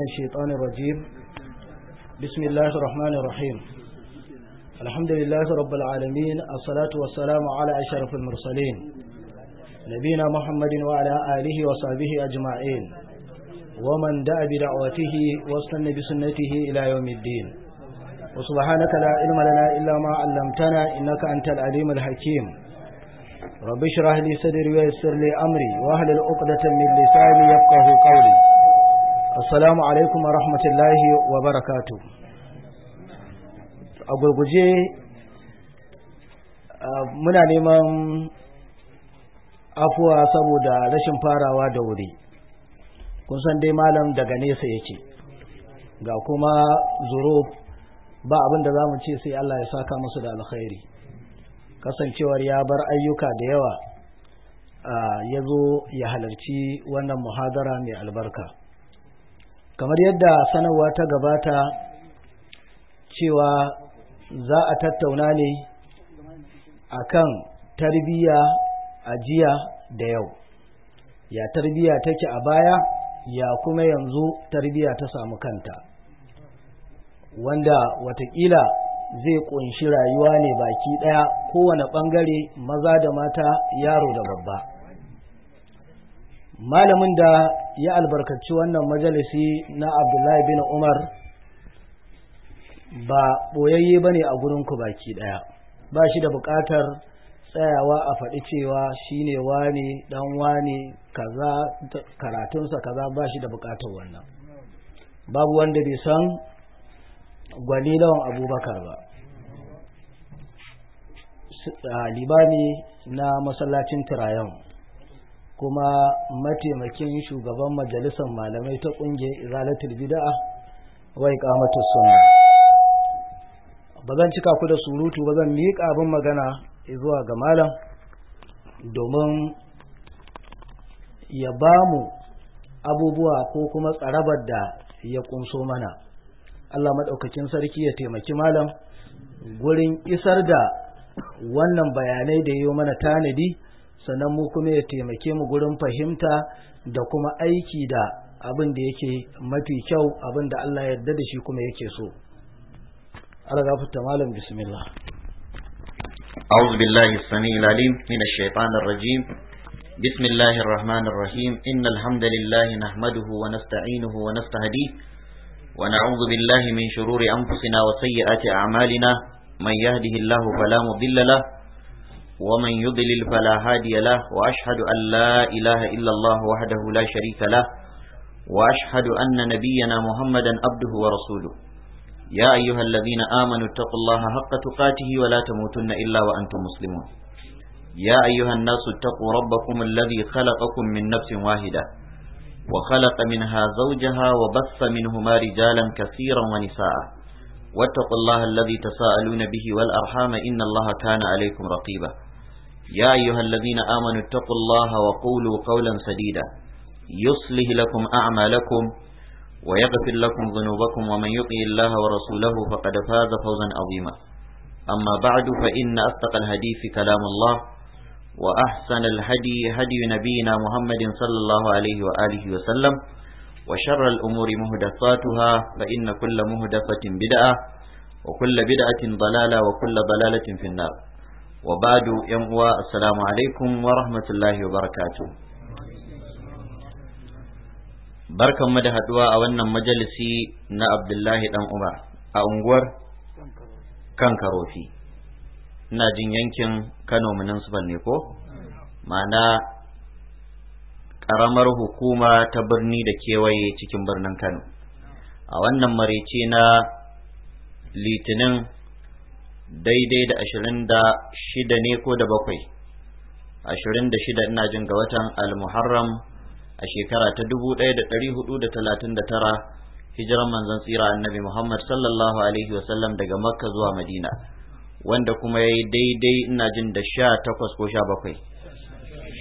من الشيطان الرجيم بسم الله الرحمن الرحيم الحمد لله رب العالمين الصلاة والسلام على أشرف المرسلين نبينا محمد وعلى آله وصحبه أجمعين ومن دعا بدعوته واستنى بسنته إلى يوم الدين وسبحانك لا علم لنا إلا ما علمتنا إنك أنت العليم الحكيم رب اشرح لي صدري ويسر لي أمري واهل العقدة من لساني يفقه قولي assalamu alaikum wa rahmatullahi wa barakatu a gurguje muna neman afuwa saboda rashin farawa da wuri kun san dai malam daga nesa yake ga kuma zuro ba abin da za mu ce sai Allah ya saka musu da alkhairi kasancewar ya bar ayyuka da yawa ya zo ya halarci wannan muhadara mai albarka kamar yadda sanarwa ta gabata cewa za a tattauna ne a kan tarbiyya a jiya da yau ya tarbiyya take a baya ya kuma yanzu tarbiyya ta samu kanta wanda watakila zai kunshi rayuwa ne baki daya kowane bangare maza da mata yaro da babba malamin da ya albarkaci wannan majalisi na abdullahi bin umar ba ɓoyayye ba ne a gurinku baki ɗaya ba shi da bukatar tsayawa a faɗi cewa shi ne wani ɗan wani kaza karatunsa kaza ba shi da bukatar wannan babu wanda bai san gwalilawan abubakar ba limami na masallacin tirayen kuma mataimakin shugaban majalisar malamai ta kungiyar izalatul bid'a wai kamatu sunna ba zan cika ku da surutu ba zan miƙa abin magana zuwa ga malam domin ya ba mu abubuwa ko kuma tsarabar da ya kunso mana Allah maɗaukakin sarki ya taimaki malam gurin isar da wannan bayanai da ya yi mana tanadi sannan mu kuma ya taimake mu gurin fahimta da kuma aiki da abin da yake mafi kyau abin da Allah yarda da shi kuma yake so Allah gafarta malam bismillah أعوذ بالله السميع العليم من الشيطان الرجيم بسم الله الرحمن الرحيم إن الحمد لله نحمده ونستعينه ونستهديه ونعوذ بالله من شرور أنفسنا وسيئات أعمالنا من يهده الله فلا مضل له ومن يضلل فلا هادي له وأشهد أن لا إله إلا الله وحده لا شريك له وأشهد أن نبينا محمدا عبده ورسوله يا أيها الذين آمنوا اتقوا الله حق تقاته ولا تموتن إلا وأنتم مسلمون يا أيها الناس اتقوا ربكم الذي خلقكم من نفس واحدة وخلق منها زوجها وبث منهما رجالا كثيرا ونساء واتقوا الله الذي تساءلون به والأرحام إن الله كان عليكم رقيبا يا أيها الذين آمنوا اتقوا الله وقولوا قولا سديدا يصلح لكم أعمالكم ويغفر لكم ذنوبكم ومن يطع الله ورسوله فقد فاز فوزا عظيما أما بعد فإن أصدق الحديث كلام الله وأحسن الهدي هدي نبينا محمد صلى الله عليه وآله وسلم وشر الأمور مهدفاتها فإن كل مهدفة بدعة وكل بدعة ضلالة وكل ضلالة في النار wa badu yan uwa assalamu alaikum wa rahmatullahi wa barakatuh barkanmu da haduwa a wannan majalisi na abdullahi dan umar a unguwar kankarofi ina jin yankin kano municipal ne ko ma'ana ƙaramar hukuma ta birni da kewaye cikin birnin kano a wannan marece na litinin daidai da ashirin da shida ne ko da bakwai ashirin da shida ina jin ga watan Al-Muharram a shekara ta dubu ɗaya da ɗari hudu da talatin da tara hijiran manzon tsira annabi muhammad sallallahu alaihi wasallam daga makka zuwa madina wanda kuma ya yi daidai ina jin da sha takwas ko sha bakwai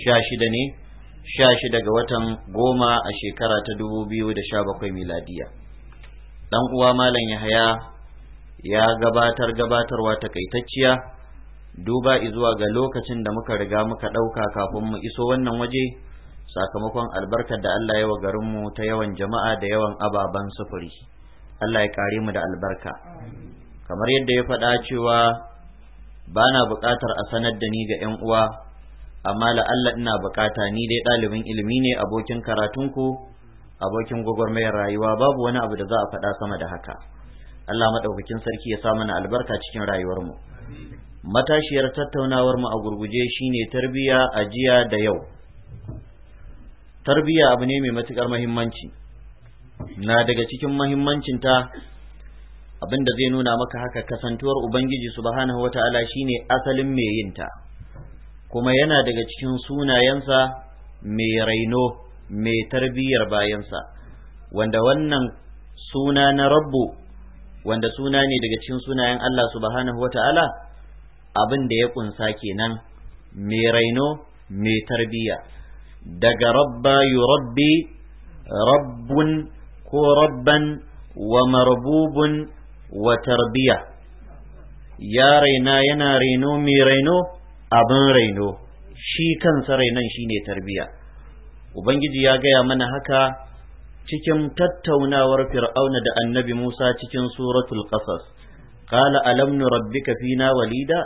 sha shida ne sha shida ga watan goma a shekara ta dubu biyu da sha bakwai miladiya ɗan uwa malam yahaya ya gabatar gabatarwa takaitacciya duba izuwa ga lokacin da muka riga muka ɗauka kafin mu iso wannan waje sakamakon albarkar da Allah ya wa garinmu ta yawan jama'a da yawan ababen sufuri Allah ya kare mu da albarka kamar yadda ya faɗa cewa ba na buƙatar a sanar da ni ga 'yan uwa amma la'alla ina buƙata ni dai ɗalibin ilimi ne abokin karatunku abokin gwagwarmayar rayuwa babu wani abu da za a faɗa sama da haka Allah madaukakin sarki ya sa mana albarka cikin rayuwarmu matashiyar tattaunawarmu a gurguje shine tarbiya ajiya da yau tarbiya abu ne mai matukar mahimmanci na daga cikin mahimmancinta abin da zai nuna maka haka kasantuwar ubangiji subhanahu wata'ala shine asalin mai yinta kuma yana daga cikin sunayensa mai raino mai tarbiyar bayansa wanda wannan suna na rabbu wanda suna ne daga cikin sunayen Allah subhanahu wata'ala abin da ya kunsa kenan mai raino mai tarbiya daga rabba yurabbi rabbun ko rabban wa marbubun wa tarbiya ya raina yana raino mai raino abin raino shi kansa rainon shine tarbiya ubangiji ya gaya mana haka cikin tattaunawar fir'auna da annabi Musa cikin suratul qasas qala alam nurabbika fina walida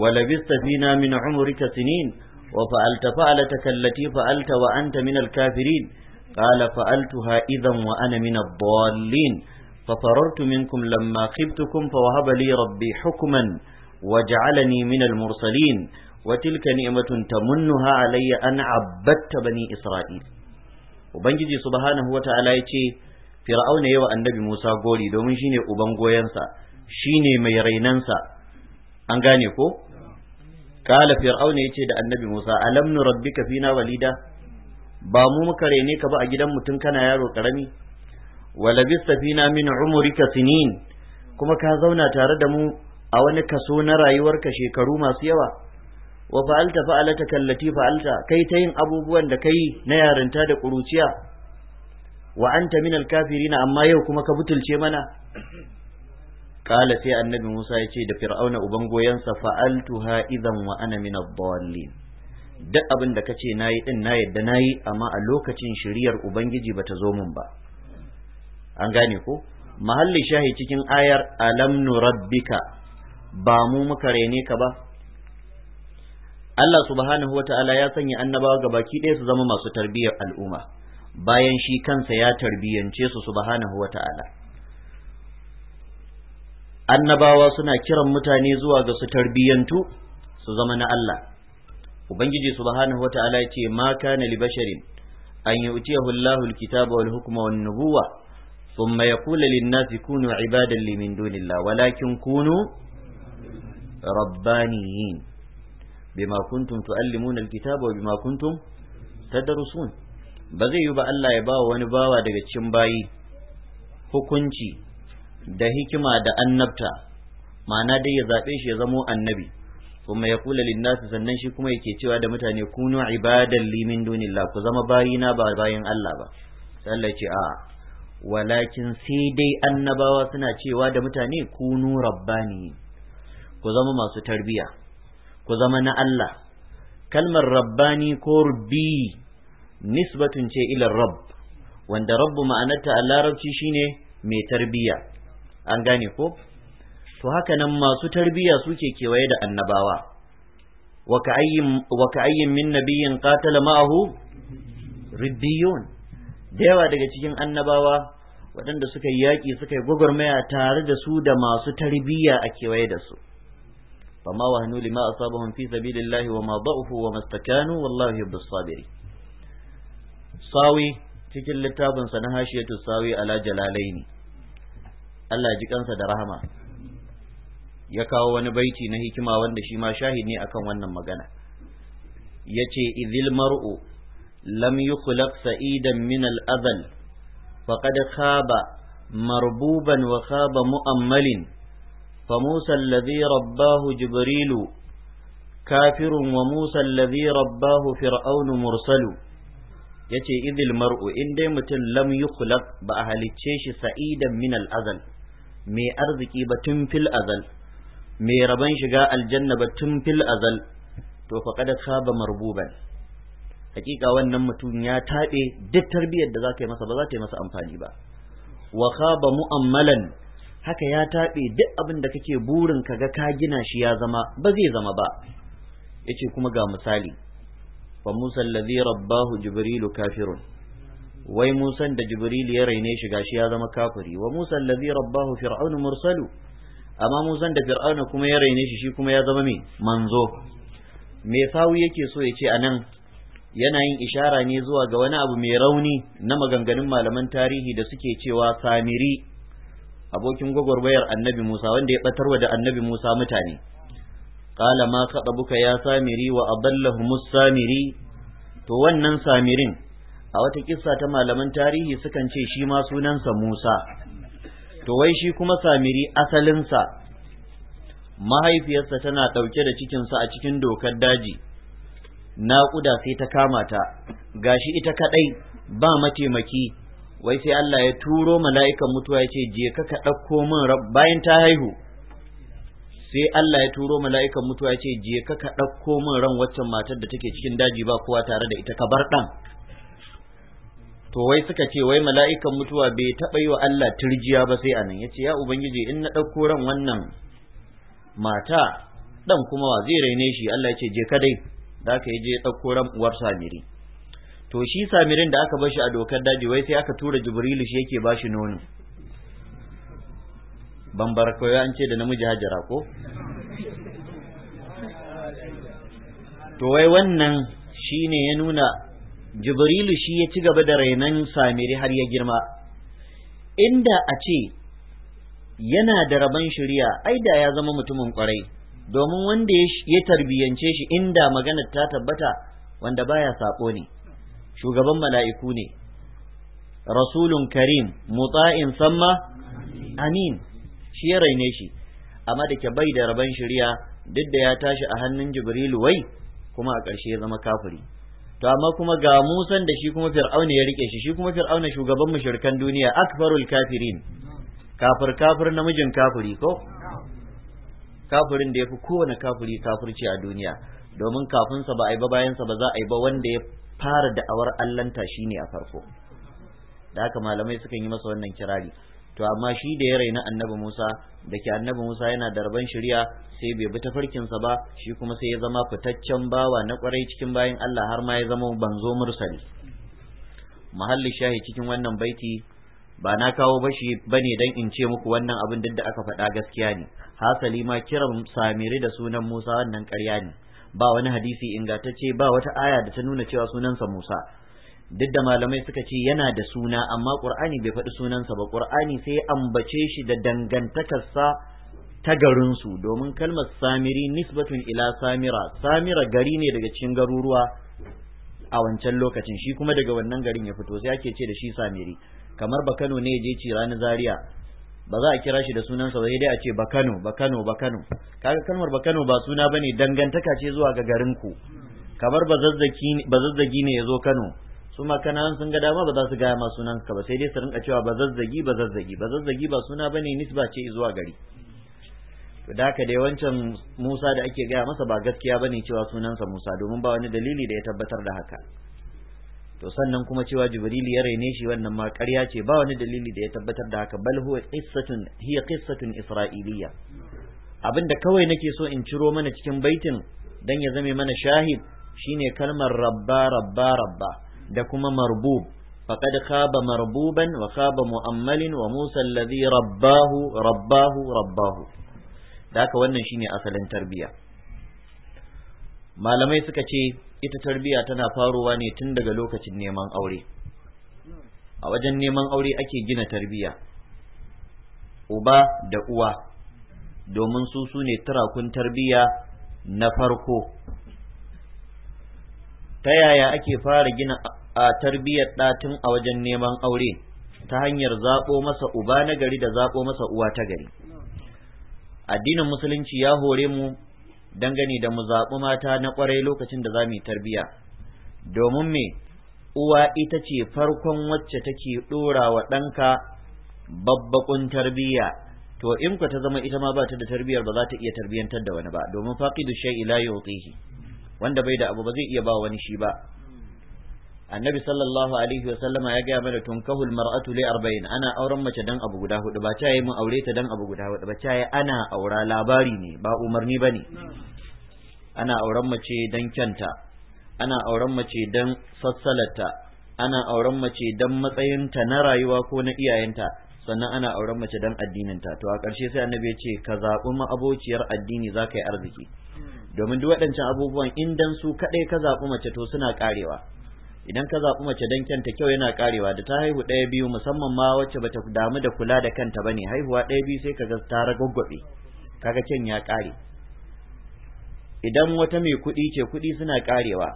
wa labista fina min umrika sinin wa fa'alta fa'alataka allati fa'alta wa anta min al-kafirin qala fa'altuha idhan wa ana min ad-dallin ففررت منكم لما خبتكم فوهب لي ربي حكما وجعلني من المرسلين وتلك نعمة تمنها علي أن عبدت بني إسرائيل ubangiji subhanahu ta'ala ya ce fir'auna yawa annabi musa gori domin shine uban goyensa shine mai rainansa an gane ko kala fir'auna ya ce da annabi musa alam nu rabbika fina walida ba mu muka rene ka ba a gidan mutum kana yaro karami walabista fina min umurika sinin kuma ka zauna tare da mu a wani kaso na rayuwarka shekaru masu yawa wa fa'alta fa'alata kallati fa'alta kai ta yin abubuwan da kai na yarinta da ƙuruciya wa anta min alkafirina amma yau kuma ka butulce mana kala sai annabi Musa ya ce da fir'auna uban goyensa ha idan wa ana min ad duk abin da kace nayi din na yadda nayi amma a lokacin shiriyar ubangiji bata zo mun ba an gane ko mahalli shahi cikin ayar alam nurabbika ba mu muka rene ka ba Allah subhanahu ya sanya annabawa gabaki ɗaya su zama masu tarbiyyar al'umma bayan shi kansa ya tarbiyyance su subhanahu annabawa suna kiran mutane zuwa ga su tarbiyyantu su zama na Allah ubangiji subhanahu wata'ala ya ce ma kana li basharin an yu'tiyahu Allahu al-kitaba wal hukma wan nubuwa thumma yaqulu lin-nasi kunu ibadan li dunillah walakin kunu rabbaniyin bima kuntum tuallimuna alkitaba wa bima kuntum tadrusun ba zai yi ba Allah ya bawa wani bawa daga cikin bayi hukunci da hikima da annabta ma'ana dai ya zabe shi ya zamo annabi kuma ya kula linnasi sannan shi kuma yake cewa da mutane kunu ibadan li min dunillah ku zama bayina ba bayin Allah ba sai Allah ce a walakin sai dai annabawa suna cewa da mutane kunu rabbani ku zama masu tarbiyya. ku zama na Allah kalmar rabbani ko rubbi nisbatun ce ila rabb wanda rabbu ma'anarta a larabci shine mai tarbiya an gane ko to haka nan masu tarbiya suke kewaye da annabawa wa ayyin min nabiyin qatala ma'ahu ribbiyun da yawa daga cikin annabawa waɗanda suka yi yaƙi suka yi gwagwarmaya tare da su da masu tarbiyya a kewaye da su فما وهنوا لما أصابهم في سبيل الله وما ضعفوا وما استكانوا والله يحب الصابرين صاوي cikin littafinsa na hashiyatu sawi ala jalalaini Allah ji kansa da rahama ya kawo wani baiti na hikima wanda shi ma shahid ne akan wannan magana Ya ce idil mar'u lam yukhlaq sa'idan min al-adhal faqad khaba marbuban wa khaba mu'ammalin فموسى الذي رباه جبريل كافر وموسى الذي رباه فرعون مرسل yace idil mar'u in dai mutum lam yukhlaq ba a halicce shi sa'idan min al-azal mai arziki ba tun fil azal mai rabon shiga aljanna ba tun fil azal to faqad khaba marbuban hakika wannan mutum ya tabe duk tarbiyyar da zaka yi masa ba za ta yi masa amfani ba wa khaba mu'ammalan haka ya taɓe duk abin da kake burin ka ga ka gina shi ya zama ba zai zama ba yace kuma ga misali fa Musa allazi rabbahu jibrilu kafirun wai Musan da jibrilu ya raine shi gashi ya zama kafiri wa Musa allazi rabbahu Fir'aun mursalu amma Musan da fir'auna kuma ya raine shi shi kuma ya zama me manzo me sawi yake so ya ce anan yana yin ishara ne zuwa ga wani abu mai rauni na maganganun malaman tarihi da suke cewa samiri abokin gwagwarmayar annabi Musa wanda ya batarwa da annabi Musa mutane Ƙalama ma buka ya samiri wa adallahu samiri. to wannan samirin a wata kissa ta malaman tarihi sukan ce shi ma sunansa Musa to wai shi kuma samiri asalinsa mahaifiyarsa tana ɗauke da cikinsa a cikin dokar daji naƙuda sai ta kama ta gashi ita kaɗai ba mataimaki wai sai Allah ya turo mala'ikan mutuwa ya ce je ka ka ɗauko min bayan ta haihu sai Allah ya turo mala'ikan mutuwa ya ce je ka ka ɗauko min ran waccan matar da take cikin daji ba kowa tare da ita ka bar ɗan to wai suka ce wai mala'ikan mutuwa bai taɓa yi wa Allah turjiya ba sai anan ya ce ya ubangiji in na ɗauko ran wannan mata ɗan kuma wa zai raine shi Allah ya ce je ka dai da ka yi je ɗauko ran uwar samiri to shi samirin da aka bashi a dokar daji wai sai aka tura jibrilu shi yake bashi nono Ban koyo an ce da namiji hajara ko to wai wannan shine ya nuna jibrilu shi ya ci gaba da rainon samiri har ya girma inda a ce yana da rabon shari'a ai da ya zama mutumin kwarai domin wanda ya tarbiyance shi inda maganar ta tabbata wanda baya sako ne shugaban mala'iku ne rasulun karim mutsa'in samma amin shi ya raine shi amma da ke bai da rabon shirya duk da ya tashi a hannun jibrilu wai kuma a ƙarshe ya zama kafuri. to amma kuma ga musan da shi kuma fir'auna ya rike shi shi kuma fir'auna shugaban mashirkan duniya akbarul kafirin kafir kafir namijin kafiri ko kafirin da ya fi kowane kafiri kafirci a duniya domin kafinsa ba a yi ba bayansa ba za a yi ba wanda ya fara da'awar allanta ne a farko da haka malamai sukan yi masa wannan kirari to amma shi da ya raina annabi Musa da ke annabi Musa yana da rabon shari'a sai bai bi tafarkinsa ba shi kuma sai ya zama fitaccen bawa na kwarai cikin bayan Allah har ma ya zama banzo mursali muhalli shahi cikin wannan baiti ba na kawo bashi ne don in ce muku wannan abin duk da aka faɗa gaskiya ne hasali ma kiran samiri da sunan Musa wannan karya ne ba wani hadisi ingantacce ba wata aya da ta nuna cewa sunansa Musa duk da malamai suka ce yana da suna amma Qur'ani bai faɗi sunansa ba Qur'ani sai ya ambace shi da dangantakarsa ta garinsu domin kalmar samiri nisbatun ila samira samira gari ne daga cikin garuruwa a wancan lokacin shi kuma daga wannan garin ya fito sai ake ce da shi samiri kamar ba Kano ne je ci ranar Zaria ba za a kira shi da sunansa ba dai a ce bakano bakano bakano kaga kalmar bakano ba suna bane dangantaka ce zuwa ga garin ku kamar bazazzagi ne ya zo Kano su ma sun ga dama ba za su gaya ma sunan ka ba sai dai su rinka cewa zazzagi, bazazzagi bazazzagi ba suna bane nisba ce zuwa gari to da haka dai wancan Musa da ake gaya masa ba gaskiya bane cewa sunansa Musa domin ba wani dalili da ya tabbatar da haka to sannan kuma cewa jibrilu ya raine shi wannan ma ƙarya ce ba wani dalili da ya tabbatar da haka bal huwa qissatun hiya qissatun isra'iliya abinda kawai nake so in ciro mana cikin baitin dan ya zame mana shahid shine kalmar rabba rabba rabba da kuma marbub faqad khaba marbuban wa khaba mu'ammalin wa musa alladhi rabbahu rabbahu rabbahu da haka wannan shine asalin tarbiya malamai suka ce ita tarbiya tana farowa ne tun daga lokacin neman aure a wajen neman aure ake gina tarbiya uba da uwa domin su su ne turakun tarbiya na farko ta yaya ake fara gina a tarbiyar ɗatin a wajen neman aure ta hanyar zaɓo masa uba na gari da zaɓo masa uwa ta gari addinin musulunci ya hore mu dangane da mu zaɓi mata na ƙwarai lokacin da za mu yi tarbiya domin me uwa ita ce farkon wacce take ɗora wa ɗanka babbaƙun tarbiyya, to in ku ta zama ita ma ba ta da tarbiyar ba za ta iya tarbiyantar da wani ba domin faqidu shay'i la yutihi wanda bai da abu ba zai iya ba wani shi ba annabi sallallahu alaihi wa sallama ya gaya mana tunkahul mar'atu li arba'in ana auren mace dan abu guda hudu ba caye mun aure ta dan abu guda hudu ba caye ana aura labari ne ba umarni bane ana auren mace dan kyanta ana auren mace dan sassalata ana auren mace dan matsayinta na rayuwa ko na iyayenta sannan ana auren mace dan addininta to a ƙarshe sai annabi ya ce ka zaɓi ma'abociyar addini za ka yi arziki domin duk waɗancan abubuwan in dan su kaɗai ka zaɓi mace to suna ƙarewa idan ka zaɓi mace don kyanta kyau yana karewa da ta haihu ɗaya biyu musamman ma wacce ba ta damu da kula da kanta ba ne. haihuwa ɗaya biyu sai ka ga ta ragwaggwabe kaga kyan ya kare idan wata mai kuɗi ce kuɗi suna karewa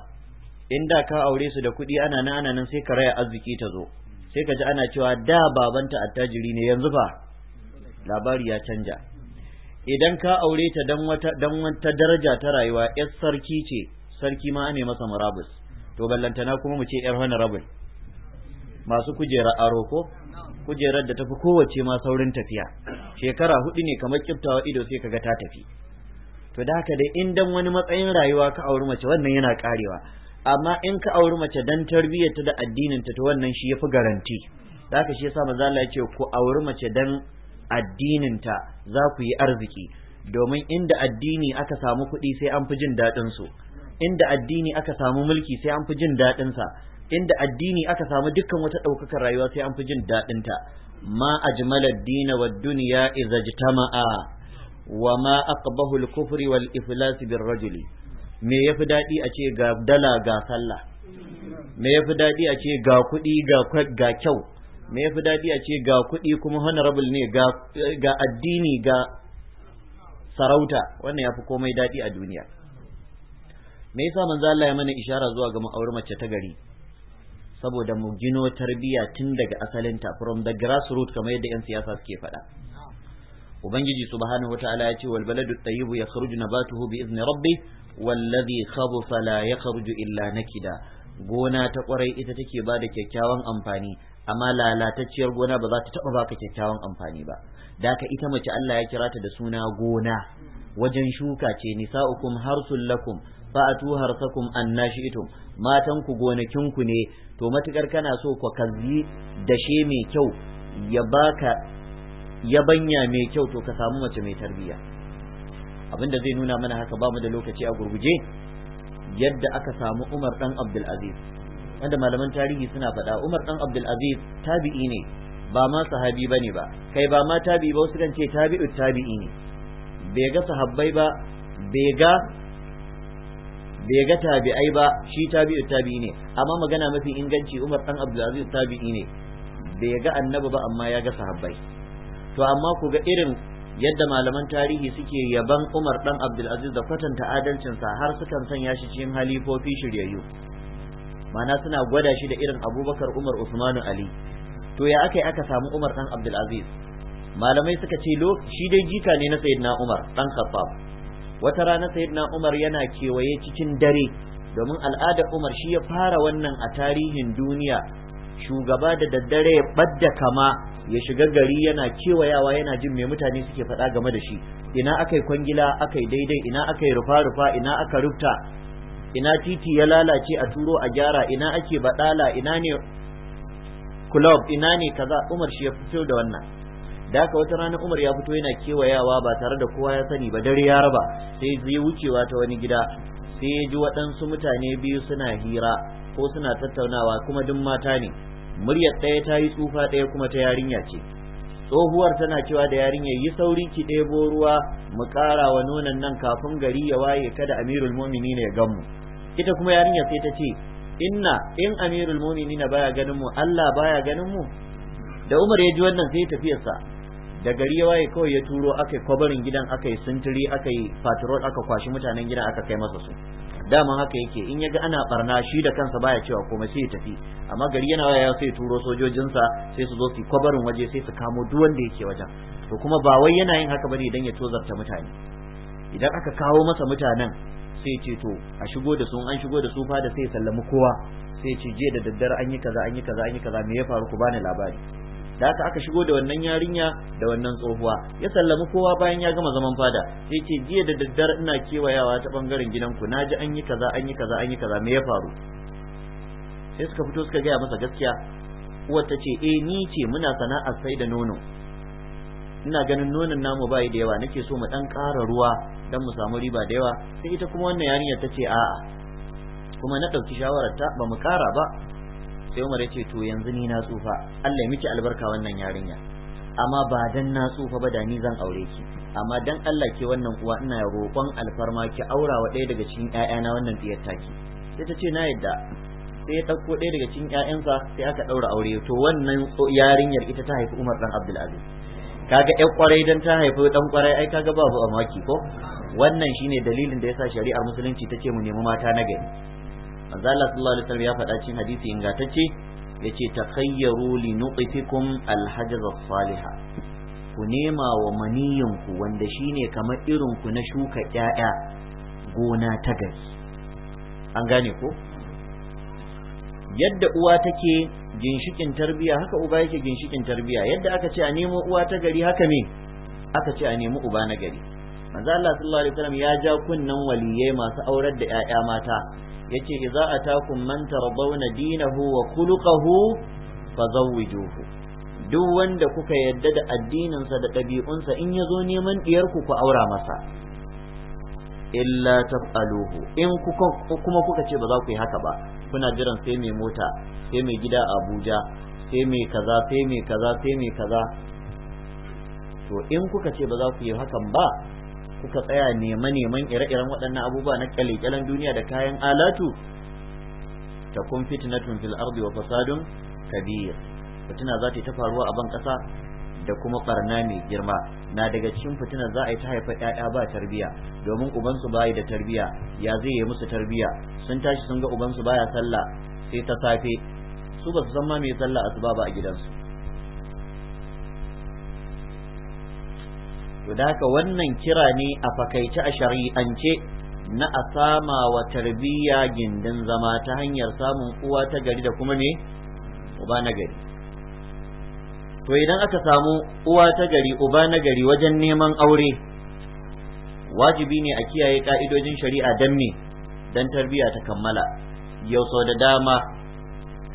in da ka aure su da kuɗi ana nan ana nan sai ka raya arziki ta zo sai ka ji ana cewa da babanta attajiri ne yanzu ba?" labari ya canja idan ka aure ta dan wata dan wata daraja ta rayuwa yar sarki ce sarki ma ne masa murabus to ballantana kuma mu ce yar honorable masu kujera aro ko kujerar da tafi kowace ma saurin tafiya shekara hudu ne kamar kiftawa ido sai kaga ta tafi to da haka dai in dan wani matsayin rayuwa ka auri mace wannan yana karewa amma in ka auri mace dan tarbiyyarta da addinin ta to wannan shi yafi garanti da haka shi yasa manzo Allah ya ku auri mace dan addinin ta za ku yi arziki domin inda addini aka samu kuɗi sai an fi jin daɗin su inda addini aka samu mulki sai an fi jin daɗin sa inda addini aka samu dukkan wata ɗaukakar rayuwa sai an fi jin daɗin ta ma ajmala ad-din wa ad-dunya idza jtama'a wa ma aqbahu al-kufr wal iflas bir rajuli me yafi daɗi a ce ga dala ga sallah me yafi daɗi a ce ga kuɗi ga ga kyau me yafi daɗi a ce ga kuɗi kuma honorable ne ga ga addini ga sarauta wannan yafi komai daɗi a duniya me yasa manzo Allah ya mana ishara zuwa ga ma'aure mace ta gari saboda mu gino tarbiyya tun daga asalinta from the grassroots kamar yadda yan siyasa suke faɗa ubangiji subhanahu wataala ya ce wal baladu tayyibu yakhruju nabatuhu bi izni rabbi ladhi khabutha la yakhruju illa nakida gona ta kwarai ita take ba da kyakkyawan amfani amma lalatacciyar gona ba za ta taɓa baka kyakkyawan amfani ba da ka ita mace Allah ya kira ta da suna gona wajen shuka ce nisa'ukum harsul lakum fa'atu harsakum annashitum matan ku gonakin ku ne to matukar kana so ku kazi dashe mai kyau ya baka ya banya mai kyau to ka samu mace mai tarbiya abinda zai nuna mana haka bamu da lokaci a gurguje yadda aka samu Umar dan Abdul Aziz wanda malaman tarihi suna faɗa Umar dan Abdul Aziz tabi'i ne ba ma sahabi bane ba kai ba ma tabi'i ba wasu kan ce tabi'ut tabi'i ne bai ga sahabbai ba bai ga bai ga tabi'ai ba shi tabi'u tabi'i ne amma magana mafi inganci Umar dan Abdulaziz tabi'i ne bai ga annabi ba amma ya ga sahabbai to amma ku ga irin yadda malaman tarihi suke yaban Umar dan Abdulaziz da kwatanta adalcinsa har sukan sanya shi cikin halifofi shiryayyu mana suna gwada shi da irin Abubakar Umar Usmanu Ali to ya aka yi aka samu Umar dan Abdulaziz malamai suka ce lo shi dai jika ne na Sayyidina Umar dan Khattab wata rana sayyidina Umar yana kewaye cikin dare domin al'adar Umar shi ya fara wannan a tarihin duniya shugaba da daddare ya badda kama ya shiga gari yana kewayawa yana jin mai mutane suke faɗa game da shi ina akai kwangila akai daidai ina akai rufa rufa ina aka rufta ina titi ya lalace a turo a gyara ina ake badala ina ne club ina ne kaza Umar shi ya fito da wannan da wata rana Umar ya fito yana kewayawa ba tare da kowa ya sani ba dare ya raba sai zai wucewa ta wani gida sai ya ji waɗansu mutane biyu suna hira ko suna tattaunawa kuma duk mata ne muryar ɗaya ta yi tsufa ɗaya kuma ta yarinya ce tsohuwar tana cewa da yarinyar yi sauri ki ɗebo ruwa mu ƙara wa nonon nan kafin gari ya waye kada amirul mumini ya gan mu ita kuma yarinyar sai ta ce inna in amirul mumini na baya ganin mu Allah baya ganin mu da Umar ya ji wannan sai tafiyarsa da gari ya waye kawai ya turo akai kwabarin gidan aka yi sintiri aka yi aka kwashi mutanen gidan aka kai masa su dama haka yake in ya ga ana barna shi da kansa baya cewa komai sai ya tafi amma gari yana waya sai turo sojojinsa sai su zo su kwabarin waje sai su kamo duk wanda yake wajen to kuma ba wai yana yin haka bane idan ya tozarta mutane idan aka kawo masa mutanen sai ce to a shigo da su an shigo da su fa da sai sallami kowa sai ce je da daddare an yi kaza an yi kaza an yi kaza me ya faru ku bani labari da haka aka shigo da wannan yarinya da wannan tsohuwa ya sallami kowa bayan ya gama zaman fada sai ce jiya da daddare ina kewayawa ta bangaren gidanku ji an yi kaza an yi kaza an yi kaza me ya faru sai suka fito suka gaya masa gaskiya uwar ta ce eh ni ce muna sana'ar sai da nono ina ganin nonon namu bai da yawa nake so mu dan ƙara ruwa dan mu samu riba da yawa sai ita kuma wannan yarinyar ta ce a'a kuma na ɗauki shawarar ta ba mu ƙara ba sai Umar ya ce to yanzu ni na tsufa Allah ya miki albarka wannan yarinya amma ba dan na tsufa ba da ni zan aure ki amma dan Allah ke wannan uwa ina roƙon alfarma ki aura wa ɗaya daga cikin ƴaƴana wannan biyar taki sai ta ce na yadda sai ya ɗauko ɗaya daga cikin ƴaƴansa sai aka ɗaura aure to wannan yarinyar ita ta haifi Umar dan Abdul Aziz kaga ƴan kwarai dan ta haifi dan kwarai ai kaga babu amaki ko wannan shine dalilin da yasa shari'ar musulunci take mu nemi mata na gari manzo Allah sallallahu alaihi wasallam ya faɗa cikin hadisi ingantacce yace takhayyaru li nuqitikum alhajaz as-saliha ku nema wa ku wanda shine kamar irin ku na shuka ƴaƴa gona ta gari an gane ko yadda uwa take ginshikin tarbiya haka uba yake ginshikin tarbiya yadda aka ce a nemo uwa ta gari haka me aka ce a nemi uba na gari manzo Allah sallallahu alaihi wasallam ya ja kunnan waliyai masu aurar da ƴaƴa mata yace a takun man tardawna dinahu wa khuluquhu zawwijuhu duk wanda kuka yadda da addininsa da ɗabi'unsa in ya zo neman ɗiyarku ku aura masa illa taf'aluhu in kuma kuka ce ba za ku yi haka ba kuna jiran sai mai mota sai mai gida a Abuja sai mai kaza sai mai kaza sai mai kaza to in kuka ce ba za ku yi hakan ba suka tsaya nema neman ire-iren waɗannan abubuwa na kyale-kyalen duniya da kayan alatu Ta fitina fitnatun fil ardi wa fasadun kabir fitina za ta ta faruwa a ban ƙasa da kuma barna mai girma na daga cikin fitinar za a yi ta haifa ƴaƴa ba tarbiya domin ubansu bayi da tarbiya ya zai yi musu tarbiya sun tashi sun ga ubansu baya sallah sai ta safe su ba su san ma me sallah asuba ba a gidansu to da haka wannan kira ne a fakaice a shari'ance na a sama wa tarbiyya gindin zama ta hanyar samun uwa ta gari da kuma ne uba na gari to idan aka samu uwa ta gari uba na gari wajen neman aure wajibi ne a kiyaye ka'idojin shari'a don me don tarbiyya ta kammala yau sau da dama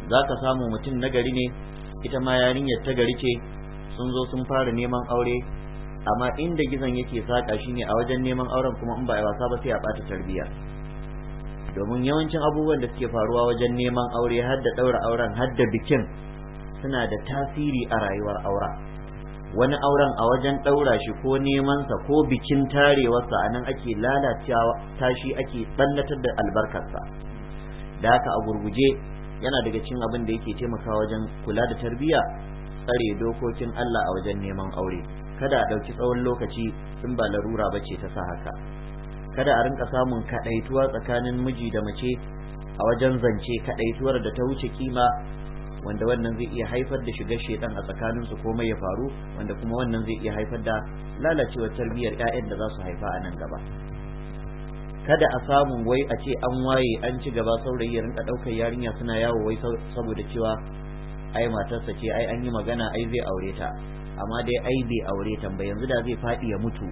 za ka samu mutum na gari ne ita ma yarinyar ta gari ce sun zo sun fara neman aure amma inda gizon yake saka ne a wajen neman auren kuma in ba a wasa ba sai a bata tarbiyya domin yawancin abubuwan da suke faruwa wajen neman aure har da daura auren har da bikin suna da tasiri a rayuwar aura wani auren a wajen ɗaura shi ko neman sa ko bikin tarewarsa nan ake lalacewa tashi ake tsallatar da albarkarsa da haka a gurguje yana daga cikin abin da yake taimakawa wajen kula da tarbiyya tsare dokokin Allah a wajen neman aure kada a ɗauki tsawon lokaci in ba larura ba ce ta sa haka kada a rinka samun kaɗaituwa tsakanin miji da mace a wajen zance kaɗaituwar da ta wuce kima wanda wannan zai iya haifar da shigar shaidan a tsakaninsu komai ya faru wanda kuma wannan zai iya haifar da lalacewar tarbiyyar 'ya'yan da za su haifa a nan gaba kada a samu wai a ce an waye an ci gaba saurayi ya rinka ɗaukar yarinya suna yawo wai saboda cewa ai matarsa ce ai an yi magana ai zai aure ta amma dai ai bai aure ta yanzu da zai faɗi ya mutu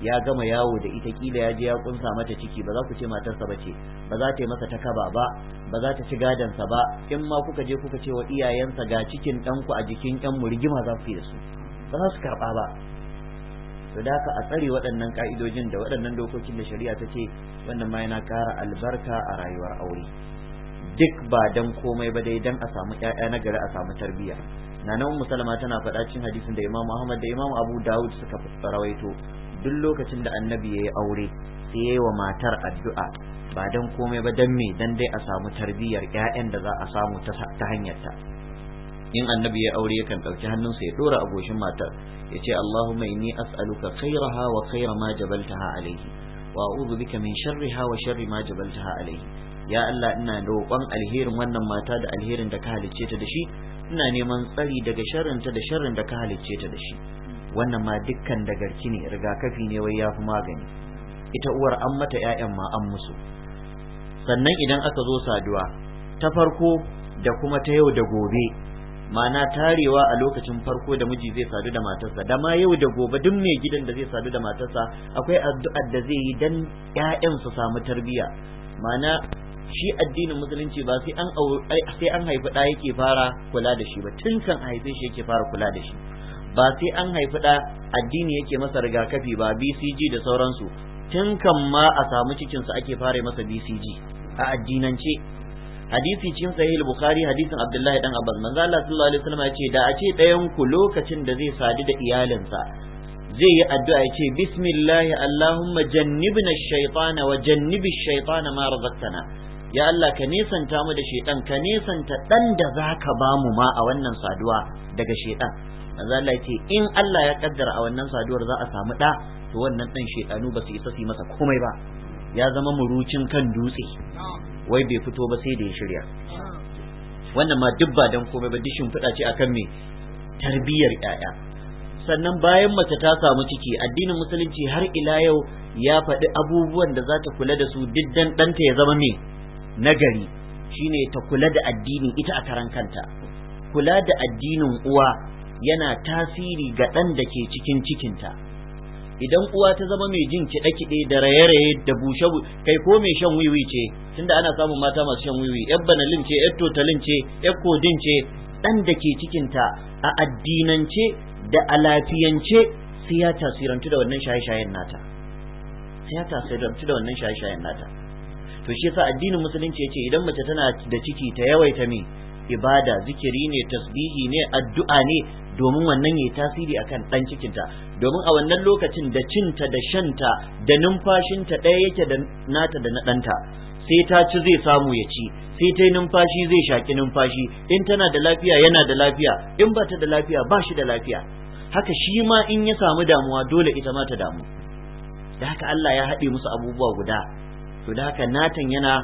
ya gama yawo da ita kila ya je ya kunsa mata ciki ba za ku ce matarsa ba ce ba za ta yi masa takaba ba ba za ta ci gadansa ba in ma kuka je kuka ce wa iyayensa ga cikin ɗanku a jikin ƴan murgima za ku yi su ba za su karɓa ba to da ka a tsare waɗannan ka'idojin da waɗannan dokokin da shari'a ta ce wannan ma yana ƙara albarka a rayuwar aure duk ba dan komai ba dai dan a samu ƴaƴa na gari a samu tarbiyya nana ummu salama tana faɗa cikin hadisin da imamu ahmad da imamu abu dawud suka rawaito duk lokacin da annabi yayi aure sai yayi wa matar addu'a ba don komai ba dan me dan dai a samu tarbiyyar ƴaƴan da za a samu ta hanyarta in annabi ya aure yakan ɗauki hannunsa ya ɗora agoshin matar ya ce Allahumma inni as'aluka khairaha wa khaira ma jabaltaha alaihi wa a'udhu bika min sharriha wa sharri ma jabaltaha alaihi ya Allah ina roƙon alherin wannan mata da alherin da ka halicce ta da shi ina neman tsari daga sharrinta da sharrin da ka halicce ta da shi wannan ma dukkan da garki ne rigakafi ne wai yafi magani ita uwar an mata ƴaƴan ma an musu sannan idan aka zo saduwa ta farko da kuma ta yau da gobe ma'ana tarewa a lokacin farko da miji zai sadu da matarsa da ma yau da gobe duk mai gidan da zai sadu da matarsa akwai addu'ar da zai yi dan ƴaƴan su samu tarbiyya ma'ana shi addinin musulunci ba sai an sai an haifi ɗa yake fara kula da shi ba tun kan haife shi yake fara kula da shi ba sai an haifi ɗa addini yake masa rigakafi ba BCG da sauransu tun kan ma a samu cikinsa ake fara masa BCG a addinance hadisi cikin sahih bukhari hadisin abdullahi dan abbas manzo Allah sallallahu alaihi wasallam ya da a ce ɗayan ku lokacin da zai sadu da iyalinsa zai yi addu'a ya ce bismillah allahumma jannibna ash-shaytana wa jannibish shaytana ma razaqtana ya Allah ka nesanta mu da shaitan ka nesanta dan da zaka ba mu ma a wannan saduwa daga shaitan manzo Allah in Allah ya kaddara a wannan saduwar za a samu da to wannan dan shaitanu ba su isa su masa komai ba ya zama murucin kan dutse wai bai fito ba sai da ya shirya wannan ma duk dan komai ba dishin fada ce akan me tarbiyyar 'ya'ya. sannan bayan mace ta samu ciki addinin musulunci har ila yau ya faɗi abubuwan da za ta kula da su diddan ɗanta ya zama me nagari shine ta kula da addinin ita a karan kanta kula da addinin uwa yana tasiri ga ɗan da ke cikin cikinta idan uwa ta zama mai jin kiɗe-kiɗe da raye-raye da bushe kai ko mai shan wiwi ce tunda ana samun mata masu shan wiwi yar banalin ce yar totalin ce yar kodin ce ɗan da ke cikinta a addinance da a lafiyance sai ya tasirantu da wannan shaye-shayen nata sai ya tasirantu da wannan shaye-shayen nata to shi yasa addinin musulunci yace idan mace tana da ciki ta yawaita me ibada zikiri ne tasbihi ne addu'a ne domin wannan yayi tasiri akan dan cikinta domin a wannan lokacin da cinta da shanta da numfashinta ɗaya yake da nata da na ɗanta sai ta ci zai samu ya ci sai ta numfashi zai shaki numfashi in tana da lafiya yana da lafiya in ba ta da lafiya ba shi da lafiya haka shi ma in ya samu damuwa dole ita ma ta damu da haka Allah ya haɗe musu abubuwa guda to da haka natan yana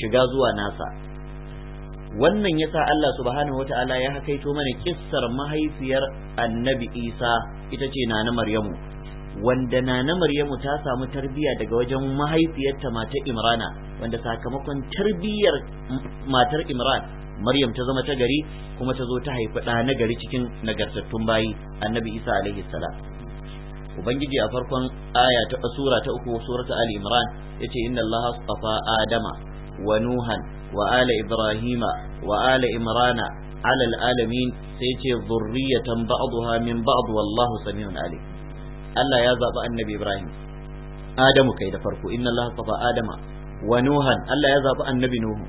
shiga zuwa nasa wannan yasa Allah subhanahu wata'ala ya hakaito mana kissar mahaifiyar annabi Isa ita ce nana Maryamu wanda nana Maryamu ta samu tarbiyya daga wajen mahaifiyarta mata Imrana wanda sakamakon tarbiyyar matar Imran Maryam ta zama ta gari kuma ta zo ta haifi ɗa na cikin nagartattun bayi annabi Isa alaihi salam ubangiji a farkon aya ta sura ta uku surata ali imran yace inna allaha astafa adama wa nuhan wa ala ibrahima wa ala imrana ala alalamin sai yace zurriyatan ba'daha min ba'd wallahu samiun alim Allah ya zaba annabi ibrahim adamu kai da farko inna allaha astafa adama wa nuhan Allah ya zaba annabi nuhu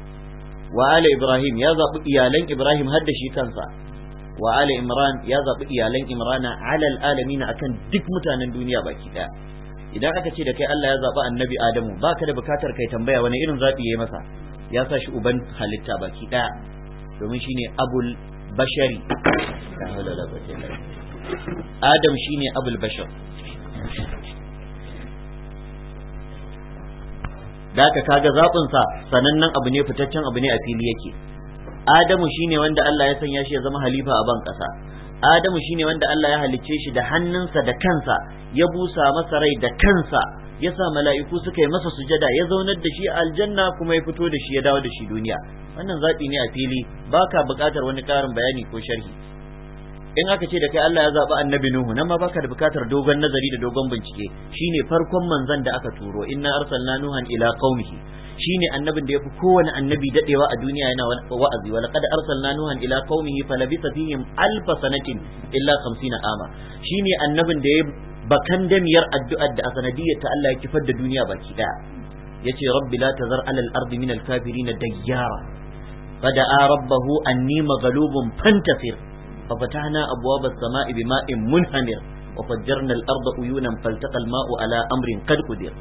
wa ala ibrahim ya zabi iyalan ibrahim har da shi kansa wa ala imran ya zaɓi iyalan imrana alal alamina akan duk mutanen duniya baki ɗaya idan aka ce da kai Allah ya zaɓi annabi adamu baka da bukatar kai tambaya wani irin zaɓi ya masa ya sa shi uban halitta baki ɗaya domin shine abul bashari adam shine abul bashar da ka kaga zaɓinsa sanannen abu ne fitaccen abu ne a fili yake adamu shine wanda Allah ya sanya shi ya zama halifa a ban ƙasa adamu shine wanda Allah ya halicce shi da hannunsa da kansa ya busa masa rai da kansa ya sa mala'iku suka yi masa sujada ya zaunar da shi a aljanna kuma ya fito da shi ya dawo da shi duniya wannan zaɓi ne a fili baka buƙatar wani ƙarin bayani ko sharhi in aka ce da kai Allah ya zaɓi annabi Nuhu nan ma baka da buƙatar dogon nazari da dogon bincike shine farkon manzon da aka turo inna arsalna nuhan ila qaumihi ne annabin da ya fi kowane annabi dadewa a duniya yana wa'azi wa laqad arsalna nuhan ila qaumihi falabisa fihim alf sanatin illa 50 ama ne annabin da ya bakan damiyar addu'ar da asanadiyar ta Allah ya kifar da duniya baki daya yace rabbi la tazar alal ardi min al kafirin dayyara fada'a rabbahu anni maghlubun fantasir ففتحنا أبواب السماء بماء منهمر وفجرنا الأرض عيونا فالتقى الماء على أمر قد قدر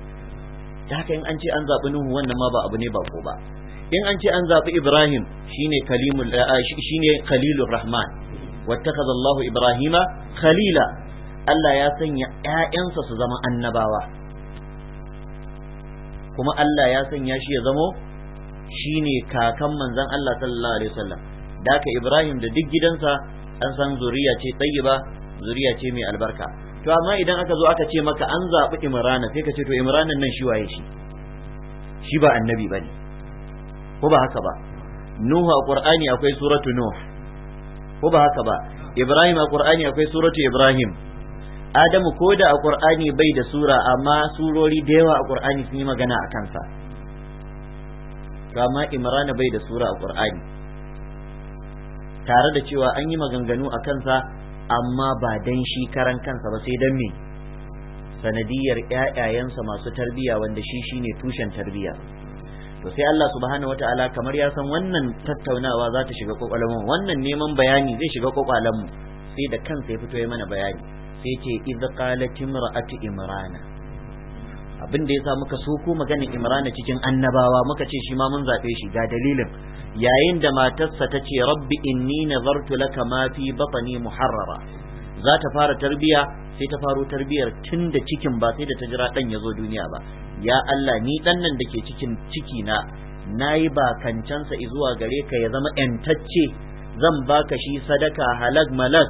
da haka in an ce an zaɓi nuhu wannan ma ba abu ne ba ko ba in an ce an zaɓi ibrahim shine kalimul eh, ah, shine khalilur rahman wattakhadha allah ibrahima khalila allah ya sanya ƴaƴansa su zama annabawa kuma allah ya sanya shi ya zamo shine kakan manzon allah sallallahu alaihi wasallam da haka ibrahim da duk gidansa an san zuriya ce tayyiba zuriya ce mai albarka to amma idan aka zo aka ce maka an zaɓi imrana sai ka ce to imranan nan shi waye shi shi ba annabi ba ne ko ba haka ba nuhu a qur'ani akwai suratu nuh ko ba haka ba ibrahim a qur'ani akwai suratu ibrahim adamu ko da a qur'ani bai da sura amma surori da yawa a qur'ani sun yi magana a kansa to amma imrana bai da sura a qur'ani tare da cewa an yi maganganu a kansa amma ba dan shi karan kansa ba sai dan me sanadiyar ƴaƴayensa masu tarbiya wanda shi shine tushen tarbiya to sai Allah subhanahu wataala kamar ya san wannan tattaunawa za ta shiga kwakwalwar wannan neman bayani zai shiga kwakwalwar sai da kansa ya fito ya mana bayani sai ce idza qalat imra'atu imrana abin da sa muka soko ko maganin imrana cikin annabawa muka ce shi ma mun zabe shi ga dalilin yayin da matarsa ta ce rabbi inni nazartu laka ma fi batni muharrara za ta fara tarbiya sai ta faro tarbiyar tun da cikin ba sai da ta jira dan ya zo duniya ba ya Allah ni dan nan da ke cikin ciki na nayi sa zuwa gare ka ya zama yantacce zan baka shi sadaka halag malak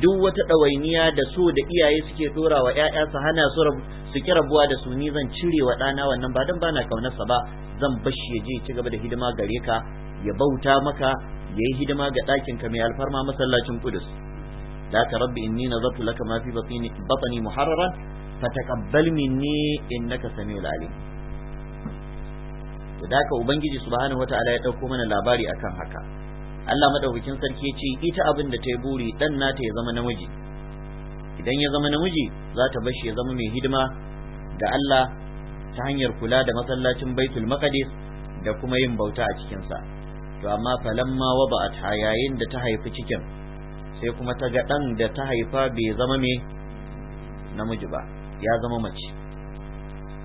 duk wata ɗawainiya da so da iyaye suke tora wa ‘ya'ya su hana su su ki rabuwa da su ni zan cire wa ɗana wannan ba don bana kaunarsa ba zan bashi ya je ci gaba da hidima gare ka ya bauta maka ya yi hidima ga ɗakin ka mai alfarma masallacin Kudus. da ka rabbi inni zartu laka ma fi batni batni muharraran fataqabbal minni innaka samiul alim to da ka ubangiji subhanahu wataala ya ɗauko mana labari akan haka Allah madaukakin sarki ya ce ita abin da ta yi buri dan nata ya zama namiji idan ya zama namiji za ta bar shi ya zama mai hidima da Allah ta hanyar kula da masallacin Baitul Maqdis da kuma yin bauta a cikinsa. to amma falamma waba'at ha yayin da ta haifi cikin sai kuma ta ga dan da ta haifa bai zama me namiji ba ya zama mace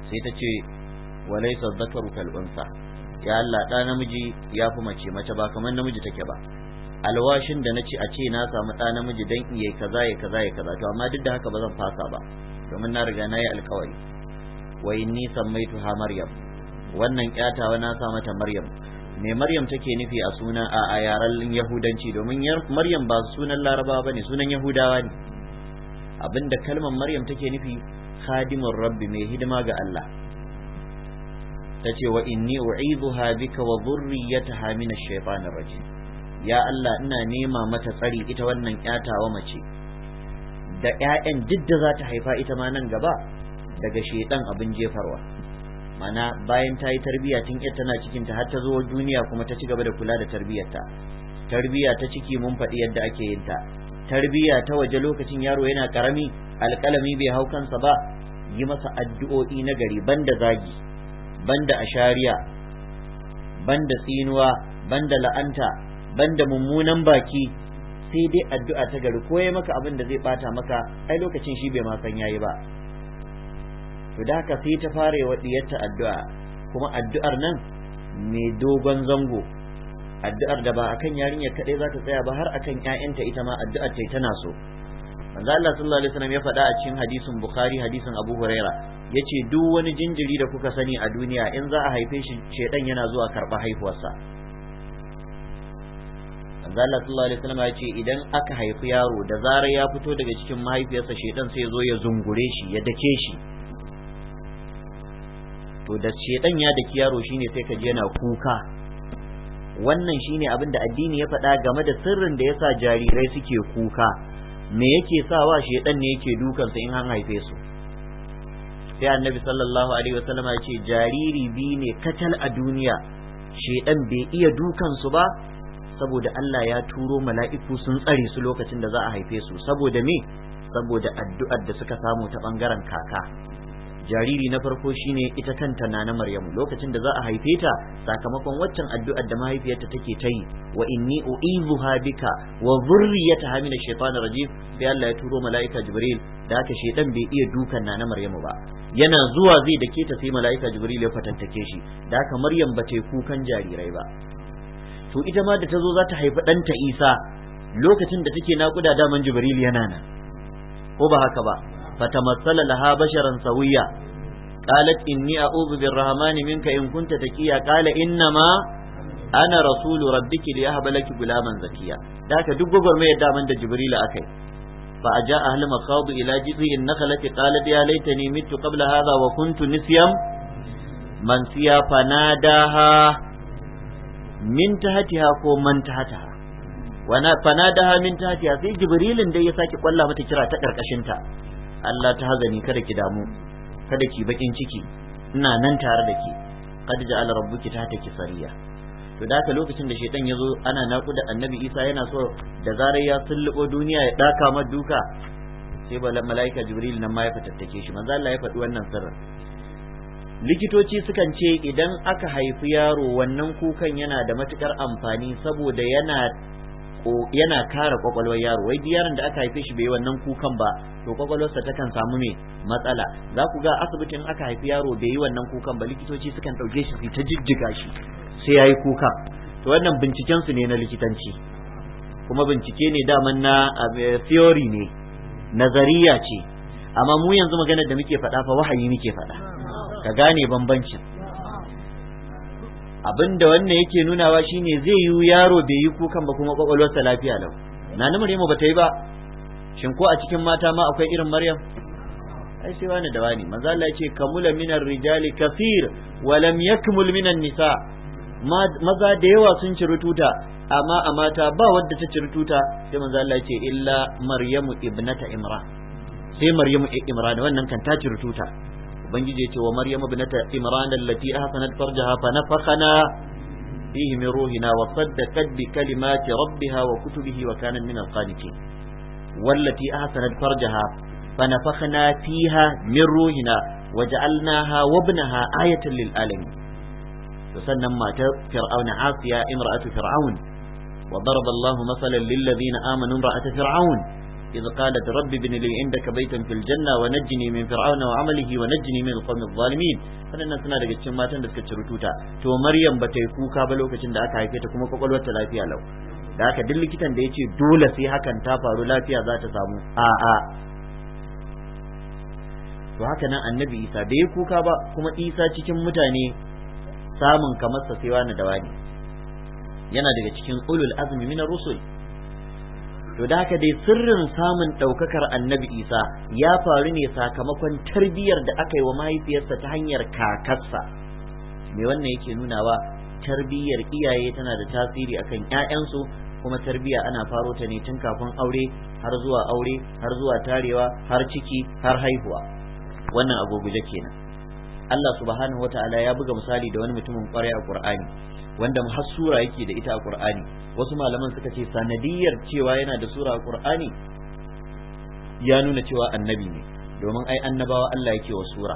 sai ta ce walaysa dhakaru kal unsa ya Allah ɗa namiji ya fi mace mace ba kamar namiji take ba alwashin da nace a ce na samu ɗa namiji dan iye kaza ya kaza ya kaza to amma duk da haka ba zan fasa ba domin na riga na yi alkawari wa inni sammaituha maryam wannan kyatawa na sa mata maryam me maryam take nufi a suna a yaren yahudanci domin maryam ba sunan laraba bane sunan yahudawa ne abinda kalmar maryam take nufi khadimur rabbi mai hidima ga Allah ta wa inni u'idhuha bika wa dhurriyyataha min ash-shaytanir rajim ya Allah ina nema mata tsari ita wannan yatawa mace da ƴaƴan jidda za ta haifa ita ma nan gaba daga shaytan abin jefarwa mana bayan ta yi tarbiya tun yar tana cikin har ta zo duniya kuma ta ci gaba da kula da tarbiyarta Tarbiyya ta ciki mun faɗi yadda ake yin ta Tarbiyya ta waje lokacin yaro yana karami alƙalami bai hau kansa ba yi masa addu'o'i na gari banda zagi banda ashariya banda tsinuwa banda la'anta banda mummunan baki sai dai addu'a ta gari ko ya maka abin da zai bata maka ai lokacin shi bai ma san yayi ba to da haka sai ta fara wa addu'a kuma addu'ar nan mai dogon zango addu'ar da ba akan yarinya kaɗai za ta tsaya ba har akan 'ya'yanta ita ma addu'ar ta tana so manzo Allah sallallahu alaihi wasallam ya faɗa a cikin hadisin Bukhari hadisin Abu Huraira yace duk wani jinjiri da kuka sani a duniya in za a haife shi shedan yana zuwa karɓa haihuwarsa manzo Allah sallallahu alaihi wasallam yace idan aka haifi yaro da zarar ya fito daga cikin mahaifiyarsa shedan sai ya zo ya zungure shi ya dake shi to da shedan ya daki yaro shine sai ka je yana kuka wannan shine abin da addini ya faɗa game da sirrin da yasa jarirai suke kuka me yake sawa shedan ne yake dukan sa in an haife su sai annabi sallallahu alaihi wasallam ya ce jariri bi ne kacal a duniya shedan bai iya dukan su ba saboda Allah ya turo mala'iku sun tsare su lokacin da za a haife su saboda me saboda addu'ar da suka samu ta bangaren kaka jariri na farko shine ita kanta na na Maryamu lokacin da za a haife ta sakamakon waccan addu'ar da mahaifiyarta take ta yi wa inni u'izuha bika wa dhurriyyataha min ash-shaytanir rajim sai Allah ya turo mala'ika Jibril da haka shedan bai iya dukan na na Maryamu ba yana zuwa zai dake ta sai mala'ika Jibril ya fatantake shi da aka Maryam ba ta kukan jarirai ba to ita ma da ta zo za ta haifi ɗanta Isa lokacin da take naƙuda daman Jibril yana nan ko ba haka ba فتمثل لها بشرا سويا قالت إني أعوذ بالرحمن منك إن كنت تكيا قال إنما أنا رسول ربك لأهب لك غلاما زكيا ذاك دبوبر ما يدعى من جبريل أكي فأجاء أهل مخاض إلى جذع النخلة قالت يا ليتني مت قبل هذا وكنت نسيا منسيا فناداها من تحتها كو من تحتها wana fanadaha min tahtiha sai jibrilin dai ya saki kwalla mata kira ta karkashin ta Allah ta hazani kada ki damu kada ki bakin ciki ina nan tare da ki qad ja'ala rabbuki sariya to da lokacin da shaitan ya zo ana da annabi Isa yana so da zarar ya sullubo duniya ya daka ma duka sai mala'ika Jibril nan ma ya fatattake shi manzo Allah ya faɗi wannan sirrin likitoci sukan ce idan aka haifi yaro wannan kukan yana da matukar amfani saboda yana yana kare kwakwalwar yaro wai yaron da aka haife shi bai wannan kukan ba to kwakwalwar kwakwalwarsa kan samu me matsala za ku ga asibitin aka haifi yaro bai yi wannan kukan ba likitoci sukan ɗauke shi su ta jijjiga shi sai ya yi kuka to wannan binciken su ne na likitanci kuma bincike ne daman na um, eh, theory ne nazariya ce amma mu yanzu maganar da muke faɗa fa wahayi muke faɗa ka gane bambancin Abin da wannan yake nunawa shine zai yi yaro bai yi kukan ba kuma kwakwalwarsa lafiya lau na ni Maryamu ba ta yi ba shin ko a cikin mata ma akwai irin Maryam ai sai wani da wani manzo Allah yake kamula minar rijali Kafir wa lam yakmul minan nisa maza da yawa sun ciri tuta amma a mata ba wadda ta ciri tuta sai manzo Allah yake ce illa Maryamu ibnata Imran sai Maryamu Imran wannan kan ta ciri tuta ubangiji ya ce wa maryam ibnata imran allati ahsanat farjaha fa nafakhana fihi min ruhina wa saddaqat bi kalimati rabbiha wa kutubihi wa kanat min al-qanitin wallati ahsanat farjaha fa nafakhana fiha min ruhina wa ja'alnaha wa ibnaha ayatan lil alamin sannan matar fir'auna asiya imra'atu fir'aun wa daraba masalan lil ladina amanu imra'atu fir'aun إذ قالت رب ابن لي عندك بيتا في الجنة ونجني من فرعون وعمله ونجني من القوم الظالمين فلنا سنا daga cikin matan da suka ciro tuta to Maryam ba ta yi kuka ba lokacin da aka haife ta kuma kwakwalwarta lafiya lau da haka duk likitan da ya ce dole sai hakan ta faru lafiya za ta samu a'a to haka annabi Isa bai yi kuka ba kuma Isa cikin mutane samun kamar sa sai wani da wani yana daga cikin ulul azmi minar rusul to da haka dai sirrin samun ɗaukakar annabi isa ya faru ne sakamakon tarbiyyar da aka yi wa mahaifiyarsa ta hanyar kakarsa me wannan yake nunawa tarbiyyar iyaye tana da tasiri akan 'ya'yansu kuma tarbiyya ana faro ta ne tun kafin aure har zuwa aure har zuwa tarewa har ciki har haihuwa wannan a guguje kenan Allah subhanahu wataala ya buga misali da wani mutumin kwarai a Qur'ani wanda har sura yake da ita a Qur'ani wasu malaman suka ce sanadiyar cewa yana da sura qur'ani ya nuna cewa annabi ne domin ai annabawa Allah yake wa sura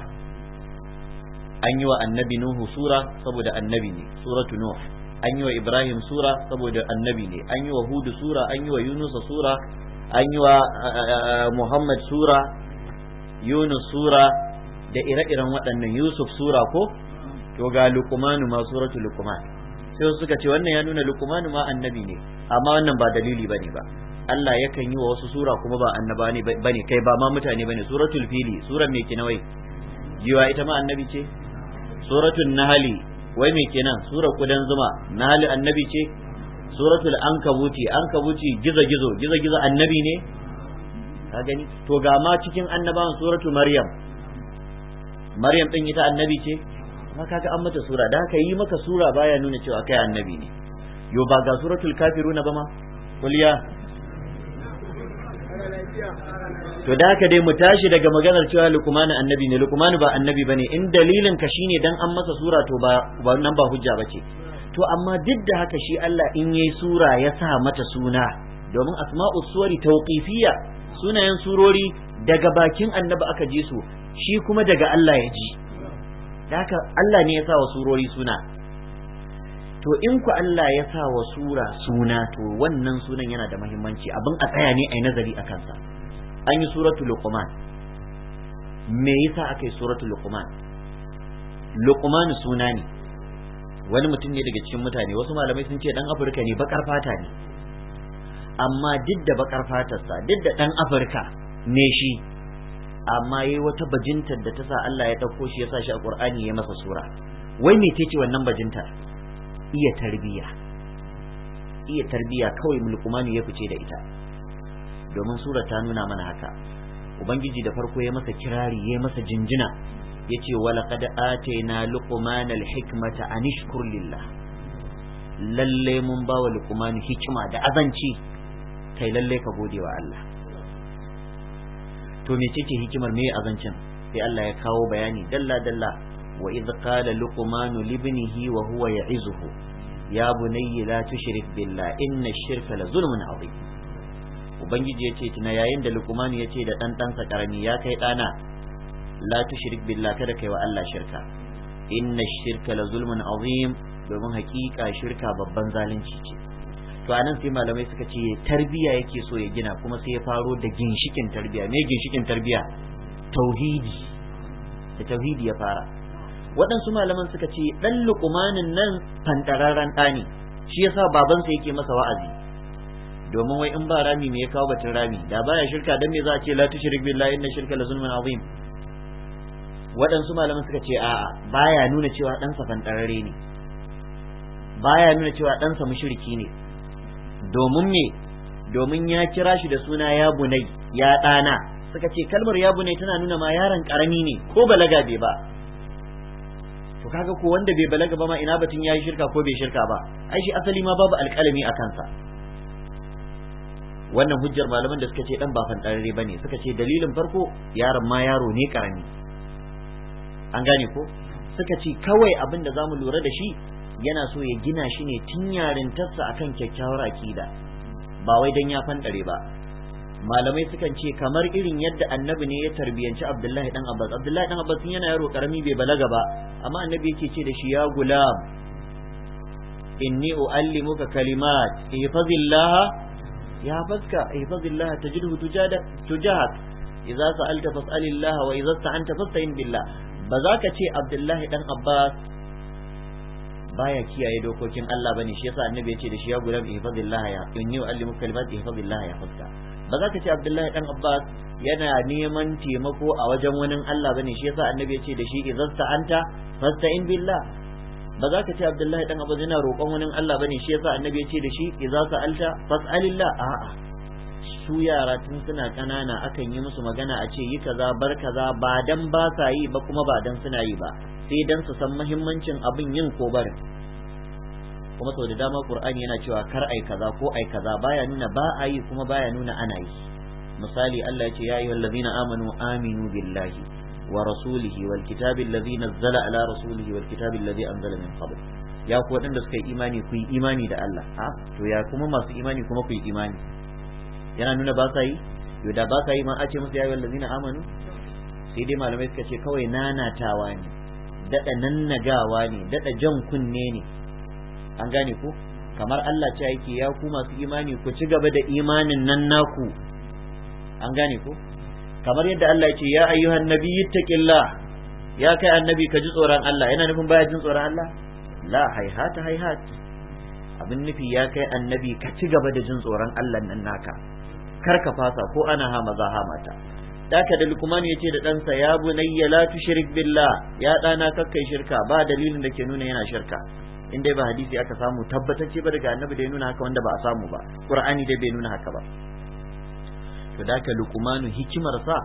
an yi wa annabi nuhu sura saboda annabi ne suratu nuh an yi wa ibrahim sura saboda annabi ne an yi wa hudu sura an yi wa yunus sura an yi wa muhammad sura yunus sura da ire-iren waɗannan yusuf sura ko to ga lukumanu ma suratu lukuman sai suka ce wannan ya nuna lukumanu ma annabi ne amma wannan ba dalili bane ba Allah yakan yi wa wasu sura kuma ba annaba ne bane kai ba ma mutane bane suratul fili suran me kenan wai jiwa ita ma annabi ce suratul nahli wai me kenan surar kudan zuma nahli annabi ce suratul ankabuti ankabuti giza gizo giza giza annabi ne ka gani to ga ma cikin annabawan suratul maryam maryam din ita annabi ce ma kaga an mata sura da haka yi maka sura baya nuna cewa kai annabi ne yo ba ga suratul kafiruna ba ma kulliya to da haka dai mu tashi daga maganar cewa lukumanu annabi ne lukumanu ba annabi bane in dalilin ka shine dan an masa sura to ba nan ba hujja bace to amma duk da haka shi Allah in yayi sura ya sa mata suna domin asma'u suwari tawqifiyya sunayen surori daga bakin annabi aka ji su shi kuma daga Allah ya ji da haka Allah ne ya sa wa surori suna to in ku Allah ya sa wa sura suna to wannan sunan yana da muhimmanci abin a tsaya ne a yi nazari a kansa an yi suratu luqman me yasa aka yi suratu luqman luqman suna ne wani mutum ne daga cikin mutane wasu malamai sun ce dan afirka ne bakar fata ne amma duk da bakar fatarsa duk da dan afirka ne shi amma yayi wata bajintar da ta sa Allah ya ɗauko shi ya sa shi a Qur'ani ya masa sura wai me ce wannan bajintar iya tarbiya iya tarbiya kawai mulkumani ya fice da ita domin sura ta nuna mana haka ubangiji da farko ya masa kirari ya masa jinjina yace qad atayna luqmana alhikmata an ishkur lillah lalle mun bawa luqman hikima da azanci kai lalle ka gode wa Allah to mecece hikimar me azancin sai Allah ya kawo bayani dalla dalla wa idh qala luqman li ibnihi wa huwa ya'izuhu ya bunayya la tushrik billah inna ash-shirka la zulmun adhim ubangiji yace tuna yayin da luqman yace da dan ɗansa karami ya kai dana la tushrik billah kada kai wa Allah shirka inna ash-shirka la zulmun adhim domin hakika shirka babban zalunci ce to anan sai malamai suka ce tarbiya yake so ya gina kuma sai ya faro da ginshikin tarbiya me ginshikin tarbiya tauhidi da tauhidi ya fara waɗansu malaman suka ce ɗan lukumanin nan fantararren ɗa ne shi yasa babansa yake masa wa'azi domin wai in ba rami me ya kawo batun rami da baya shirka dan me za a ce la tushrik billahi inna shirka la zulmun azim waɗansu malaman suka ce a'a baya nuna cewa ɗansa fantararre ne baya nuna cewa ɗansa mushriki ne domin me domin ya kira shi da suna ya bunai ya ɗana suka ce kalmar ya bunai tana nuna ma yaron ƙarami ne ko balaga bai ba to kaga ko wanda bai balaga ba ma ina batun yayi shirka ko bai shirka ba ai shi asali ma babu alƙalami a kansa wannan hujjar malaman da suka ce dan ba fantarare bane suka ce dalilin farko yaron ma yaro ne karami an gane ko suka ce kawai abin da zamu lura da shi yana so ya gina shi ne tun yarin yarintarsa akan kyakkyawar akida ba wai dan ya fandare ba malamai sukan ce kamar irin yadda annabi ne ya tarbiyanci abdullahi dan abbas abdullahi dan abbas yana yaro karami bai balaga ba amma annabi yake ce da shi ya gulam inni uallimuka kalimat ihfazillah ya fazka ihfazillah tajidhu tujada tujahak idza sa'alta fas'alillah wa idza ista'anta fasta'in billah ba za ka ce abdullahi dan abbas baya kiyaye dokokin Allah bane shi yasa annabi yace ce da shi ya gulam ihfazillah ya inni uallimuka kalimat ihfazillah ya fasta ba za ka ce Abdullahi dan Abbas yana neman taimako a wajen wani Allah bane shi yasa annabi yace ce da shi idzasta anta fasta'in billah ba za ka ce Abdullahi dan Abbas yana roƙon wani Allah bane shi yasa annabi yace ce da shi idza sa'alta fas'alillah a'a su yara tun suna ƙanana akan yi musu magana a ce yi kaza bar kaza ba dan ba sa yi ba kuma ba dan suna yi ba sai dan su san muhimmancin abin yin ko barin kuma sau da dama qur'ani yana cewa kar ai kaza ko ai kaza baya nuna ba a yi kuma baya nuna ana yi misali Allah ya ce ya ayyuhallazina amanu aminu billahi wa rasulihi wal kitabi allazi nazzala ala rasulihi wal kitabi allazi anzala min qabl ya ku wadanda suka yi imani ku yi imani da Allah a to ya kuma masu imani kuma ku yi imani yana nuna ba sa yi yo da ba sa yi ma a ce musu ya ayyuhallazina amanu sai dai malamai suka ce kawai nanatawa ne daɗa nannagawa ne daɗa jan kunne ne an gane ko kamar Allah ce yake ya ku masu imani ku ci gaba da imanin nan naku an gane ko kamar yadda Allah ce ya ayyuhan nabiyyi taqillah ya kai annabi ka ji tsoron Allah yana nufin baya jin tsoron Allah la haihata haihat abin nufi ya kai annabi ka ci gaba da jin tsoron Allah nan naka kar ka fasa ko ana hama za ta. daka da lukman ya ce da ɗansa ya bunayya la shirk billah ya ɗana kakkai shirka ba dalilin da ke nuna yana shirka in dai ba hadisi aka samu tabbatar ce ba daga annabi da ya nuna haka wanda ba a samu ba qur'ani dai bai nuna haka ba to daka lukmanu hikimarsa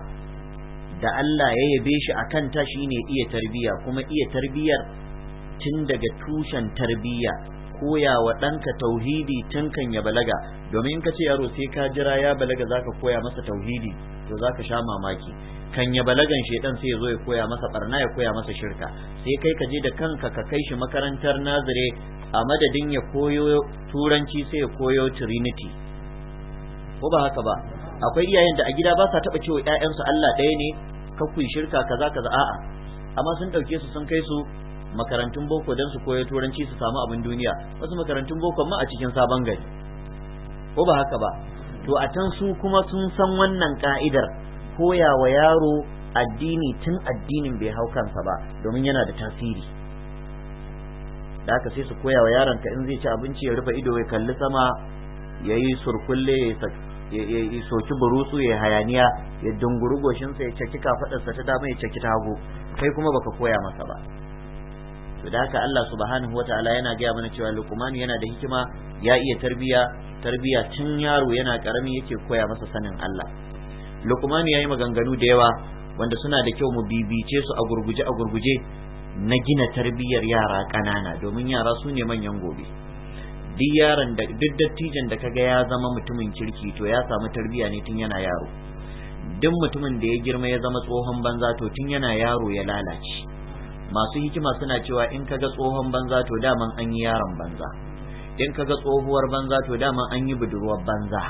da Allah ya yabe shi a kan ta ne iya tarbiyya kuma iya tarbiyyar tun daga tushen tarbiyya koya wa ɗanka tauhidi tun kan ya balaga domin in ka ce yaro sai ka jira ya balaga zaka koya masa tauhidi to za ka sha mamaki kan ya balagan shaidan sai ya zo ya koya masa barna ya koya masa shirka sai kai ka je da kanka ka kai shi makarantar Nazare a madadin ya koyo turanci sai ya koyo trinity ko ba haka ba akwai iyayen da a gida ba sa taba cewa ƴaƴansu Allah ɗaya ne ka kuyi shirka kaza kaza a'a amma sun ɗauke su sun kai su makarantun boko don su koyo turanci su samu abin duniya wasu makarantun boko ma a cikin sabon gari ko ba haka ba to a can su kuma sun san wannan ka'idar koya wa yaro addini tun addinin bai hau kansa ba domin yana da tasiri da aka sai su koya wa yaron ka in zai ci abinci ya rufe ido ya kalli sama ya yi surkulle ya soki burusu ya hayaniya ya dunguri goshinsa ya caki kafaɗarsa ta dama ya caki tago kai kuma baka koya masa ba to da haka Allah subhanahu wataala yana gaya mana cewa Luqman yana da hikima ya iya tarbiya tarbiya tun yaro yana karami yake koya masa sanin Allah Luqman yayi maganganu da yawa wanda suna da kyau mu bibice su a gurguje a gurguje na gina tarbiyar yara kanana domin yara su ne manyan gobe duk yaron da duk dattijan da kaga ya zama mutumin kirki to ya samu tarbiya ne tun yana yaro duk mutumin da ya girma ya zama tsohon banza to tun yana yaro ya lalace masu hikima suna cewa in kaga tsohon banza to daman an yi yaron banza in kaga tsohuwar banza to daman an yi budurwar banza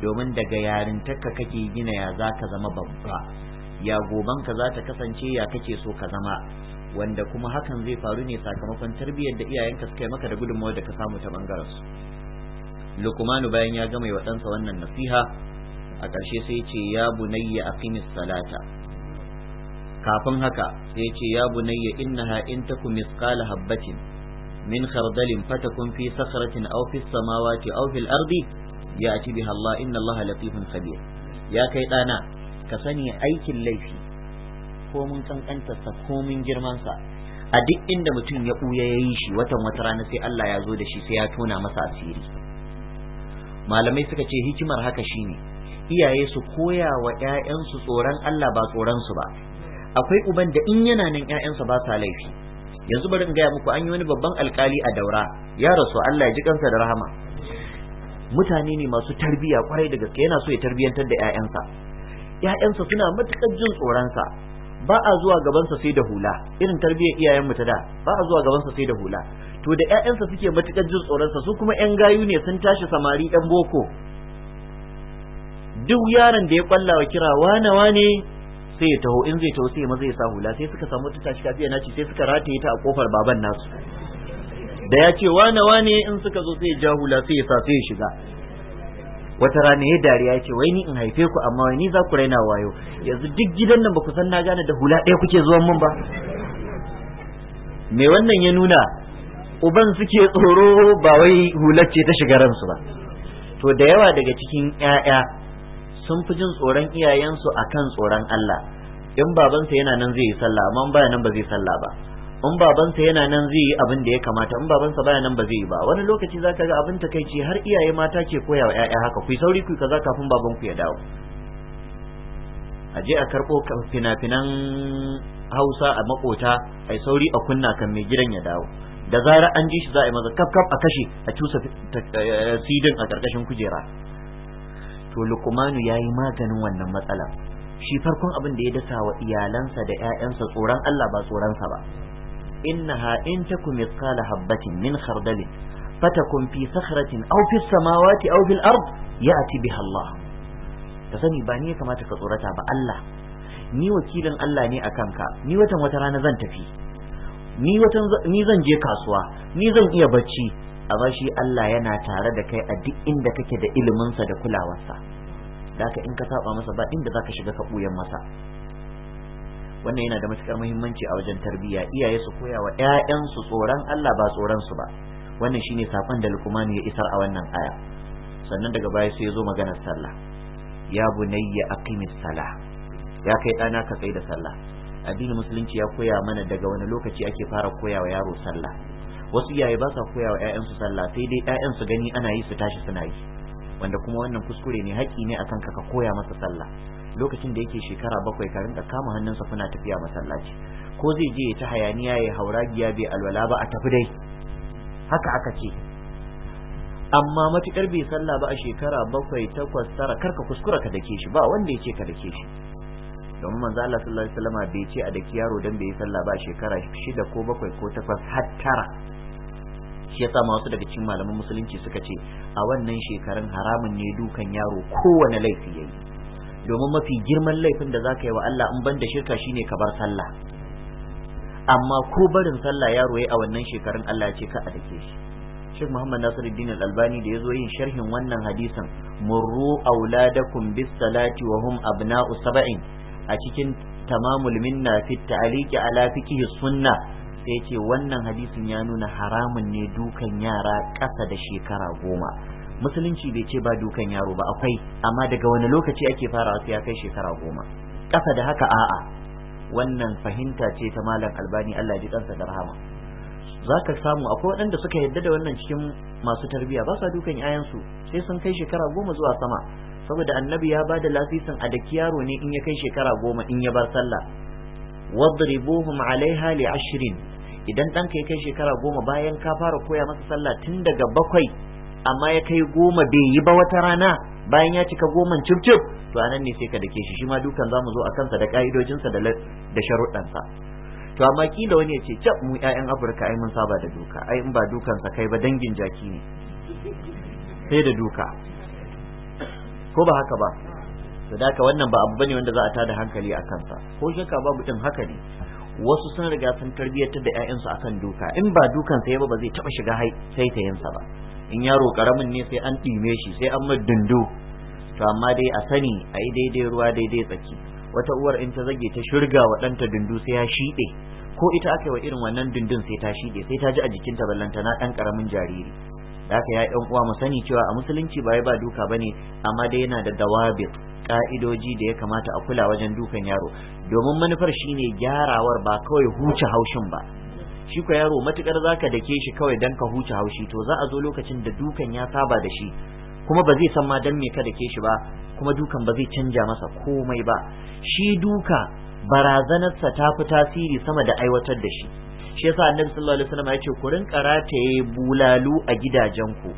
domin daga yarintarka kake gina ya za ka zama babba ya goban ka za ta kasance ya kake so ka zama wanda kuma hakan zai faru ne sakamakon tarbiyyar da iyayenka suka yi maka da gudunmawar da ka samu ta bangaren su lukumanu bayan ya gama wa ɗansa wannan nasiha a ƙarshe sai ce ya bunayya aqimis salata kafin haka sai ya ce ya bunayya innaha in taku misqala habbatin min khardalin fatakun fi sakhratin aw fi samawati aw fil ardi ya'ti biha Allah inna Allah latifun khabir ya kai dana ka sani aikin laifi ko mun kankanta sa ko mun girman sa a duk inda mutum ya buya ya yi shi watan wata rana sai Allah ya zo da shi sai ya tona masa asiri malamai suka ce hikimar haka shine iyaye su koya wa 'ya'yansu tsoron Allah ba tsoron su ba akwai uban da in yana nan ƴaƴansa ba sa laifi yanzu bari in gaya muku an yi wani babban alkali a daura ya rasu Allah ya ji kansa da rahama mutane ne masu tarbiya kwarai da gaske yana so ya tarbiyantar da ƴaƴansa ƴaƴansa suna matuƙar jin tsoronsa ba a zuwa gabansa sai da hula irin tarbiyyar iyayen mu ta da ba a zuwa gabansa sai da hula to da ƴaƴansa suke matuƙar jin tsoronsa su kuma ƴan gayu ne sun tashi samari ƴan boko duk yaron da ya kwallawa kira wane wane sai ya taho in zai taho sai maza ya sa hula sai suka samu ta tashi kafiya naci sai suka rataye ta a kofar baban nasu da ya ce wane wane in suka zo sai ya ja hula sai ya sa sai ya shiga wata rana ya dariya ya ce wai ni in haife ku amma wai ni za ku raina wayo yanzu duk gidan nan ba ku san na gane da hula ɗaya kuke zuwan mun ba me wannan ya nuna uban suke tsoro ba wai hular ce ta shiga ransu ba to da yawa daga cikin 'ya'ya sun fi jin tsoron iyayensu a kan tsoron Allah in babansa yana nan zai yi sallah amma in baya nan ba zai sallah ba in babansa yana nan zai yi abin da ya kamata in babansa baya nan ba zai yi ba wani lokaci zaka ga abin takaici har iyaye mata ke koya wa ƴaƴa haka ku sauri ku kaza kafin baban ku ya dawo a je a karɓo fina-finan hausa a makota a sauri a kunna kan mai gidan ya dawo da zarar an ji shi za a yi maza kaf kaf a kashe a cusa eh, sidin a ƙarƙashin kujera to lukumanu ya yi maganin wannan matsala shi farkon abin da ya dasa wa iyalansa da 'ya'yansa tsoron Allah ba tsoronsa ba innaha in takum mithqala habatin min khardalin fatakun fi sakhratin aw fi samawati aw fil ard ya'ti biha Allah ka sani ba ni ya kamata ka tsorata ba Allah ni wakilin Allah ne a kanka ni watan wata rana zan tafi ni watan ni zan je kasuwa ni zan iya bacci amma shi Allah yana tare da kai a duk inda kake da iliminsa da kulawarsa ka in ka saba masa ba inda zaka shiga ka buyan masa wannan yana da matukar muhimmanci a wajen tarbiyya iyaye su koya wa ƴaƴansu tsoron Allah ba tsoron su ba wannan shine sakon da Luqman ya isar a wannan aya sannan daga baya sai ya zo maganar sallah ya bunayya aqimis salah ya kai dana ka tsai da sallah addinin musulunci ya koya mana daga wani lokaci ake fara koya wa yaro sallah wasu iyaye ba sa koya wa 'ya'yansu sallah sai dai su gani ana yi su tashi suna yi wanda kuma wannan kuskure ne haƙƙi ne akan ka ka koya masa sallah lokacin da yake shekara bakwai ka rinka kama hannunsa kuna tafiya masallaci ko zai je ya ci hayaniya ya haura giya bai alwala ba a tafi dai haka aka ce amma matuƙar bai sallah ba a shekara bakwai takwas tara karka kuskura ka dake shi ba wanda ya ce ka dake shi domin manzo Allah sallallahu alaihi wasallam bai ce a daki yaro dan bai yi sallah ba shekara shida ko bakwai ko takwas har tara shi yasa ma wasu daga cikin malaman musulunci suka ce a wannan shekarun haramun ne dukan yaro kowane laifi yayi domin mafi girman laifin da zaka yi wa Allah in banda shirka shine ka bar sallah amma ko barin sallah yaro yayi a wannan shekarun Allah ce ka adake shi Sheikh Muhammad Nasiruddin Al-Albani da yazo yin sharhin wannan hadisin murru auladakum bis salati wa hum abna'u sab'in a cikin tamamul minna fit ta'liqi ala fiqhi sunnah sai ya ce wannan hadisin ya nuna haramun ne dukan yara ƙasa da shekara goma musulunci bai ce ba dukan yaro ba akwai amma daga wani lokaci ake fara sai ya kai shekara goma ƙasa da haka a'a wannan fahimta ce ta malam albani Allah ji kansa da rahama za ka samu akwai waɗanda suka yarda da wannan cikin masu tarbiyya ba sa dukan 'ya'yansu sai sun kai shekara goma zuwa sama saboda annabi ya ba da lasisin a daki yaro ne in ya kai shekara goma in ya bar sallah wadribuhum alaiha li ashirin. idan ɗanka ya kai shekara goma bayan ka fara koya masa sallah tun daga bakwai amma ya kai goma bai yi ba wata rana bayan ya cika goman cif cif to anan ne sai ka dake shi shi ma dukan za mu zo a kansa da ka'idojinsa da da sharuɗansa to amma kila wani ya ce cap mu ƴaƴan afirka ai mun saba da duka ai in ba dukansa kai ba dangin jaki ne sai da duka ko ba haka ba sadaka da wannan ba abu bane wanda za a tada hankali a kansa ko shakka babu ɗin haka ne wasu sun riga sun tarbiyyatar da ƴaƴansu akan duka in ba dukan sa ba ba zai taba shiga saitayinsa ba in yaro karamin ne sai an ɗime shi sai an dundu to amma dai a sani a yi daidai ruwa daidai tsaki wata uwar in ta zage ta shirga wa ɗanta dundu sai ya shiɗe ko ita aka yi wa irin wannan dundun sai ta shiɗe sai ta ji a jikinta ballanta na ɗan karamin jariri da haka ya uwa mu sani cewa a musulunci ba ya ba duka bane amma dai yana da dawabit ka'idoji da ya kamata a kula wajen dukan yaro domin manufar shine gyarawar ba kawai huce haushin ba shi ko yaro matukar zaka dake shi kawai dan ka huce haushi to za a zo lokacin da dukan ya saba da shi kuma ba zai san ma dan me ka dake shi ba kuma dukan ba zai canja masa komai ba shi duka barazanarsa ta fi tasiri sama da aiwatar da shi shi yasa annabi sallallahu alaihi wasallam ya ce ku rinka rataye bulalu a gidajenku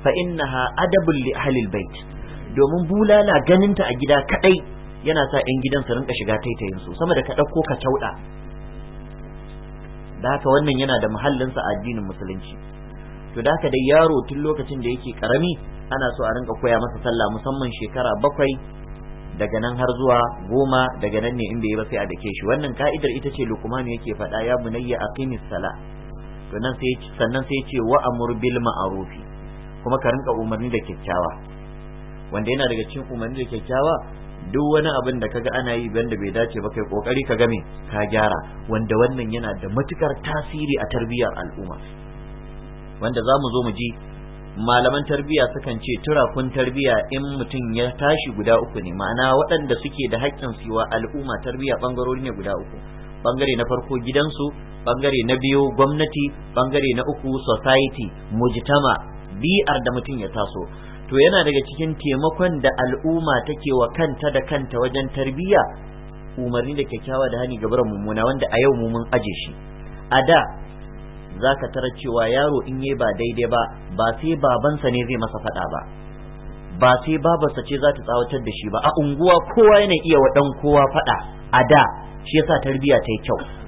fa innaha adabul li ahlil bait domin bulala ganinta a gida kadai yana sa 'yan gidan su rinka shiga taitayin su sama da ka ko ka kyauɗa da haka wannan yana da muhallinsa a addinin musulunci to da haka dai yaro tun lokacin da yake karami ana so a rinka koya masa sallah musamman shekara bakwai daga nan har zuwa goma daga nan ne in ya ba sai a dake shi wannan ka'idar ita ce lukman yake faɗa ya bunayya aqimis sala to nan sai sannan sai ce wa amur bil ma'ruf kuma ka rinka umarni da kyakkyawa wanda yana daga cikin umarni da kyakkyawa duk wani abin da kaga ana yi banda bai dace ba kai kokari ka game ka gyara wanda wannan yana da matukar tasiri a tarbiyyar al'umma wanda za mu zo mu ji malaman tarbiyya sukan ce turakun tarbiyya in mutum ya tashi guda uku ne ma'ana waɗanda suke da haƙƙin siwa al'umma tarbiyya ɓangarori ne guda uku ɓangare na farko gidansu ɓangare na biyu gwamnati ɓangare na uku society mujtama bi'ar da mutum ya taso to yana daga cikin taimakon da al'umma take wa kanta da kanta wajen tarbiyya umarni da kyakkyawa da hani gabar mummuna wanda a yau mun aje shi a da za ka tara cewa yaro in yi ba daidai ba ba sai babansa ne zai masa faɗa ba ba sai babarsa ce za ta tsawatar da shi ba a unguwa kowa yana iya wa ɗan kowa faɗa a da shi yasa tarbiyya ta yi kyau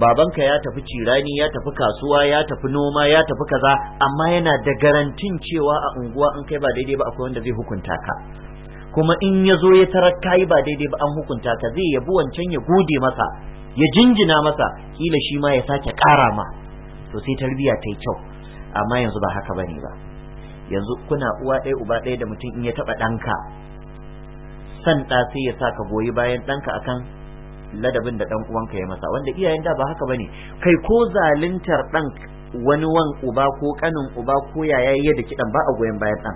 babanka ya tafi cirani ya tafi kasuwa ya tafi noma ya tafi kaza amma yana da garantin cewa a unguwa an kai ba daidai ba akwai wanda zai hukunta ka kuma in ya zo ya tarar kayi ba daidai ba an hukunta ka zai yabi wancan ya gode masa ya jinjina masa kila shi ma ya sake kara ma to sai tarbiya ta yi kyau amma yanzu ba haka bane ba yanzu kuna uwa ɗaya uba ɗaya da mutum in ya taɓa ɗanka san ɗa sai ya sa ka goyi bayan ɗanka akan ladabin da dan uwanka ya masa wanda iyayen da ba haka bane kai ko zaluntar dan wani wan uba ko kanin uba ko yaya ya da kidan ba a goyen bayan dan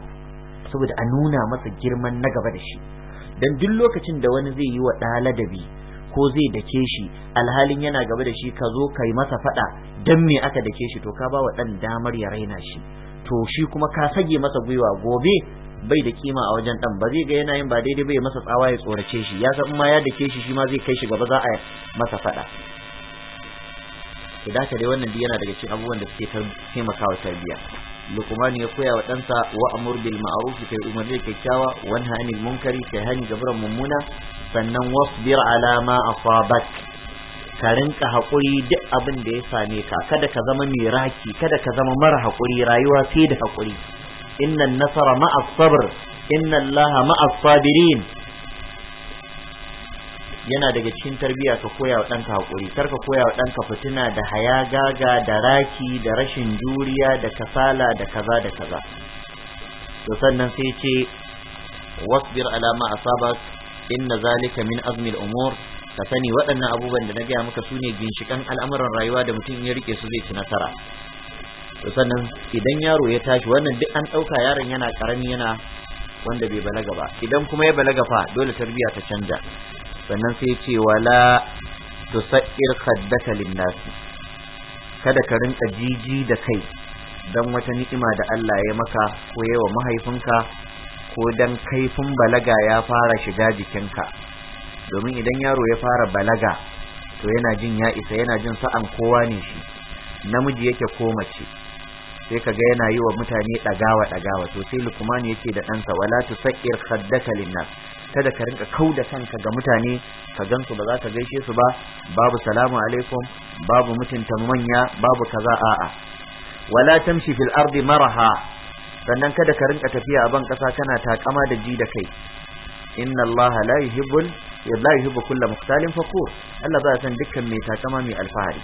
saboda a nuna masa girman na gaba da shi dan duk lokacin da wani zai yi wa da ladabi ko zai dake shi alhalin yana gaba da shi ka zo kai masa fada dan me aka dake shi to ka ba wa dan damar ya raina shi to shi kuma ka sage masa gwiwa gobe bai da kima a wajen dan ba zai ga yana yin ba daidai bai masa tsawa ya tsorace shi ya san in ma ya dake shi shi ma zai kai shi gaba za a masa fada to dace dai wannan yana daga cikin abubuwan da suke taimakawa tarbiy'a Luqman ya koya wa ɗansa wa amur bil ma'ruf kai umarni kyakkyawa wan hani munkari kai hani gaburan mummuna sannan wasbir ala ma asabak ka rinka haƙuri duk abin da ya same ka kada ka zama mai raki kada ka zama mara haƙuri rayuwa sai da haƙuri innan nasara ma'as sabr inna allaha yana daga cikin tarbiyya ka koya wa ɗanka haƙuri kar ka koya wa ɗanka fitina da hayagaga da raki da rashin juriya da kasala da kaza da kaza to sannan sai ce wasbir alama a asabak inna zalika min azmi al-umur ka sani waɗannan abubuwan da na gaya maka sune ginshikan al'amuran rayuwa da mutum ya rike su zai ci nasara sannan idan yaro ya tashi wannan duk an ɗauka yaron yana ƙarami yana wanda bai balaga ba idan kuma ya balaga fa dole tarbiya ta canja sannan sai ce wala tusair khaddaka linnas kada ka rinka jiji da kai dan wata ni'ima da Allah ya maka ko yawa mahaifinka ko dan kaifin balaga ya fara shiga jikinka domin idan yaro ya fara balaga to yana jin ya isa yana jin sa'an kowa ne shi namiji yake ko mace sai kaga yana yi wa mutane dagawa dagawa to sai lukman yake da ɗansa wala tusaqqir khaddaka linnas kada ka rinka kauda kanka ga mutane ka gansu ba za ka gaishe su ba babu salamu alaikum babu mutunta manya babu kaza a'a wala tamshi fil ardi maraha sannan kada ka rinka tafiya a ban kasa kana takama da ji da kai inna allaha la yuhibbul la yuhibbu kullu mukhtalin fakur Allah ba san dukkan mai takama mai alfahari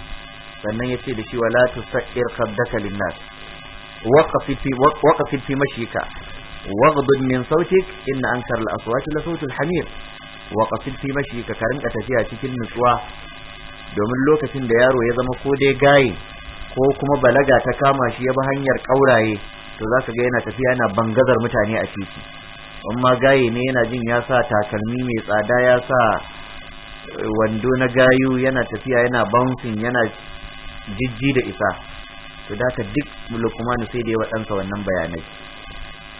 sannan yace da shi wala tusaqqir khaddaka linnas waqfi fi waqfi fi mashika waghdud min sautik inna ankar al-aswati la sautul hamir waqfi fi mashika ka rinka tafiya cikin nutsuwa domin lokacin da yaro ya zama ko dai gaye ko kuma balaga ta kama shi ya bi hanyar ƙauraye, to zaka ga yana tafiya yana bangazar mutane a titi amma gaye ne yana jin ya sa takalmi mai tsada ya sa wando na gayu yana tafiya yana bouncing yana jijji da isa Su da ka duk lukumanu sai da ya ɗansa wannan bayanai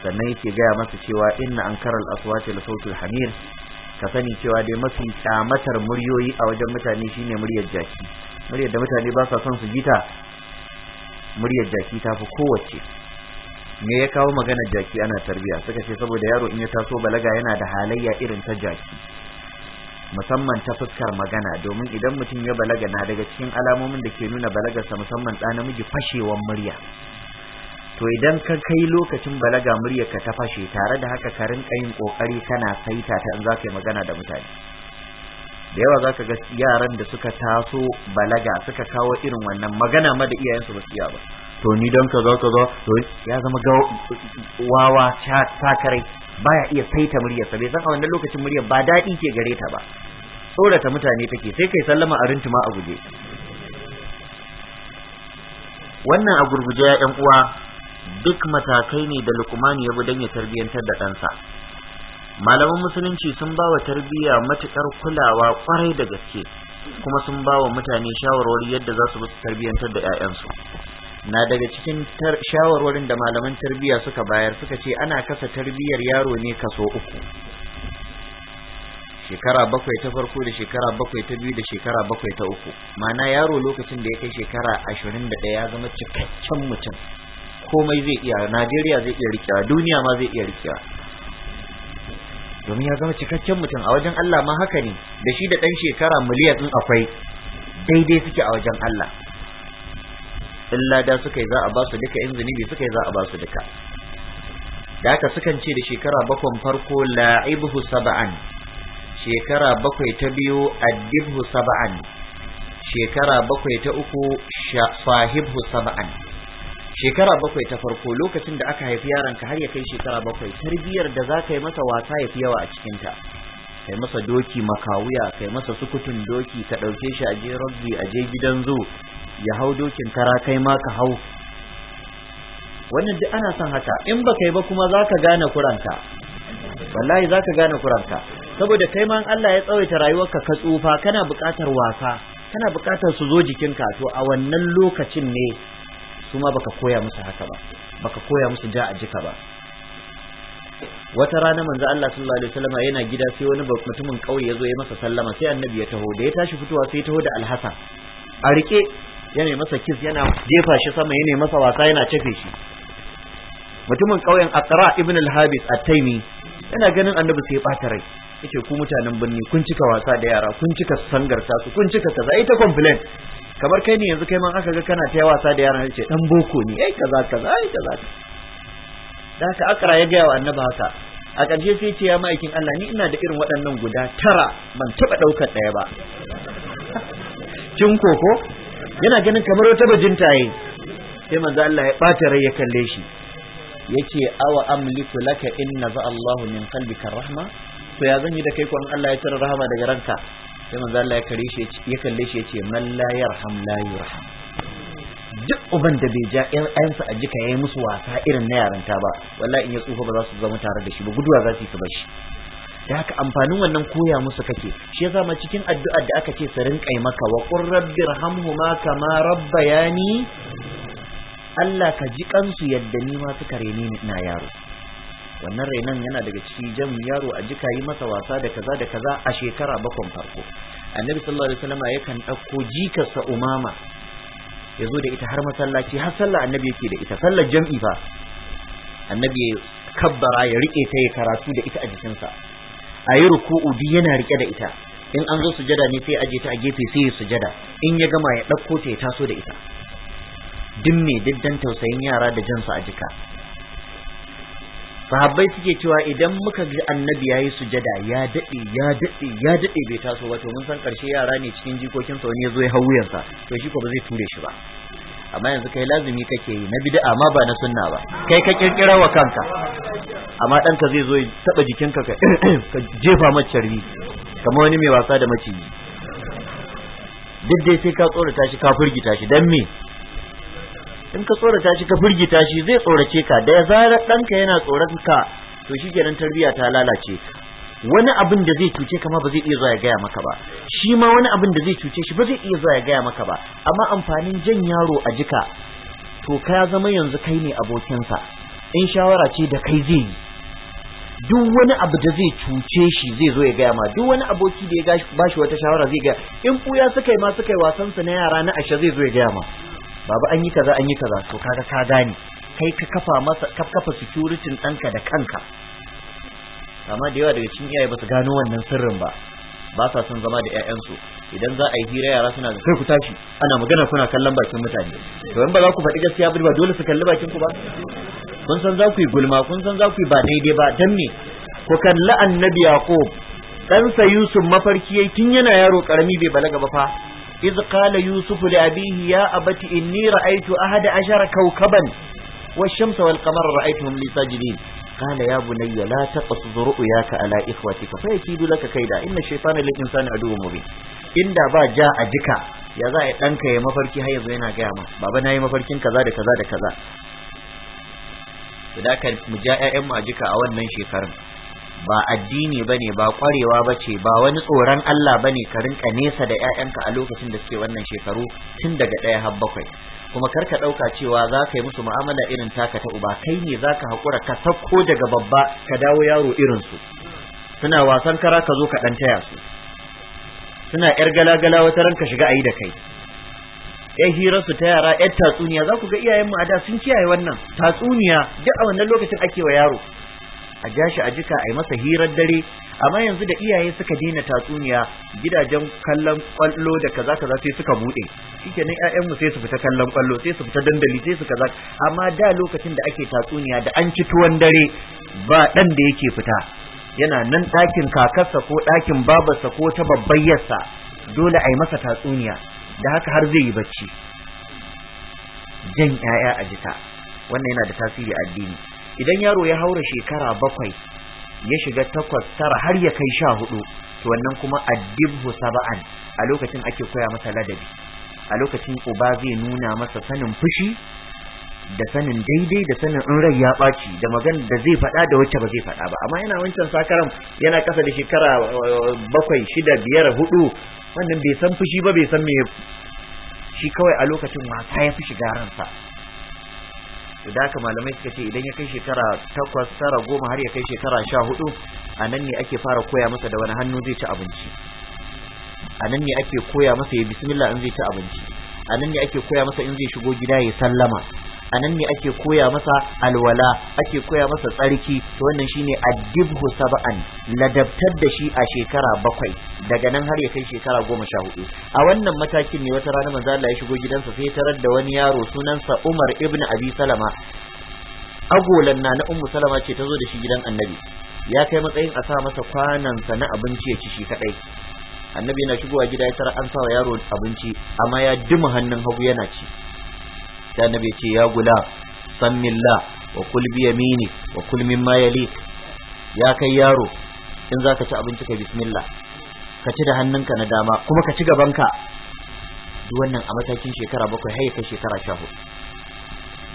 sannan yake gaya masa cewa inna an karal aswati da sautul hamir ka sani cewa dai mafi kyamatar muryoyi a wajen mutane shine muryar jaki muryar da mutane ba sa son su ji muryar jaki ta fi kowace me ya kawo magana jaki ana tarbiya suka ce saboda yaro in ya taso balaga yana da halayya irin ta jaki musamman ta fuskar magana domin idan mutum ya balaga na daga cikin alamomin da ke nuna balagarsa musamman ɗa namiji fashewar murya to idan ka kai lokacin balaga murya ka ta fashe tare da haka ka rinka yin kokari kana saita ta in za ka yi magana da mutane da yawa za ka ga yaran da suka taso balaga suka kawo irin wannan magana ma da iyayensu ba su iya ba to ni dan kaza kaza to ya zama wawa ta takarai baya iya saita muryarsa bai san a wannan lokacin muryar ba daɗi ke gareta ba tsorata mutane take sai kai sallama a rintuma a guje wannan a gurguje ya uwa duk matakai ne da lukumani ya bi don ya tarbiyantar da ɗansa malaman musulunci sun ba wa tarbiyya matuƙar kulawa kwarai da gaske kuma sun ba wa mutane shawarwari yadda za su bi tarbiyyantar da 'ya'yansu na daga cikin shawarwarin da malaman tarbiyya suka bayar suka ce ana kasa tarbiyyar yaro ne kaso uku shekara bakwai ta farko da shekara bakwai ta biyu da shekara bakwai ta uku mana yaro lokacin da ya kai shekara ashirin da ɗaya ya zama cikakken mutum komai zai iya najeriya zai iya rikewa duniya ma zai iya rikewa domin ya zama cikakken mutum a wajen allah ma haka ne da shi da ɗan shekara miliyan in akwai daidai suke a wajen allah in lada suka yi za a ba su duka in zunubi suka yi za a ba su duka da aka sukan ce da shekara bakon farko la'ibuhu saba'an shekara bakwai ta biyu addibhu saba'an shekara bakwai ta uku sahibhu saba'an shekara bakwai ta farko lokacin da aka haifi ka har ya kai shekara bakwai tarbiyyar da za ka yi masa wasa ya fi yawa a cikinta kai masa doki makawuya kai masa sukutun doki ka ɗauke shi a je rugby a je gidan zoo ya hau dokin kara kai ma ka hau wannan duk ana son haka in ba kai ba kuma za ka gane kuranka wallahi za ka gane kuranka saboda kai ma Allah ya tsawaita rayuwarka ka tsufa kana buƙatar wasa kana buƙatar su zo jikinka to a wannan lokacin ne su ma baka koya musu haka ba baka koya musu ja a jika ba wata rana manzo Allah sallallahu alaihi wasallam yana gida sai wani mutumin kauye ya zo ya masa sallama sai annabi ya taho da ya tashi fitowa sai ya taho da alhasa a rike yana masa kis yana jefa shi sama yana masa wasa yana cafe shi mutumin ƙauyen Aqra ibn al-Habis at-Taimi yana ganin Annabi sai bata rai yake ku mutanen birni kun cika wasa da yara kun cika sangarta su kun cika kaza ta complain kamar kai ne yanzu kai ma aka ga kana ta wasa da yara yace dan boko ne ai kaza kaza ai kaza da haka Aqra ya ga Annabi haka a ƙarshe sai ce ya ma'aikin Allah ni ina da irin waɗannan guda tara ban taɓa ɗaukar ɗaya ba kin koko yana ganin kamar wata bajinta yi sai manzo Allah ya bata rai ya kalle shi yace awa amliku laka inna za Allah min qalbika rahma to ya zan yi da kai ko Allah ya cire rahama daga ranka sai manzo Allah ya kare shi ya kalle shi yace man duk uban da bai ja ƴaƴansa a jika yayi musu wasa irin na yaranta ba wallahi in ya tsufa ba za su zama tare da shi ba guduwa za su yi ka bar shi da haka amfanin wannan koya musu kake shi yasa ma cikin addu'ar da aka ce su rinƙai maka wa qur rabbirhamhuma kama rabbayani Allah ka ji kansu yadda ni ma suka rene ni ina yaro wannan rainon yana daga ciki jan yaro a jika yi masa wasa da kaza da kaza a shekara bakon farko annabi sallallahu alaihi wasallam yakan ɗauko jikarsa umama ya zo da ita har masallaci har sallah annabi yake da ita sallar jam'i fa annabi ya kabbara ya rike ta ya karatu da ita a jikinsa a yi ruku'u duk yana rike da ita in an zo sujada ne sai aje ta a gefe sai ya sujada in ya gama ya ɗauko ta ya taso da ita duk me diddan tausayin yara da jansu a jika sahabbai suke cewa idan muka ga annabi yayi sujada ya dade ya dade ya dade bai taso ba to mun san karshe yara ne cikin jikokin sa wani yazo ya hau to shi ko ba zai ture shi ba amma yanzu kai lazumi kake yi na bid'a ma ba na sunna ba kai ka kirkira wa kanka amma dan ka zai zo ya taba jikinka ka jefa charbi kamar wani mai wasa da maciji duk dai sai ka tsorata shi ka firgita shi dan me in ka tsorata shi ka firgita shi zai tsorace ka da zarar ɗanka yana tsoron ka to shi tarbiya tarbiyya ta lalace wani abin da zai cuce ka ba zai iya zuwa ya gaya maka ba shi ma wani abin da zai cuce shi ba zai iya zuwa ya gaya maka ba amma amfanin jan yaro a jika to ka zama yanzu kai ne abokinsa in shawara ce da kai zai yi duk wani abu da zai cuce shi zai zo ya gaya ma duk wani aboki da ya ba shi wata shawara zai gaya in kuya suka yi ma suka yi wasan su na yara na ashe zai zo ya gaya ma baba an yi kaza an yi kaza to kaga ka gane kai ka kafa masa ka kafa security ɗanka da kanka amma da yawa daga cikin iyaye ba su gano wannan sirrin ba ba sa son zama da ƴaƴansu idan za a yi hira yara suna kai ku tashi ana magana kuna kallon bakin mutane to in ba za ku faɗi gaskiya ba dole su kalli bakin ku ba kun san za ku yi gulma kun san za ku yi ba daidai ba dan ne ku kalli annabi yaqub ɗansa yusuf mafarki yayi tun yana yaro karami bai balaga ba fa iz qala yusuf li abihi ya abati inni ra'aytu ahada ashara kawkaban wash-shamsa wal-qamara ra'aytuhum li sajidin qala ya bunayya la taqsud ka a ikhwatika fa yakidu laka kaida inna shaytana lil insani aduwwun mubin inda ba ja a jika ya za a yi ya mafarki har yanzu yana gaya ma baba na yi mafarkin kaza da kaza da kaza da ka mu ja 'ya'yan mu a jika a wannan shekarun ba addini ba ne ba ƙwarewa ba ce ba wani tsoron Allah ba ne ka rinka nesa da 'ya'yanka a lokacin da suke wannan shekaru tun daga ɗaya har bakwai kuma kar ka ɗauka cewa za ka yi musu mu'amala irin taka ta uba kai ne za ka haƙura ka sauko daga babba ka dawo yaro irinsu suna wasan kara ka zo ka ɗan taya su suna yar galagala wata ran ka shiga ayi da kai hirar hirarsu ta yara yar tatsuniya za ku ga mu a da sun kiyaye wannan tatsuniya duk a wannan lokacin ake wa yaro a ja a jika a masa hirar dare amma yanzu da iyaye suka daina tatsuniya gidajen kallon kwallo da kaza kaza sai suka bude shikenan ƴaƴan mu sai su fita kallon kwallo sai su fita dandali sai su kaza amma da lokacin da ake tatsuniya da an ci tuwon dare ba dan da yake fita yana nan ɗakin kakarsa ko ɗakin babarsa ko ta babbayyarsa dole a yi masa tatsuniya da haka har zai yi bacci jan ƴaƴa a jika wannan yana da tasiri addini idan yaro ya haura shekara bakwai ya shiga takwas tara har ya kai sha hudu to wannan kuma addibhu saba'an a lokacin ake koya masa ladabi a lokacin uba zai nuna masa sanin fushi da sanin daidai da sanin in rai ya ɓaci da magana da zai faɗa da wacce ba zai faɗa ba amma yana wancan sakaran yana ƙasa da shekara eh, bakwai shida biyar hudu wannan bai san fushi ba bai san me shi kawai a lokacin wasa ya fi shiga ransa to da malamai suka ce idan ya kai shekara takwas tara goma har ya kai shekara sha hudu a nan ne ake fara koya masa da wani hannu zai ci abinci a nan ne ake koya masa ya bismillah in zai ci abinci a nan ne ake koya masa in zai shigo gida ya sallama a nan ne ake koya masa alwala ake koya masa tsarki to wannan shine addibhu sab'an ladabtar da shi a shekara bakwai daga nan har ya kai shekara goma sha hudu a wannan matakin ne wata rana manzo Allah ya shigo gidansa sai tarar da wani yaro sunansa Umar ibn Abi Salama agolan na na Ummu Salama ce ta zo da shi gidan Annabi ya kai matsayin a sa masa kwanansa na abinci ya ci shi kadai annabi yana shigowa gida ya tara an sa yaro abinci amma ya dima hannun hagu yana ci sai annabi ya ce ya gula Milla wa kul bi yamini wa kul mimma yali ya kai yaro in zaka ci abinci ka bismillah ka ci da hannunka na dama kuma ka ci gabanka duk wannan a matakin shekara bakwai har ya kai shekara sha hudu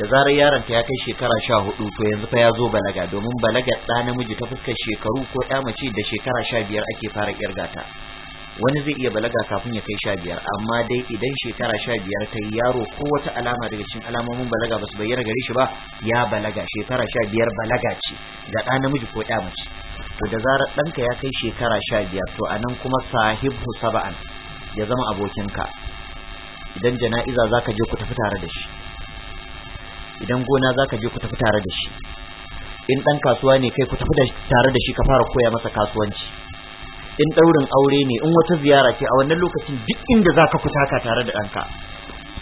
da zarar yaron ta ya kai shekara sha hudu to yanzu fa ya zo balaga domin balagar ɗa namiji ta fuskar shekaru ko ɗa mace da shekara sha biyar ake fara kirgata wani zai iya balaga kafin ya kai sha biyar amma dai idan shekara sha biyar ta yi yaro ko wata alama daga cikin alamomin balaga ba su bayyana gare shi ba ya balaga shekara sha biyar balaga ce ga ɗa namiji ko ɗa mace to da zarar ɗanka ya kai shekara sha biyar to anan kuma sahibu saba'an ya zama abokinka idan jana'iza za ka je ku tafi tare da shi idan gona za ka je ku tafi tare da shi in ɗan kasuwa ne kai ku tafi tare da shi ka fara koya masa kasuwanci in ɗaurin aure ne in wata ziyara ce a wannan lokacin duk inda za ka fita ka tare da ɗanka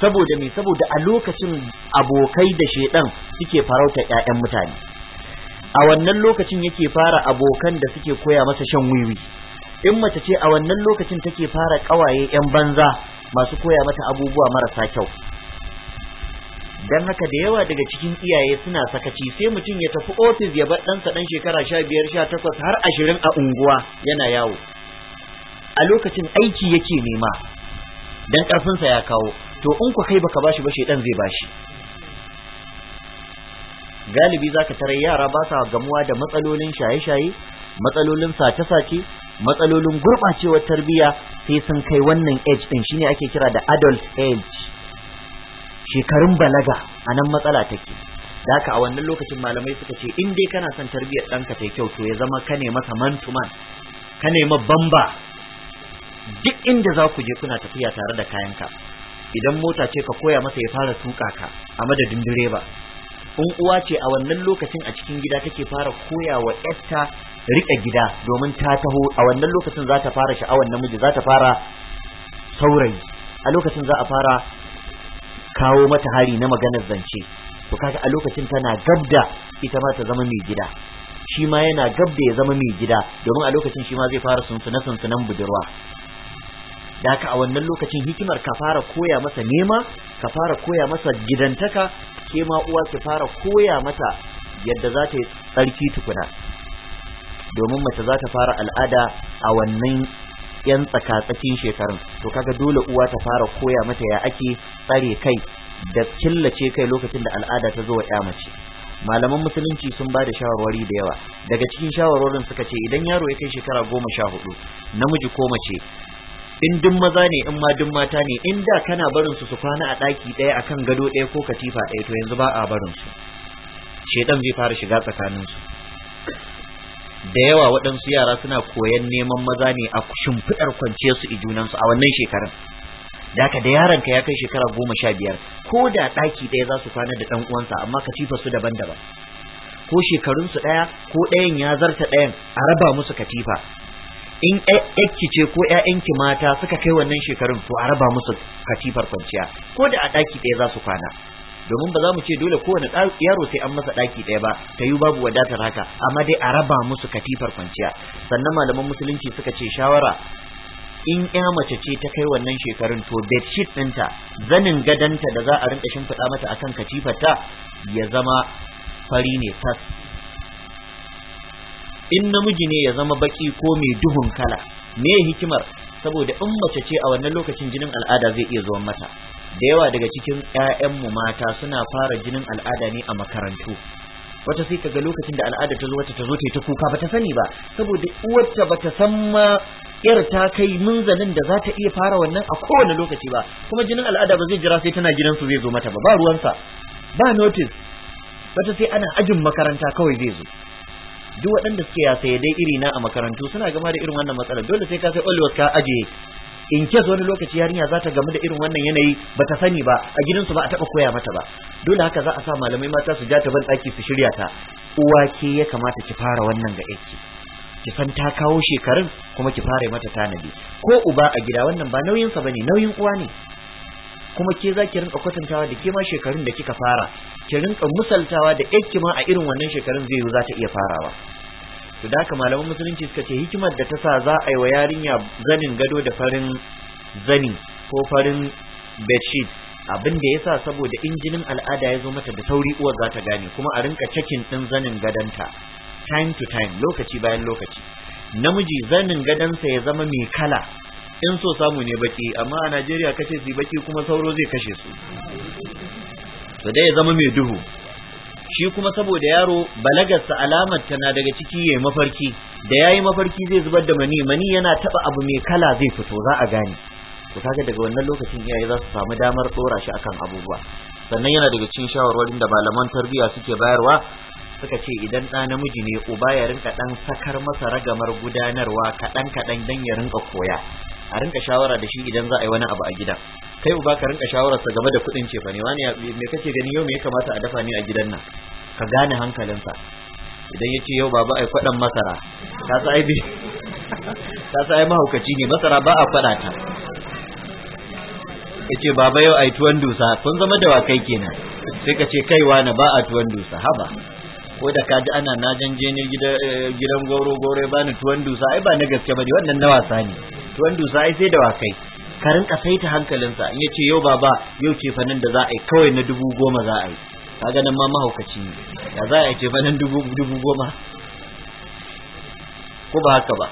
saboda me saboda a lokacin abokai da shaidan suke farauta ƴaƴan mutane a wannan lokacin yake fara abokan da suke koya masa shan wiwi in mace ce a wannan lokacin take fara ƙawaye ƴan banza masu koya mata abubuwa marasa kyau dan haka da yawa daga cikin iyaye suna sakaci sai mutum ya tafi ofis ya bar ɗansa ɗan shekara sha biyar sha takwas har ashirin a unguwa yana yawo a lokacin aiki yake nema dan ƙarfinsa ya kawo to in ku kai baka bashi ba dan zai bashi galibi zaka tare yara ba sa gamuwa da matsalolin shaye-shaye matsalolin sace-sace matsalolin gurɓacewar tarbiyya sai sun kai wannan age din shine ake kira da adult age shekarun balaga a nan matsala take da haka a wannan lokacin malamai suka ce in dai kana son tarbiyyar ɗanka ta kyau to ya zama ka ne masa man ka nema bamba duk inda za ku je kuna tafiya tare da kayanka idan mota ce ka koya masa ya fara tuka ka a madadin direba in uwa ce a wannan lokacin a cikin gida take fara koya wa yarta rike gida domin ta taho a wannan lokacin za ta fara sha'awar namiji za ta fara saurayi a lokacin za a fara kawo mata hari na maganar zance to kaga a lokacin tana gabda ita ma ta zama mai gida shi ma yana gabda ya zama mai gida domin a lokacin shi ma zai fara sunsuna sunsunan budurwa da haka a wannan lokacin hikimar ka fara koya masa nema ka fara koya masa gidantaka ke ma uwa ki fara koya mata yadda za ta yi tsarki tukuna domin mace za ta fara al'ada a wannan yan tsakatsakin shekarun to kaga dole uwa ta fara koya mata ya ake tsare kai da killace kai lokacin da al'ada ta zo wa ya mace malaman musulunci sun ba da shawarwari da yawa daga cikin shawarwarin suka ce idan yaro ya kai shekara goma sha hudu namiji ko mace in duk maza ne in ma duk mata ne in da kana barin su su kwana a ɗaki ɗaya akan gado ɗaya ko katifa ɗaya to yanzu ba a barin su shedan zai fara shiga tsakanin su da yawa waɗansu yara suna koyan neman maza ne a shimfiɗar kwanciyar su i junansu a wannan shekarar da haka da ka ya kai shekara goma sha biyar ko da ɗaki ɗaya za su kwana da ɗan uwansa amma katifa su daban-daban ko shekarun su ɗaya ko ɗayan ya zarta ɗayan a raba musu katifa in ƴaƴanki ce ko ƴaƴanki mata suka kai wannan shekarun to a raba musu katifar kwanciya ko da a ɗaki ɗaya za su kwana domin ba za mu ce dole kowane yaro sai an masa ɗaki ɗaya ba ta yi babu wadatar haka amma dai a raba musu katifar kwanciya sannan malaman musulunci suka ce shawara in ya mace ce ta kai wannan shekarun to bedsheet ɗinta zanin gadanta da za a rinka shimfiɗa mata akan ta ya zama fari ne tas in namiji ne ya zama baki ko mai duhun kala me hikimar saboda in mace ce a wannan lokacin jinin al'ada zai iya zuwa mata da yawa daga cikin 'ya'yanmu mata suna fara jinin al'ada ne a makarantu wata sai kaga lokacin da al'ada ta zo wata ta zo ta yi ta kuka bata sani ba saboda uwarta bata san ma yar ta kai munzalin da za ta iya fara wannan a kowane lokaci ba kuma jinin al'ada ba zai jira sai tana gidansu zai zo mata ba ba ruwansa ba notice wata sai ana ajin makaranta kawai zai zo duk waɗanda suke ya saye dai iri na a makarantu suna gama da irin wannan matsalar dole sai ka sai always ka aje in case wani lokaci yarinya za ta gamu da irin wannan yanayi ba ta sani ba a gidansu ba a taɓa koya mata ba dole haka za a sa malamai mata su ja ta ban ɗaki su shirya ta uwa ke ya kamata ki fara wannan ga yake ki san ta kawo shekarun kuma ki fara mata tanadi ko uba a gida wannan ba nauyin sa bane nauyin uwa ne kuma ke za ki rinka kwatantawa da ke ma shekarun da kika fara ki rinka musaltawa da yakki ma a irin wannan shekarun zai yi za ta iya farawa to da haka malaman musulunci suka ce hikimar da ta sa za a yi wa yarinya zanin gado da farin zani ko farin bedsheet abin da yasa saboda injinin al'ada ya zo mata da sauri uwar za ta gane kuma a rinka cakin din zanin gadonta time to time lokaci bayan lokaci namiji zanin gadansa ya zama mai kala in so samu ne baki amma a Najeriya kace su baki kuma sauro zai kashe su to dai ya zama mai duhu shi kuma saboda yaro balagarsa alamar tana daga ciki yayi mafarki da yayi mafarki zai zubar da mani mani yana taba abu mai kala zai fito za a gane to kaga daga wannan lokacin iyaye za su samu damar tsora shi akan abubuwa sannan yana daga cikin shawarwarin da malaman tarbiyya suke bayarwa suka ce idan ɗa namiji ne uba ya rinka ɗan sakar masa ragamar gudanarwa kaɗan kaɗan dan ya rinka koya a rinka shawara da shi idan za a yi wani abu a gidan kai uba ka rinka shawararsa game da kuɗin cefa ne wani me kake gani yau me ya kamata a dafa ni a gidan nan ka gane hankalinsa idan ya ce yau baba ai kwaɗan masara ka sa ai ka sa ai mahaukaci ne masara ba a kwaɗa ta yace baba yau ai tuwon dusa kun zama da wa kai kenan sai ka ce kaiwa na ba a tuwon dusa haba ko da kaji ana na janje eh, ne gidan goro goro ya bani tuwon dusa ai ba na gaske bane wannan na wasa ne tuwon dusa ai sai da wakai ka rinka saita hankalinsa in yace yau baba yau ce fanin da za a yi kawai na dubu goma za a yi Ka nan ma mahaukaci ne ya za a yi ce dubu dubu goma ko ba haka ba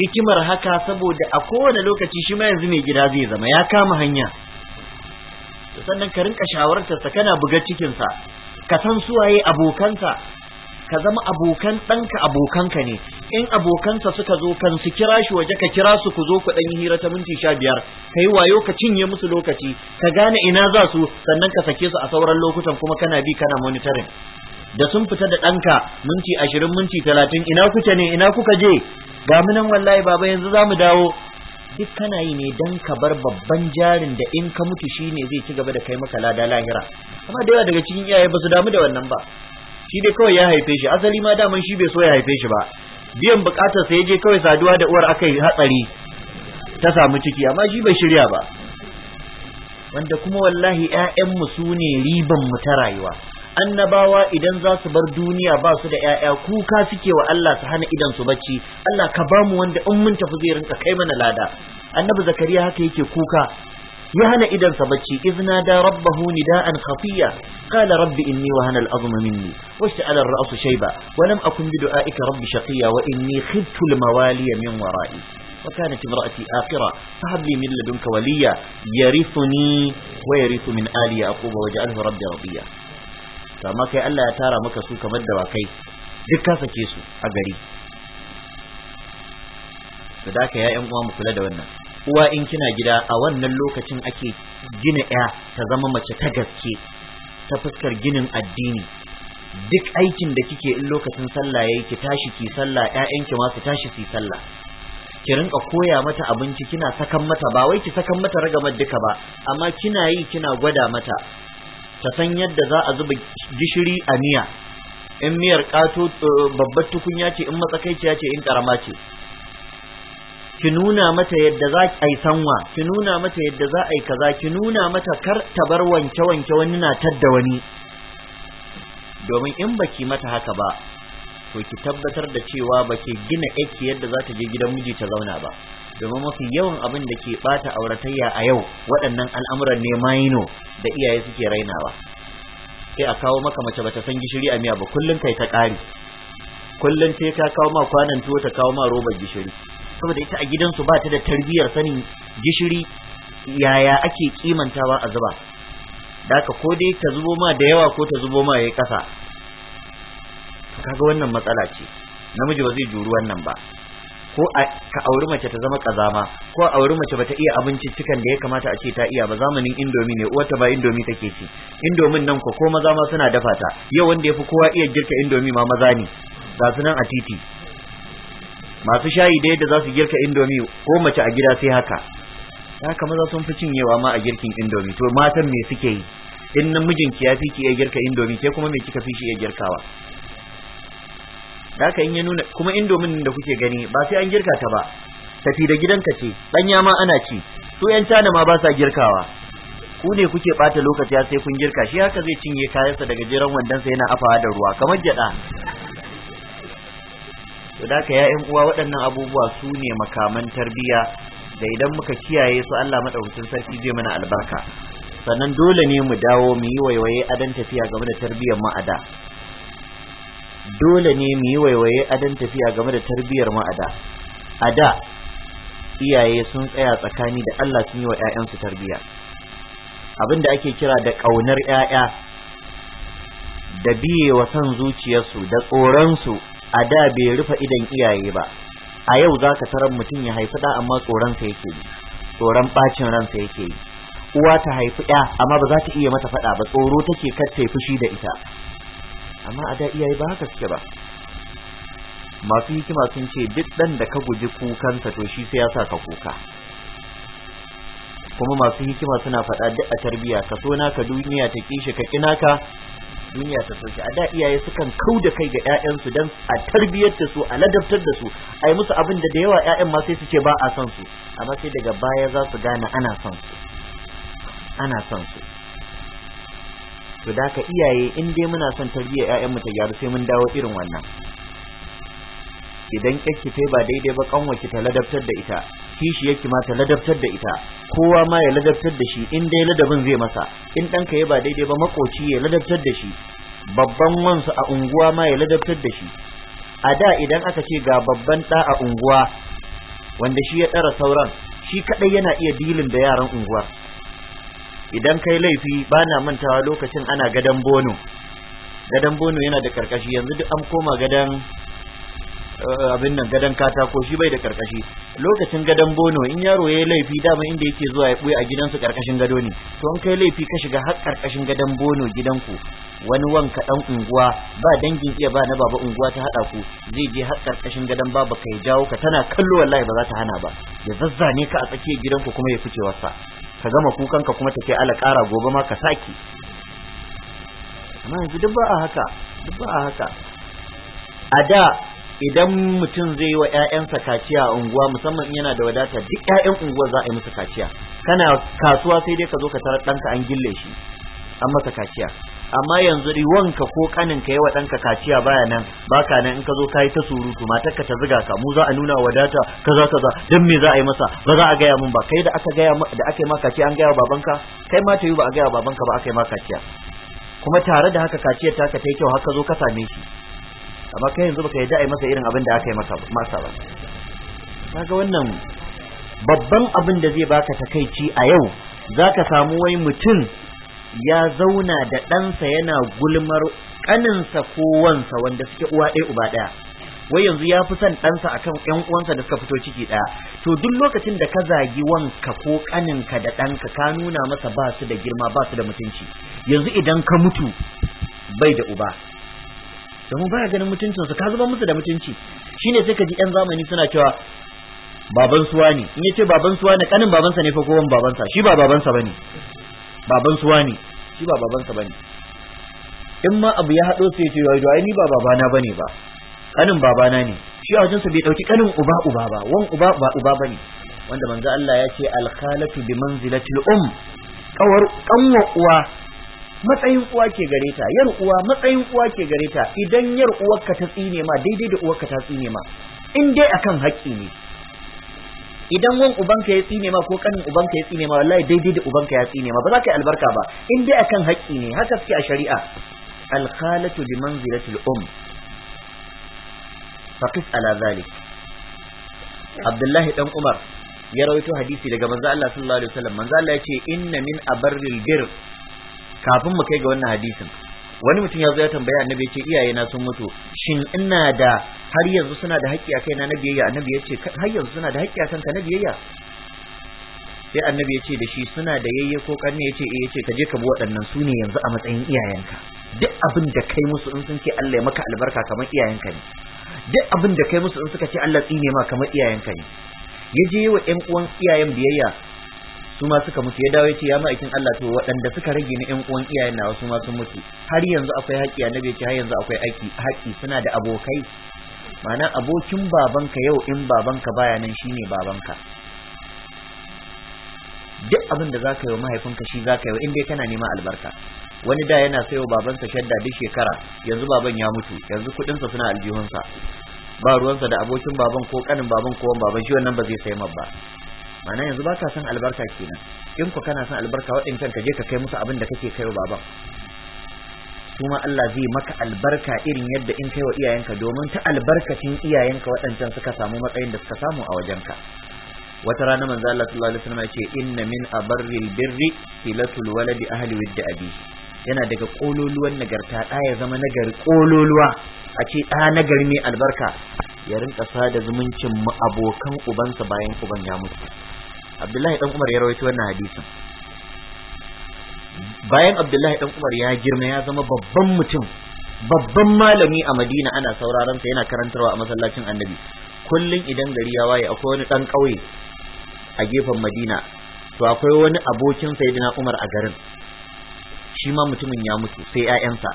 hikimar haka saboda a kowane lokaci shi ma yanzu mai gida zai zama ya kama hanya sannan ka rinka shawartarsa kana buga cikinsa ka san suwaye abokanka ka zama abokan ɗanka abokanka ne in abokansa suka zo kan su kira shi waje ka kira su ku zo ku ɗan yi hira ta minti sha biyar ka yi wayo ka cinye musu lokaci ka gane ina za su sannan ka sake su a sauran lokutan kuma kana bi kana monitoring da sun fita da ɗanka minti ashirin minti talatin ina kuke ne ina kuka je ga mu wallahi baba yanzu za mu dawo duk kana yi ne don ka bar babban jarin da in ka mutu shi ne zai ci gaba da kai maka lada lahira amma da yawa daga cikin iyaye ba su damu da wannan ba shi dai kawai ya haife shi asali ma daman shi bai so ya haife shi ba biyan bukatar sa ya je kawai saduwa da uwar aka yi hatsari ta samu ciki amma shi bai shirya ba wanda kuma wallahi mu su ne riban mu ta rayuwa annabawa idan za su bar duniya ba su da ‘ya'ya kuka suke wa Allah su hana idan su bacci Allah ka ba mu wanda in mun tafi zai rinka kai mana lada annabi zakariya haka yake kuka ya hana idan sa bacci izna da rabbahu nida'an khafiya qala rabbi inni wahana al-azmu minni washta'ala ar-ra'su shayba wa lam akun bi du'aika rabbi shaqiya wa inni khiftu al-mawaliya min wara'i وكانت امرأتي آخرة Waliyya? لي من لدنك وليا يرثني ويرث من آل يعقوب وجعله rabbi رضيا to amma kai Allah ya tara maka su kamar da kai duk ka sake su a gari to da ka ya uwa mu kula da wannan uwa in kina gida a wannan lokacin ake gina ya ta zama mace ta gaske ta fuskar ginin addini duk aikin da kike in lokacin sallah yayi ki tashi ki sallah ƴaƴanki ma su tashi su sallah ki rinka koya mata abinci kina sakan mata ba wai ki sakan mata ragamar duka ba amma kina yi kina gwada mata ta san yadda za a zuba gishiri a miya in miyar ƙato babbar tukunya ce in matsakaiciya ce in ƙarama ce ki nuna mata yadda za a yi sanwa ki nuna mata yadda za a yi kaza ki nuna mata kar ta bar wanke wanke wani na tadda wani domin in baki mata haka ba to ki tabbatar da cewa baki gina aiki yadda za ta je gidan miji ta zauna ba domin mafi yawan abin da ke bata auratayya a yau waɗannan al'amuran ne maino da iyaye suke rainawa sai a kawo maka mace bata san gishiri a miya ba kullun kai ta ƙari Kullum sai ka kawo ma kwanan tuwo ta kawo ma robar gishiri saboda ita a gidansu ba ta da tarbiyyar sanin gishiri yaya ake kimantawa a zuba da ka ko dai ta zubo ma da yawa ko ta zubo ma yayi kasa kaga wannan matsala ce namiji ba zai juri wannan ba ko a ka auri mace ta zama kazama ko a auri mace bata iya abinci cikan da ya kamata a ce ta iya ba zamanin indomi ne uwarta ba indomi take ci indomin nan ko ko maza ma suna dafa ta yau wanda yafi kowa iya girka indomi ma maza ne ga su a titi masu shayi da yadda za su girka indomi ko mace a gida sai haka haka za sun fi cinyewa ma a girkin indomi to matan me suke yi in namijinki ya fi ki iya girka indomi ke kuma me kika fi shi iya girkawa da haka in ya nuna kuma indomin da kuke gani ba sai an girka ta ba tafi da gidanka ce danya ma ana ci su yan cana ma ba sa girkawa ku ne kuke bata lokaci sai kun girka shi haka zai cinye kayansa daga jiran wandonsa yana afawa da ruwa kamar jada to da haka ya'yan uwa waɗannan abubuwa su ne makaman tarbiyya da idan muka kiyaye su Allah madaukakin sarki zai mana albarka sannan dole ne mu dawo mu yi waiwaye adan tafiya game da tarbiyyar mu dole ne mu yi waiwaye adon tafiya game da tarbiyar mu a da a da iyaye sun tsaya tsakani da Allah sun yi wa ƴaƴansu tarbiya abin da ake kira da ƙaunar ƴaƴa da biye wa son zuciyarsu da tsoronsu a da bai rufe idan iyaye ba a yau za ka tarar mutum ya haifi ɗa amma tsoronsa yake yi tsoron ɓacin ransa yake yi uwa ta haifi ɗa amma ba za ta iya mata faɗa ba tsoro take kar ta fushi da ita amma a da iyaye ba haka suke ba masu hikima sun ce duk ɗan da ka guji kukansa to shi sai ya sa ka kuka kuma masu hikima suna faɗa duk a tarbiya ka so naka duniya ta kishi ka kina ka duniya ta so a da iyaye sukan kau da kai ga ƴaƴansu dan a tarbiyar da su a ladabtar da su ai musu abin da da yawa ƴaƴan ma sai su ce ba a son su amma sai daga baya za su gane ana son su ana son su to da ka iyaye in dai muna son tarbiyyar ƴaƴanmu ta gyaru sai mun dawo irin wannan idan kai ba daidai ba kanwace ta ladabtar da ita kishi yake ma ta ladabtar da ita kowa ma ya ladabtar da shi in dai ladabin zai masa in ɗanka ya ba daidai ba makoci ya ladabtar da shi babban wansu a unguwa ma ya ladabtar da shi a da idan aka ce ga babban ɗa a unguwa wanda shi ya tsara sauran shi kaɗai yana iya dilin da yaran unguwar idan kai laifi ba na mantawa lokacin ana gadan bono gadan bono yana da karkashi yanzu duk an koma gadan eh, abin nan gadan katako shi bai da karkashi lokacin gadon bono in yaro ya yi laifi dama inda yake zuwa ya buya a gidansu karkashin gado ne to an kai laifi ka shiga har karkashin gadan bono gidanku wani wanka dan unguwa ba dangin iya ba na baba unguwa ta hada ku zai je har karkashin gadan baba kai jawo ka tana kallo wallahi ba za ta hana ba ya zazzane ka a tsakiyar gidanku kuma ya fice wasa ka gama kukan ka kuma tafi ala ƙara gobe ma ka saki amma yanzu duk ba a haka duk ba a haka a da idan mutum zai yi wa 'ya'yansa kaciya a unguwa musamman yana da wadata duk 'ya'yan unguwar za a yi musu kaciya kana kasuwa sai dai ka zo ka tarar ɗanka an gille shi an masa kaciya amma yanzu riwanka ko ka yawa ɗanka kaciya baya nan baka nan in ka zo kai ta surutu matarka ta ziga ka mu za a nuna wadata kaza kaza dan me za a yi masa ba za a gaya mun ba kai da aka gaya da aka yi maka kaciya an gaya wa babanka kai ma ta yi ba a gaya wa babanka ba aka yi maka kaciya kuma tare da haka kaciyar ka ta yi kyau haka zo ka same shi amma kai yanzu baka yadda a yi masa irin abin da aka yi maka masa ba kaga wannan babban abin da zai baka takaici a yau zaka samu wai mutum ya zauna da ɗansa yana gulmar ƙaninsa ko wansa wanda suke uwa ɗaya uba ɗaya wai yanzu ya fi son ɗansa akan ƴan uwansa da suka fito ciki ɗaya to duk lokacin da ka zagi wanka ko ƙaninka da ɗanka ka nuna masa ba su da girma ba su da mutunci yanzu idan ka mutu bai da uba domin baya ganin mutuncinsa ka zuba musu da mutunci shine sai ka ji ƴan zamani suna cewa baban ne in yace baban ne kanin babansa ne fa ko babansa shi ba babansa bane baban suwa ne shi ba babansa bane in ma abu ya haɗo sai ya ce yau ni ba babana bane ba kanin babana ne shi a wajensa bai ɗauki kanin uba uba ba wan uba ba uba bane wanda manzo Allah ya ce khalatu bi manzilatil um kawar kanwa uwa matsayin uwa ke gare ta yar uwa matsayin uwa ke gare ta idan yar uwarka ta tsine ma daidai da uwarka ta tsine ma in dai akan haƙƙi ne idan wan ubanka ya tsine ma ko kanin ubanka ya tsine ma wallahi daidai da ubanka ya tsine ma ba za ka yi albarka ba in dai akan haƙƙi ne haka suke a shari'a alkhalatu bi manzilatil um faqis ala zalik abdullahi dan umar ya rawaito hadisi daga manzo Allah sallallahu alaihi wasallam manzo Allah ya ce inna min abarril bir kafin mu kai ga wannan hadisin wani mutum ya zo ya tambaya annabi ya ce iyayena sun mutu shin ina da har yanzu suna da haƙƙi a kaina na biyayya annabi ya ce har yanzu suna da haƙƙi a kanka na biyayya sai annabi ya ce da shi suna da yayye ko ƙarni ya ce eh ya ce ka je ka bi waɗannan su ne yanzu a matsayin iyayenka duk abin da kai musu in sun ce Allah ya maka albarka kamar iyayenka ne duk abin da kai musu in suka ce Allah tsine ma kamar iyayenka ne ya je wa ƴan uwan iyayen biyayya su ma suka mutu ya dawo ya ce ya ma'aikin Allah to waɗanda suka rage ni ƴan uwan iyayen nawa su ma sun mutu har yanzu akwai haƙƙi annabi ya ce har yanzu akwai haƙƙi suna da abokai ma'ana abokin babanka yau in babanka baya nan shine babanka duk abin da zaka yi wa mahaifinka shi zaka yi in dai kana neman albarka wani da yana sayo babansa shadda duk shekara yanzu baban ya mutu yanzu sa suna aljihunsa ba ruwansa da abokin baban ko kanin baban ko baban shi wannan ba zai sayi ba ma'ana yanzu baka san albarka kenan in ku kana san albarka waɗancan ka je ka kai musu abin da kake kai wa baban Kuma Allah zai maka albarka irin yadda in kai wa iyayenka domin ta albarkacin iyayenka waɗancan suka samu matsayin da suka samu a wajenka wata rana manzo Allah sallallahu alaihi wasallam ya ce inna min abarril birri filatul waladi ahli wadda abi yana daga kololuwan nagarta da ya zama nagari kololuwa a ce da nagari ne albarka ya rinka sada zumuncin abokan ubansa bayan uban ya mutu Abdullahi dan Umar ya rawaito wannan hadisin bayan abdullahi dan umar ya girma ya zama babban mutum babban malami a madina ana sauraron sa yana karantarwa a masallacin annabi kullun idan gari ya waye akwai wani dan kauye a gefen madina to akwai wani abokin sayyidina umar a garin shi ma mutumin ya mutu sai ƴaƴansa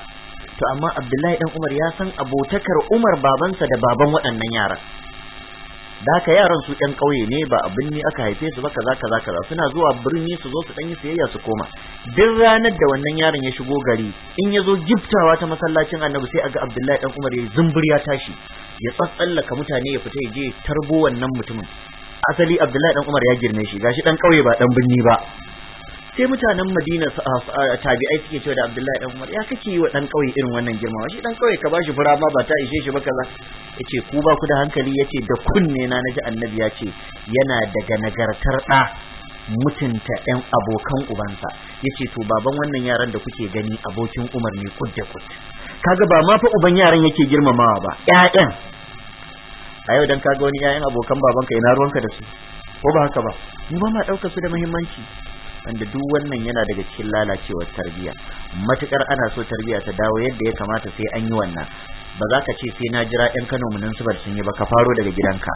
to amma abdullahi dan umar ya san abotakar umar babansa da baban waɗannan yaran da haka yaran su ɗan ƙauye ne ba a birni aka haife su ba kaza kaza kaza suna zuwa birni su zo su ɗan yi siyayya su koma duk ranar da wannan yaron ya shigo gari in ya zo giftawa ta masallacin annabi sai a ga abdullahi ɗan umar ya zumbur ya tashi ya tsatsallaka mutane ya fita ya je tarbo wannan mutumin asali abdullahi ɗan umar ya girme shi gashi ɗan ƙauye ba ɗan birni ba sai mutanen Madina ah, ah, tabi'ai suke cewa da Abdullahi dan Umar ya kake yi wa dan kauye irin wannan girma shi dan kauye ka bashi fura ma ba ta ishe shi ba kaza yace ku ba ku da hankali yace da kunne na naji annabi ya ce yana daga nagartar da mutunta ɗan abokan ubansa ce to baban wannan yaran da kuke gani abokin Umar ne kud da kud kaga ba ma fa uban yaran yake girmamawa ba ƴaƴan a yau dan kaga wani ƴaƴan abokan babanka ina ruwanka da su ko ba haka ba mu ba ma ɗauka su da muhimmanci wanda duk wannan yana daga cikin lalacewar tarbiyya matukar ana so tarbiyya ta dawo yadda ya kamata sai an yi wannan ba za ka ce sai na jira yan Kano municipal sun yi ba ka faro daga gidanka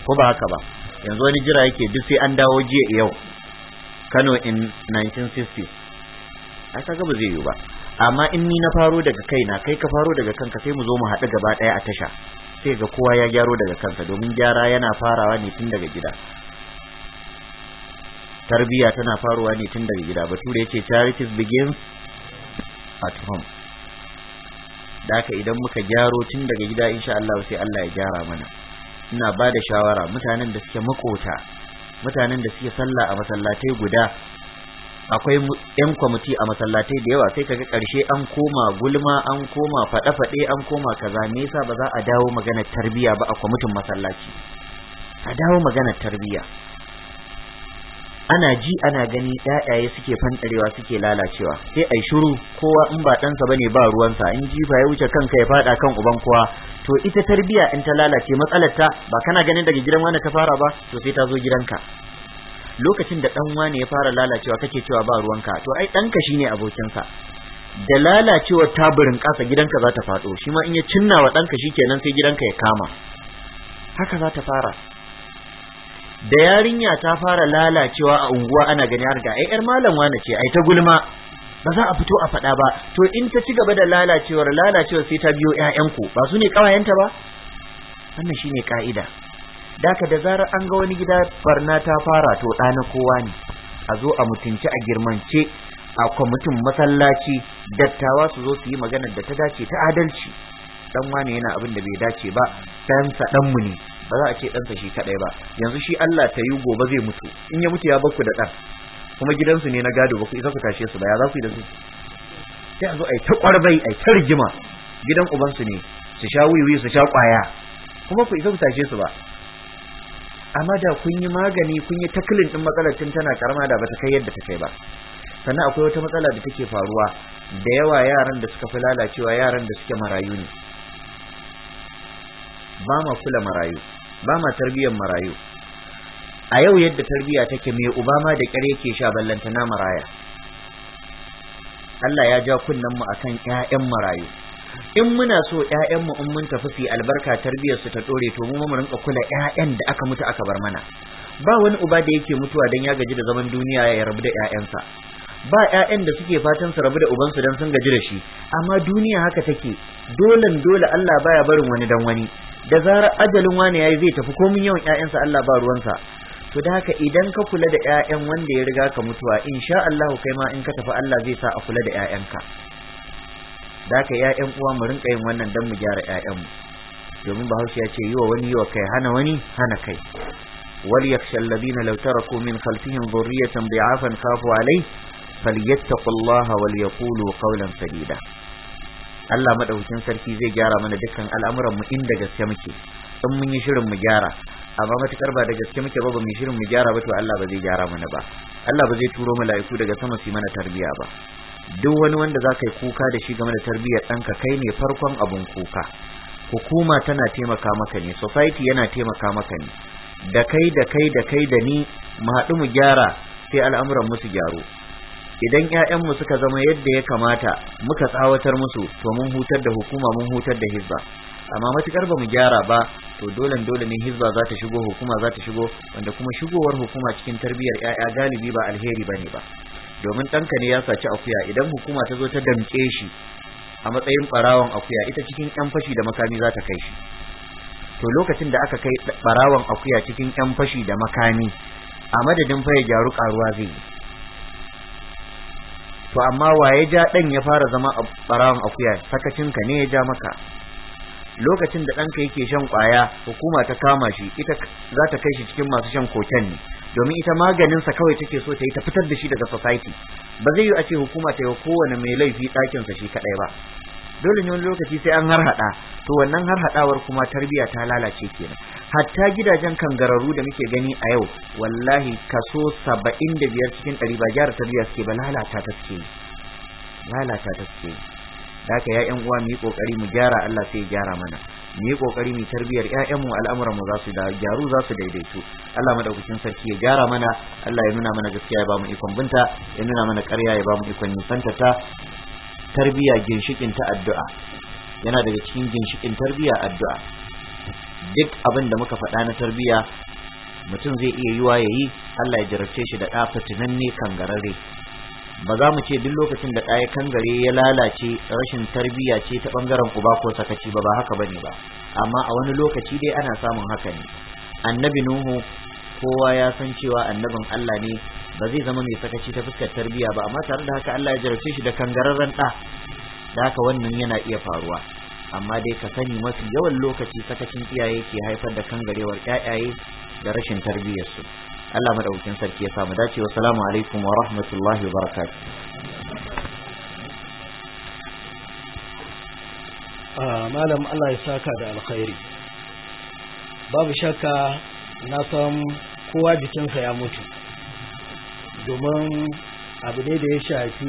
ko ba haka ba yanzu wani jira yake duk sai an dawo jiya yau Kano in 1960 a ga ba zai yi ba amma in ni na faro daga kaina kai ka faro daga kanka sai mu zo mu haɗu gaba ɗaya a tasha sai ga kowa ya gyaro daga kansa domin gyara yana farawa ne tun daga gida Tarbiya tana faruwa ne tun daga gida bature ya ce charities begins at home da haka idan muka gyaro tun daga gida insha Allah sai Allah ya gyara mana ina ba da shawara mutanen da suke makota mutanen da suke sallah a masallatai guda akwai yan kwamiti a masallatai da yawa sai kaga karshe an koma gulma an koma faɗe-faɗe an koma kaza me yasa ba za a dawo magana tarbiya ba a kwamitin masallaci a dawo magana tarbiya ana ji ana gani ɗaya suke fanɗarewa suke lalacewa sai ai shiru kowa in ba ɗansa bane ba ruwansa in jifa ya wuce kanka ya faɗa kan uban kowa to ita tarbiyya in ta lalace matsalarta ba kana ganin daga gidan wani ta fara ba to sai ta zo gidanka lokacin da ɗan wani ya fara lalacewa kake cewa ba ruwanka to ai ɗanka shine abokinsa da lalacewar taburin ƙasa gidanka za ta faɗo shi ma in ya cinna wa ɗanka kenan sai gidanka ya kama haka za ta fara da yarinya ta fara lalacewa a unguwa ana gani har ga ai yar malam wane ce ai ta gulma ba za a fito a faɗa ba to in ta ci gaba da lalacewar lalacewa sai ta biyo ku ba su ne ƙawayenta ba wannan shine ka'ida daka da zarar an ga wani gida barna ta fara to ɗa kowa ne a zo a mutunci a girmance a kwamitin masallaci dattawa su zo su yi maganar da ta dace ta adalci dan wane yana abin da bai dace ba dan ɗanmu ne ba za a ce ɗansa shi kaɗai ba yanzu shi Allah ta yi gobe zai mutu in ya mutu ya bakku da ɗan kuma gidansu ne na gado ba ku isa ku tashe su ba ya za ku yi da su sai a zo a yi ta ƙwarbai a yi ta rigima gidan ubansu ne su sha wiwi su sha ƙwaya kuma ku isa ku tashe su ba amma da kun yi magani kun yi taklin ɗin matsalar tun tana karama da ba ta kai yadda ta kai ba sannan akwai wata matsala da take faruwa da yawa yaran da suka fi lalacewa yaran da suke marayu ne ba ma kula marayu ba ma tarbiyyar marayu a yau yadda tarbiyya take mai uba ma da kyar yake sha na maraya Allah ya ja kunnen mu akan ƴaƴan marayu in muna so 'ya'yanmu in mun tafi fi albarka tarbiyyar su ta dore to mu mu rinka kula ƴaƴan da aka mutu aka bar mana ba wani uba da yake mutuwa dan ya gaji da zaman duniya ya rabu da ƴaƴansa ba ƴaƴan da suke fatan su rabu da ubansu dan sun gaji da shi amma duniya haka take dolen dole Allah baya barin wani dan wani da zarar ajalin wani yayi zai tafi komin yawan ƴaƴansa Allah ba ruwansa to da haka idan ka kula da ƴaƴan wanda ya riga ka mutuwa insha Allah kai ma in ka tafi Allah zai sa a kula da ƴaƴanka da haka ƴaƴan uwa mu rinka yin wannan dan mu gyara ƴaƴan mu domin Bahaushe ya ce yiwa wani yiwa kai hana wani hana kai وليخشى الذين لو تركوا من خلفهم ذرية ضعافا خافوا عليه فليتقوا الله وليقولوا قولا سديدا Allah maɗaukin sarki zai gyara mana dukkan al'amuran mu inda gaske muke in mun yi shirin mu gyara amma matukar ba da gaske muke ba ba mu shirin mu gyara ba to Allah ba zai gyara mana ba Allah ba zai turo mala'iku daga sama su mana tarbiyya ba duk wani wanda za ka yi kuka da shi game da tarbiyyar ɗanka kai ne farkon abun kuka hukuma tana taimaka maka ne society yana taimaka maka ne da kai da kai da kai da ni mu haɗu mu gyara sai al'amuran su gyaru idan ƴaƴanmu suka zama yadda ya kamata muka tsawatar musu to mun hutar da hukuma mun hutar da hizba amma matukar ba mu gyara ba to dole dole ne hizba za ta shigo hukuma za ta shigo wanda kuma shigowar hukuma cikin tarbiyyar ƴaƴa galibi ba alheri bane ba domin ɗanka ne ya saci akuya idan hukuma ta zo ta damƙe shi a matsayin ɓarawon akuya ita cikin ƴan fashi da makami za ta kai shi to lokacin da aka kai ɓarawon akuya cikin ƴan fashi da makami a madadin fa ya gyaru ƙaruwa zai yi to amma waye ja dan ya fara zama a barawan akuya sakacinka ne ya ja maka lokacin da ɗanka yake shan ƙwaya hukuma ta kama shi ita za ta kai shi cikin masu shan koken ne domin ita maganinsa kawai take so ta yi ta fitar da shi daga society ba zai yi a ce hukuma ta yi kowane mai laifi ɗakinsa shi kaɗai ba dole ne wani lokaci sai an harhaɗa to wannan harhaɗawar kuma tarbiya ta lalace kenan hatta gidajen kangararru da muke gani a yau wallahi kaso saba'in da biyar cikin ɗari ba gyara tarbiyya suke ba lalata ta suke lalata ta suke da ya'yan uwa mu yi ƙoƙari mu gyara Allah sai ya gyara mana mu yi ƙoƙari mu tarbiyyar ƴaƴanmu al'amuranmu za su gyaru za su daidaitu Allah madaukakin sarki ya gyara mana Allah ya nuna mana gaskiya ya ba mu ikon binta ya nuna mana ƙarya ya ba mu ikon nisanta ta tarbiyya ginshikin ta addu'a yana daga cikin ginshikin tarbiya addu'a duk abin da muka faɗa na tarbiyya mutum zai iya yiwa ya yi Allah ya jarabce shi da ɗa ne kangararre ba za mu ce duk lokacin da ɗaya kangare ya lalace rashin tarbiyya ce ta ɓangaren uba ko sakaci ba ba haka bane ba amma a wani lokaci dai ana samun haka ne annabi nuhu kowa ya san cewa annabin Allah ne ba zai zama mai sakaci ta fuskar tarbiyya ba amma tare da haka Allah ya jarabce shi da kangararren ɗa da haka wannan yana iya faruwa amma dai ka sani mafi yawan lokaci sakacin iyaye ke haifar da kangarewar ƴaƴaye da rashin tarbiyyarsu Allah madaukakin sarki ya samu dace wa salamu alaikum wa rahmatullahi wa barakatuh ah, malam Allah ya saka da alkhairi babu shakka na san kowa jikinsa ya mutu domin abu ne da ya shafi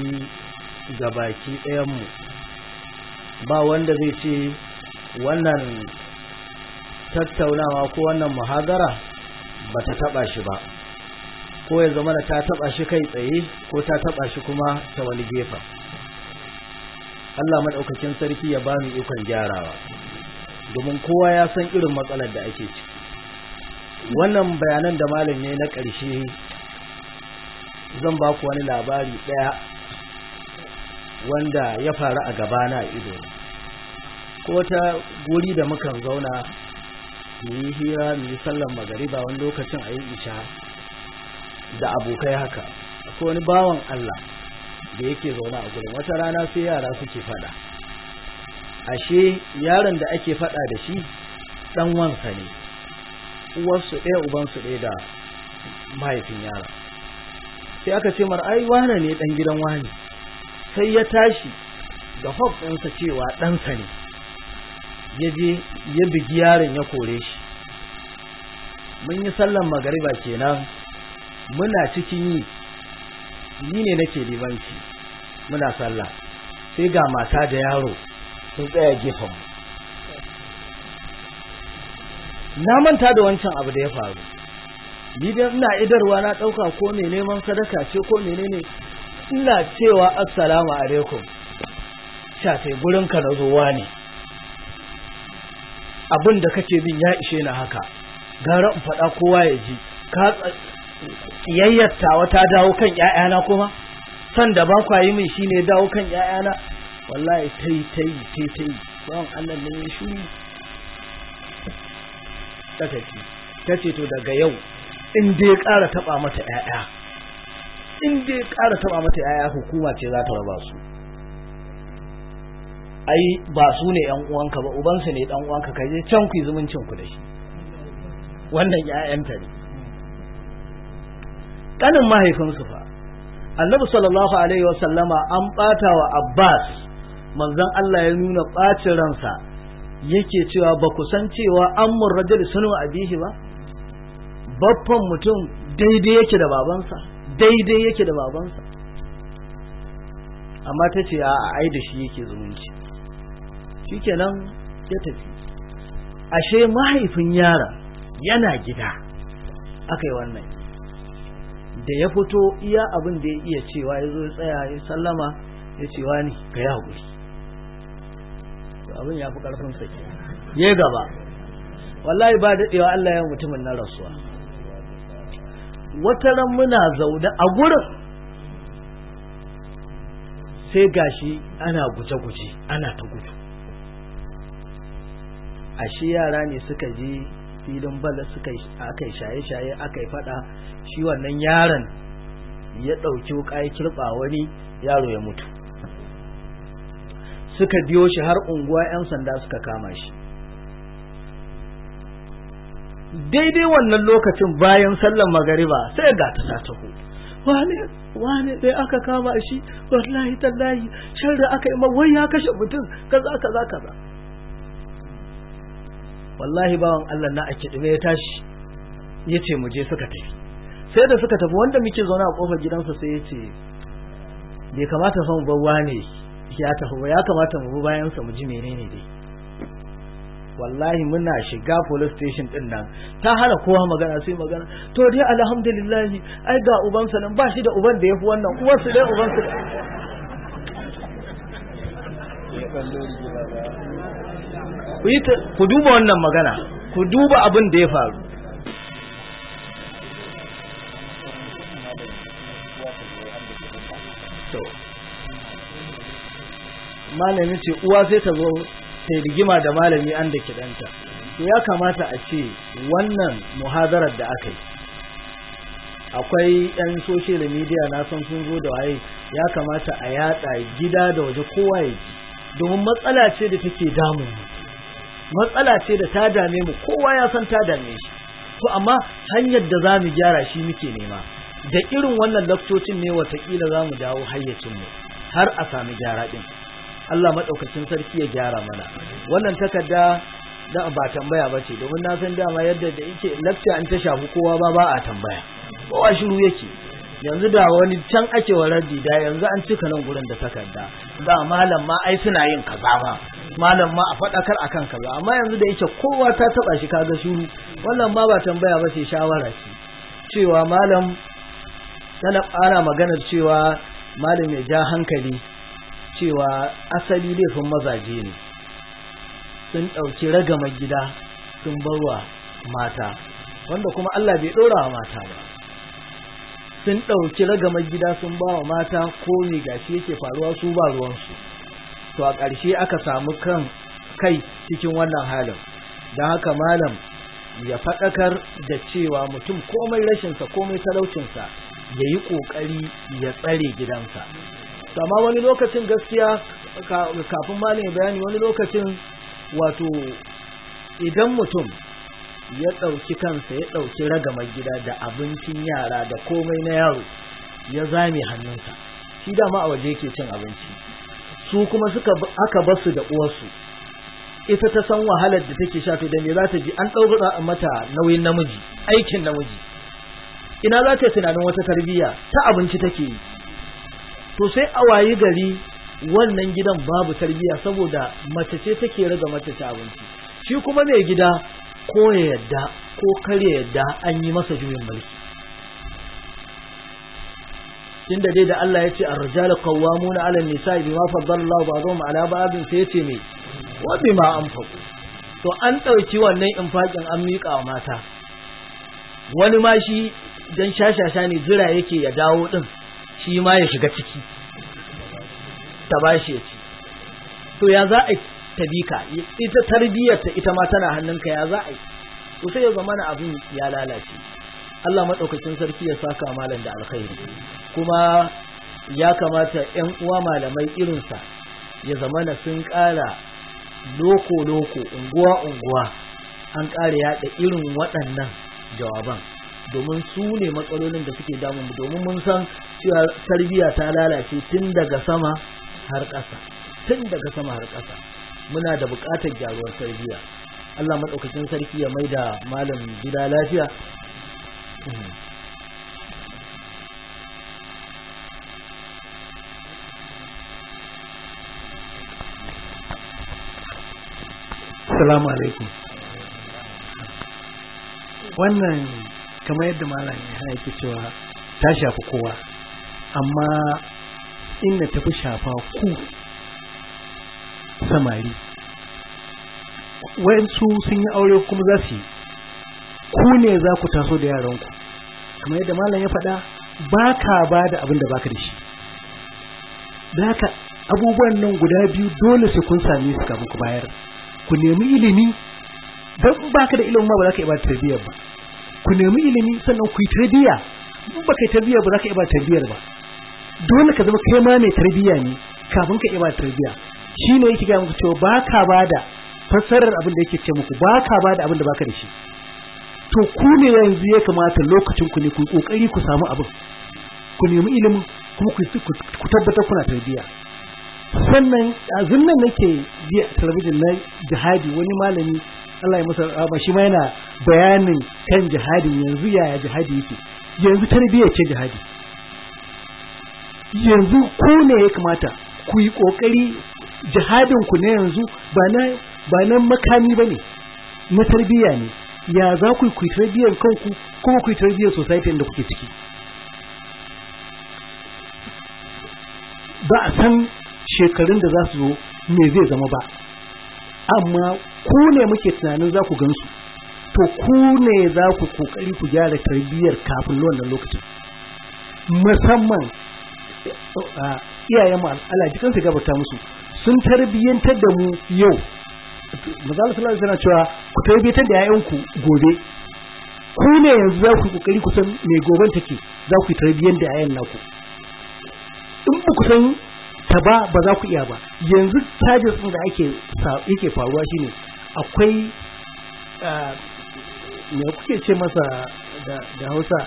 ga baki mu. ba wanda zai ce wannan tattaunawa ko wannan muhagara ba ta taba shi ba ko ya zama da ta taba shi kai tsaye ko ta taba shi kuma ta wani gefa. Allah madaukakin sarki ya bani ikon gyarawa domin kowa ya san irin matsalar da ake ciki wannan bayanan da malam ne na ƙarshe zan ba ku wani labari ɗaya wanda ya faru a gabana a ido ko ta guri da mukan zauna mu yi hira mu yi sallan magariba wani lokacin a yi isha da abokai haka ko wani bawan Allah da yake zauna a gurin wata rana sai yara suke fada ashe yaron da ake fada da shi dan wansa ne uwarsu ɗaya ubansu ɗaya da mahaifin yara sai aka ce mar ai wane ne dan gidan wani sai ya tashi da hof ɗinsa cewa ɗansa ne ya je ya bigi yaron ya kore shi mun yi sallan magariba kenan muna cikin yi ni ne nake libanci muna sallah sai ga mata da yaro sun tsaya gefen mu na manta da wancan abu da ya faru ni dai ina idarwa na ɗauka ko mai neman sadaka ce ko menene ina cewa assalamu alaikum shafe gurin ka na zuwa ne abin da kake bin ya ishe na haka gara in faɗa kowa ya ji ka kiyayyatawa ta dawo kan ƴaƴana kuma san da ba kwa yi min shine dawo kan ƴaƴana wallahi tai tai tai tai don Allah ne ya shuri ta ta ce to daga yau in dai ƙara taɓa mata ƴaƴa in dai ƙara taba mata yaya hukuma ce za ta raba su ai ba su ne yan uwanka ba su ne dan uwanka ka je can ku zumuncin ku da shi wannan 'ya'yanta ne kanin mahaifinsu fa annabi sallallahu alaihi wasallama an bata wa abbas manzon Allah ya nuna bacin ransa yake cewa ba ku san cewa amur rajul sunu abihi ba baffan mutum daidai yake da babansa daidai yake da babansa amma ta ce a ai da shi yake zumunci shi nan ya tafi ashe mahaifin yara yana gida aka yi wannan da ya fito iya abin da ya iya cewa ya zo ya tsaya ya sallama ya ce wani ka yi haƙuri abin ya fi ƙarfin sake ya gaba wallahi ba daɗewa Allah ya mutumin na rasuwa Wata ran muna zaune a gurin sai gashi ana guje-guje ana ta gudu ashe yara ne suka je filin bala suka aka shaye-shaye aka yi fada shi wannan yaron ya ɗauki wuka ya kirɓa wani yaro ya mutu suka biyo shi har unguwa 'yan sanda suka kama shi daidai wannan lokacin bayan sallar magariba sai ga ta ta taho wane wane sai aka kama shi wallahi tallahi da aka yi ma wai ya kashe mutum kaza kaza kaza wallahi bawan Allah na ake dume ya tashi ya ce mu je suka tafi sai da suka tafi wanda muke zaune a kofar gidansa sai ya ce bai kamata fa mu bar wane ya tafi ba ya kamata mu bayan sa mu ji menene dai wallahi muna shiga police station din nan ta hana kowa magana sai magana to dai alhamdulillah ai ga uban nan ba shi da uban da yafi wannan uwar su dai uban su ku duba wannan magana ku duba abin da ya faru malamin ce uwa sai ta zo sai rigima da malami an da kidanta to ya kamata a ce wannan muhazarar da aka yi akwai 'yan social media na san sun zo da waye ya kamata a yatsa gida da waje kowa ya ji domin matsala ce da take damun matsala ce da ta dame mu kowa ya san ta dame shi to amma hanyar da za mu gyara shi muke nema da irin wannan laktocin ne watakila za mu dawo hayyacinmu har a sami gyara ɗin Allah maɗaukacin sarki ya gyara mana wannan takarda da ba tambaya ba ce domin na san dama yadda da yake lakta an ta shafi kowa ba ba a tambaya kowa shiru yake yanzu da wani can ake warardi da yanzu an cika nan gurin da takarda da malam ma ai suna yin kaza ba malam ma a faɗakar akan kaza amma yanzu da yake kowa ta taba shi ga shiru wannan ma ba tambaya ba ce shawara ce cewa malam tana ƙara maganar cewa malam ya ja hankali cewa asali laifin mazaje ne sun ɗauki ragamar gida sun barwa mata wanda kuma Allah bai ɗora wa mata ba sun ɗauki ragamar gida sun ba wa mata ko me gashi yake faruwa su ba ruwansu to a ƙarshe aka samu kan kai cikin wannan halin don haka malam ya faɗakar da cewa mutum komai rashinsa komai talaucinsa ya yi ƙoƙari ya tsare gidansa amma wani lokacin gaskiya kafin ne bayani wani lokacin wato idan mutum ya ɗauki kansa ya ɗauki ragamar gida da abincin yara da komai na yaro ya zame hannunsa shi dama a waje yake cin abinci su kuma suka aka basu da uwarsu ita ta san wahalar da take sha to da me za ta ji an ɗaura mata nauyin namiji aikin namiji ina za ta tunanin wata tarbiyya ta abinci take yi to sai a wayi gari wannan gidan babu tarbiya saboda mace ce take raga mace ta abinci shi kuma mai gida ko ya yadda ko kar ya yadda an yi masa juyin mulki tunda dai da Allah ya ce ar rijal qawwamuna 'ala an-nisa'i bima faddala Allahu 'ala ba'dhin sai yace me wa bima anfaqu to an dauki wannan infakin an mika wa mata wani ma shi dan shashasha ne jira yake ya dawo din shi ma ya shiga ciki ta ba shi ya ci to ya za a ta ita tarbiyyar ta ita ma tana hannunka ya za a yi to sai ya zama na abin ya lalace Allah madaukakin sarki ya saka malam da alkhairi kuma ya kamata ƴan uwa malamai irinsa ya zama na sun ƙara loko loko unguwa unguwa an ƙara yaɗa irin waɗannan jawaban domin su ne matsalolin da suke damun domin mun san cewa tarbiya ta lalace tun daga sama har ƙasa tun daga sama har ƙasa muna da buƙatar gyaruwar tarbiya Allah maɗaukacin sarki ya mai da malam gida lafiya Assalamu alaikum. Wannan kamar yadda malam ya yake cewa ta shafi kowa. amma inda tafi shafa ku samari wayansu sun yi aure kuma za su yi ku ne za ku taso da yaranku kamar yadda malam ya faɗa ba ka ba da abin da baka da shi da haka abubuwan nan guda biyu dole sai kun same su kafin ku bayar ku nemi ilimi don baka da ilimin ma ba za ka iya ba tarbiyyar ba ku nemi ilimi sannan ku yi tarbiyya in baka yi tarbiyyar ba za ka iya ba tarbiyyar ba dole ka zama kai ma mai tarbiyya ne kafin ka iya ba tarbiyya shine yake ga muku cewa ba ka ba fassarar abin da yake ce muku ba ka ba da abin da baka da shi to ku ne yanzu ya kamata lokacin ku ne ku kokari ku samu abin ku nemi ilimin kuma ku tabbatar kuna tarbiyya sannan a zunnan nake ji a talabijin na jihadi wani malami Allah ya masa rahama shi ma yana bayanin kan jihadin yanzu yaya jihadi yake yanzu tarbiyya ce jihadi yanzu ku ne ya kamata ku yi ƙoƙari jihadin ku na yanzu ba na makami ba ne na tarbiyya ne ya za ku yi tarbiyyar kanku kuma ku yi tarbiyyar society da kuke ciki ba a san shekarun da za su zo me zai zama ba amma ku ne muke tunanin za ku gansu to ku ne za ku kokari ku gyara tarbiyyar kafin wannan lokacin musamman Oh, ah, iyayen mu Allah jikan su gabata musu sun tarbiyyantar da mu yau mazal sallallahu alaihi cewa ku tarbiyyantar da yayan ku gobe ku ne yanzu za ku kokari ku san me goben take za ku tarbiyyantar da yayan naku in ku san ta ba ba za ku iya ba yanzu charges din da ake yake faruwa shine akwai ah, me kuke ce masa da Hausa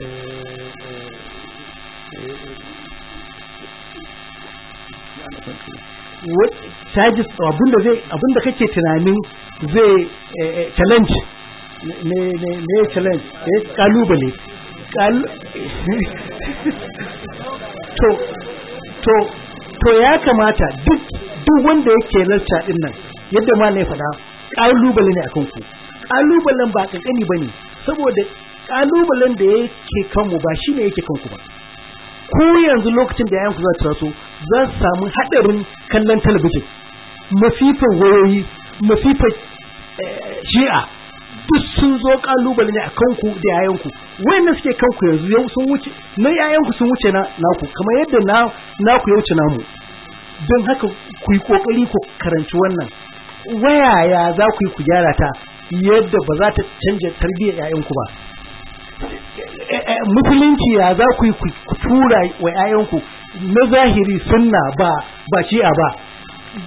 eh, eh, eh, charges abinda zai abinda kake tunanin zai eh, eh, challenge ne ne ne challenge eh kalubale to to to ya kamata duk duk wanda yake lalta din nan yadda ma ne faɗa kalubale ne akan ku kalubalen ba kankani bane saboda kalubalen da yake kanmu ba shine yake kanku ba ku yanzu lokacin da yayanku za ta taso za su samu haɗarin kallon talabijin masifar wayoyi masifar eh, shi'a duk sun zo kalubale ne a kanku da yayanku wayannan suke kanku yanzu yau sun wuce na yayanku sun wuce na naku kamar yadda na naku ya wuce namu don haka ku yi kokari ku karanci wannan wayaya za ku yi ku gyara ta yadda ba za ta canja tarbiyyar yayanku ba eh, eh, musulunci ya za ku yi ku tura wa 'ya'yanku na zahiri sunna ba ba shi'a ba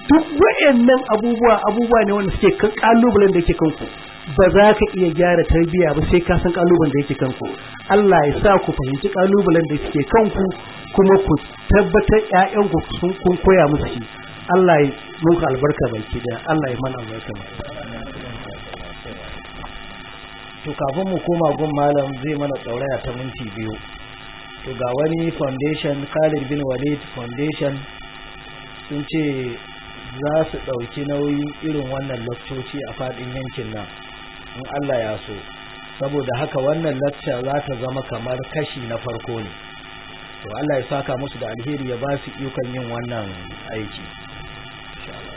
duk wayannan abubuwa abubuwa ne wanda suke kan kalubalen da yake kanku ba za ka iya gyara tarbiyya ba sai ka san kalubalen da yake kanku Allah ya sa ku fahimci kalubalen da suke kanku kuma ku tabbatar ƴaƴanku sun kun koya musu shi Allah ya muku albarka baki da Allah ya mana albarka to kafin mu koma gun malam zai mana tsauraya ta minti biyu to ga wani foundation khalid bin walid foundation sun ce za su ɗauki nauyin irin wannan lakcoci a faɗin yankin nan in allah ya so saboda haka wannan lacca za ta zama kamar kashi na farko ne to allah ya saka musu da alheri ya ba su ikon yin wannan aiki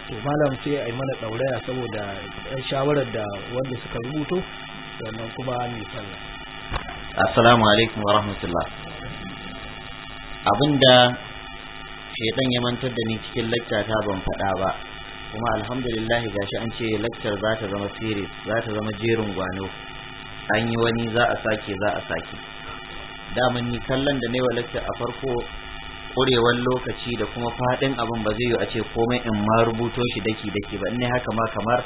to malam sai a yi mana ɗauraya saboda yan shawarar da wanda suka rubuto sannan kuma mai sallah assalamu alaikum wa rahmatullah Abin da shaitan ya mantar da ni cikin lacca ta ban faɗa ba kuma alhamdulillah gashi an ce lakcar za ta zama series za ta zama jerin gwano an yi wani za a sake za a sake daman ni kallon da na wa lakcar a farko ƙurewar lokaci da kuma faɗin abin ba zai yi a ce komai in ma rubuto shi daki daki ba ne haka ma kamar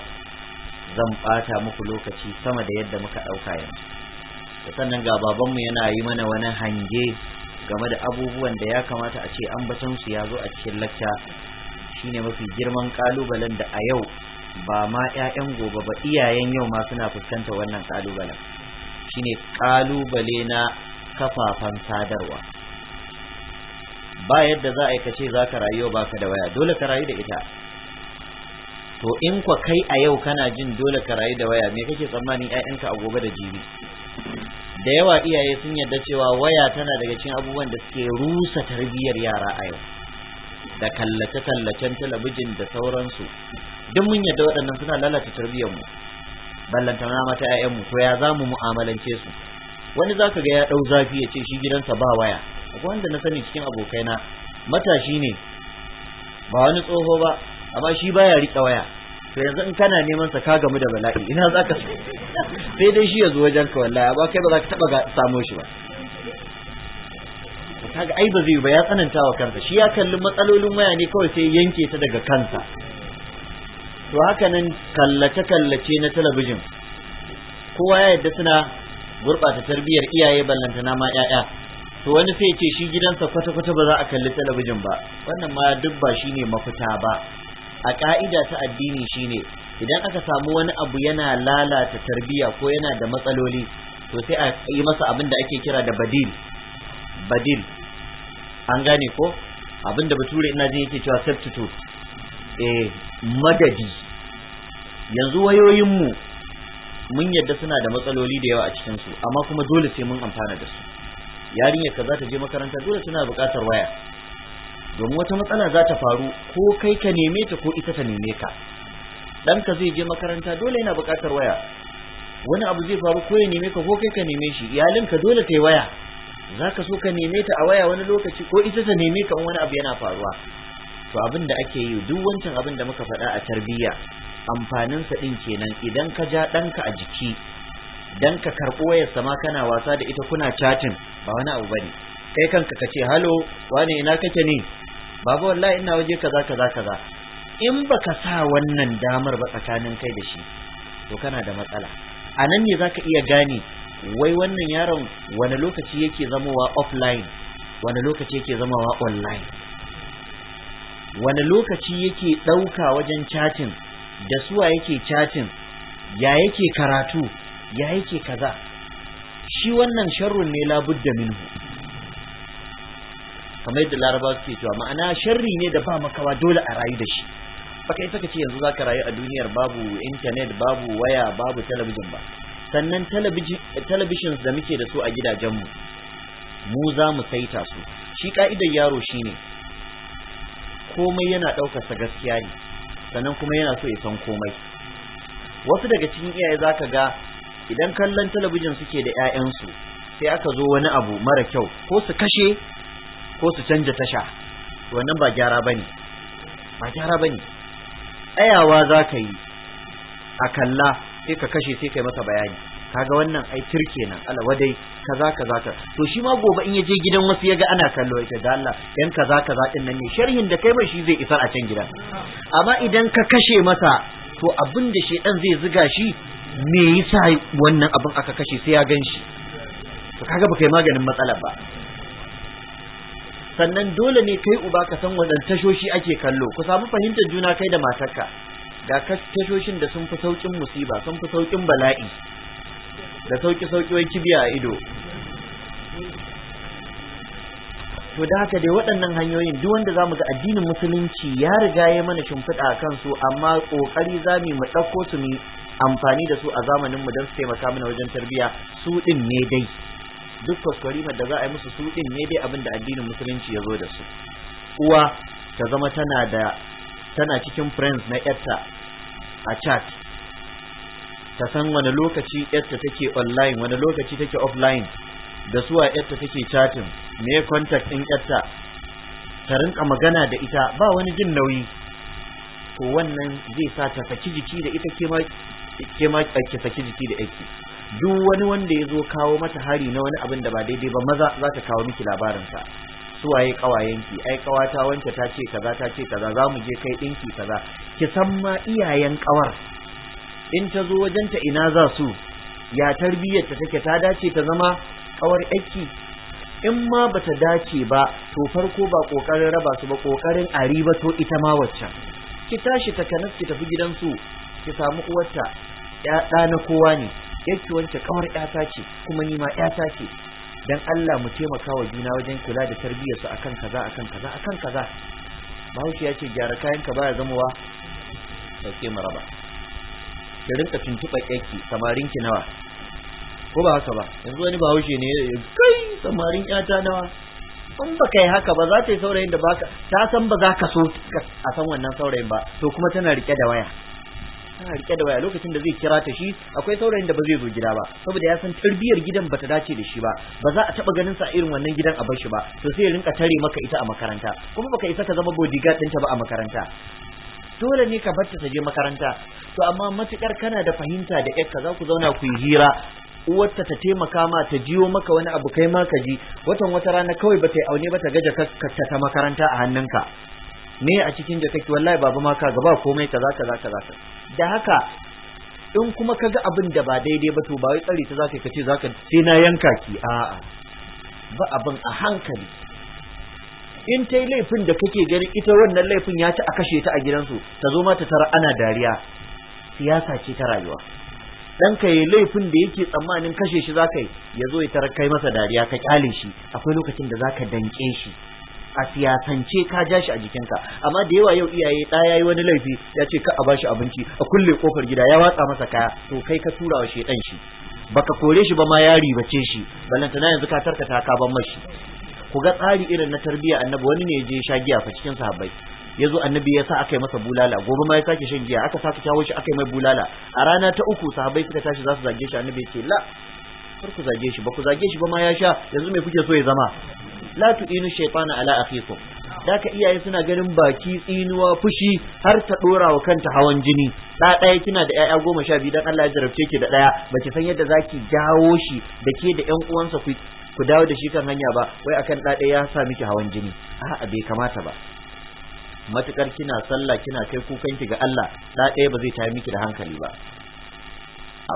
zan ɓata muku lokaci sama da yadda muka ɗauka yanzu sannan ga babanmu yana yi mana wani hange game da abubuwan da ya kamata a ce ambaton su ya zo a cikin lacca shine mafi girman kalubalen da a yau ba ma 'ya'yan gobe ba iyayen yau ma suna fuskanta wannan kalubalen ne kalubale na kafafan sadarwa ba yadda za a yi kace za ka rayu ba ka da waya dole ka rayu da ita to in kwa kai a yau kana jin dole ka rayu da waya me kake tsammanin 'ya'yanka a gobe da jibi da yawa iyaye sun yarda cewa waya tana daga cikin abubuwan da suke rusa tarbiyyar yara a yau da kallace-kallacen talabijin da sauransu duk mun yarda waɗannan suna lalata tarbiyyarmu na mata 'ya'yanmu to ya za mu mu'amalance su wani zaka ga ya ɗau zafi ya ce shi gidansa ba waya akwai wanda na sani cikin abokaina matashi ne ba wani tsoho ba amma shi baya riƙe waya to yanzu in kana neman sa ka gamu da bala'i ina zaka sai dai shi ya zo wajen ka wallahi ba kai ba za ka taba samo shi ba kaga ai ba zai ba ya tsananta wa kansa shi ya kalli matsalolin waya ne kawai sai yanke ta daga kansa to haka nan kallace kallace na talabijin kowa ya yadda suna gurɓata tarbiyyar iyaye ballantana ma 'ya'ya to wani sai ya ce shi gidansa kwata-kwata ba za a kalli talabijin ba wannan ma duk ba shine mafita ba a ka'ida ta addini shine idan aka samu wani abu yana lalata tarbiya ko yana da matsaloli to sai a yi masa abin da ake kira da badil badil an gane ko abin da bature ina jin yake cewa substitute eh madadi yanzu wayoyinmu mun yadda suna da matsaloli da yawa a cikin su amma kuma dole sai mun amfana da su yarinya kaza ta je makaranta dole tana bukatar waya domin wata matsala za ta faru ko kai ka neme ta ko ita ta neme ka Dan ka zai je makaranta dole yana buƙatar waya wani abu zai faru ko ya neme ka ko kai ka neme shi iyalinka dole ta yi waya za ka so ka neme ta a waya wani lokaci ko ita ta neme ka wani abu yana faruwa to abin da ake yi duk wancan abin da muka faɗa a tarbiyya amfaninsa ɗin kenan idan ka ja ɗanka a jiki dan ka karɓo wayarsa ma kana wasa da ita kuna chatting ba wani abu bane kai kanka ka ce halo wane ina kake ne Babu wallahi ina waje kaza kaza kaza in baka sa wannan damar ba tsakanin kai da shi to kana da matsala a nan ne zaka iya gane wai wannan yaron wani lokaci yake zamowa offline wani lokaci yake zamowa online wani lokaci yake ɗauka wajen chatin da suwa yake chatin ya yake karatu ya yake kaza shi wannan sharrun ne labudda minhu kamar da laraba suke cewa ma'ana sharri ne da ba makawa dole a rayu da shi baka isa ce yanzu zaka rayu a duniyar babu internet babu waya babu talabijin ba sannan talabijin da muke da su a gidajenmu mu za mu saita su shi ka'idar yaro shi ne. komai yana ɗaukar sa gaskiya ne sannan kuma yana so ya san komai wasu daga cikin iyaye zaka ga idan kallon talabijin suke da 'ya'yansu sai aka zo wani abu mara kyau ko su kashe ko su canja tasha wannan ba gyara bane ba gyara bane tsayawa za ka yi a kalla sai ka kashe sai ka kai masa bayani kaga wannan ai kirke nan wadai kaza kaza ka to shi ma gobe in ya je gidan wasu ya ga ana kallo ita da Allah yan kaza kaza din nan ne sharhin da kai mai shi zai isar a can gidan amma idan ka kashe masa to abin da shedan zai ziga shi me yasa wannan abin aka kashe sai ya gan shi to kaga ba kai maganin matsalar ba sannan dole ne kai uba ka san wadan tashoshi ake kallo ku samu fahimtar juna kai da matarka ga tashoshin da sun fi saukin musiba sun fi saukin bala'i da sauki sauki wai kibiya a ido to da haka dai waɗannan hanyoyin duk wanda zamu ga addinin musulunci ya riga ya mana shimfiɗa a kansu amma ƙoƙari za mu mu ɗauko su mu amfani da su a zamaninmu don su taimaka mana wajen tarbiyya su ɗin ne dai duk kwaskwarimar da za a yi musu su din ne dai abin da addinin musulunci ya zo da su uwa ta zama tana da tana cikin friends na yarta a chat ta san wani lokaci yarta take online wani lokaci take offline da suwa yarta take chatting me contact din yarta ta rinka magana da ita ba wani jin nauyi ko wannan zai sa ta saki jiki da ita ke ma ke ma ki saki jiki da yake duk wani wanda ya zo kawo mata hari na wani abin da ba daidai ba maza za ta kawo miki labarinsa suwaye kawayenki ai kawata wanke ta ce kaza ta ce kaza za mu je kai dinki kaza ki san ma iyayen kawar in ta zo wajenta ina za su ya tarbiyyar ta take ta dace ta zama kawar yaki in ma ba ta dace ba to farko ba kokarin raba su ba kokarin ba to ita ma waccan ki tashi ta kanas ki tafi gidansu ki samu uwarta ya na kowa ne yake wance kamar yata ce kuma ni ma yata ce dan Allah mu taimaka wa juna wajen kula da tarbiyyar su akan kaza akan kaza akan kaza Bahaushe yace ce gyara kayan ka baya zamowa sai maraba ki rinka tuntuɓa kyakki samarin ki nawa ko ba haka ba yanzu wani Bahaushe ne kai samarin yata nawa in ba kai haka ba za ta yi saurayin da baka ta san ba za ka so a san wannan saurayin ba to kuma tana rike da waya tana rike da waya lokacin da zai kira ta shi akwai saurayin da ba zai zo gida ba saboda ya san tarbiyyar gidan bata dace da shi ba ba za a taba ganin sa irin wannan gidan a bar shi ba to sai ya rinka tare maka ita a makaranta kuma baka isa ka zama bodyguard ta ba a makaranta dole ne ka barta ta je makaranta to amma matukar kana da fahimta da yarka za ku zauna ku yi hira uwarta ta taimaka ma ta jiyo maka wani abu kai ma ka ji watan wata rana kawai ba ta yi aune ba ta gaja ka ta makaranta a hannunka me a cikin jakaki wallahi baba ma ka gaba komai kaza kaza kaza da haka in kuma kaga abin da ba daidai ba to ba wai tsari ta zaka kace zaka sai na yanka ki a'a ba abin a hankali in ta laifin da kake gani ita wannan laifin ya ci a kashe ta a gidansu ta zo ma ta tara ana dariya siyasa ce ta rayuwa ka yi laifin da yake tsammanin kashe shi za ka yi ya zo ya tara kai masa dariya ka kyale shi akwai lokacin da zaka danke shi a siyasance ka ja shi a jikinka amma da yawa yau iyaye ɗa ya yi wani laifi ya ce ka a bashi abinci a kulle kofar gida ya watsa masa kaya to kai ka tura wa shedan shi baka kore shi ba ma ya ribace shi balantana yanzu ka tarkata ka ban mashi ku ga tsari irin na tarbiyya annabi wani ne ya je sha giya fa cikin sahabbai ya annabi ya sa aka yi masa bulala gobe ma ya sake shan giya aka sake kawo shi aka yi mai bulala a rana ta uku sahabbai suka tashi za su zage shi annabi ya ce la kar ku zage shi ba ku zage shi ba ma ya sha yanzu me kuke so ya zama la inu shaytana ala akhikum daka iyaye suna ganin baki tsinuwa fushi har ta dora wa kanta hawan jini da daya kina da yaya goma sha biyu dan Allah ya jarabce ki da daya baki san yadda zaki jawo shi da ke da yan uwansa ku ku dawo da shi kan hanya ba wai akan da daya ya sa miki hawan jini a'a bai kamata ba matukar kina sallah kina kai kukanki ga Allah da daya ba zai tayi miki da hankali ba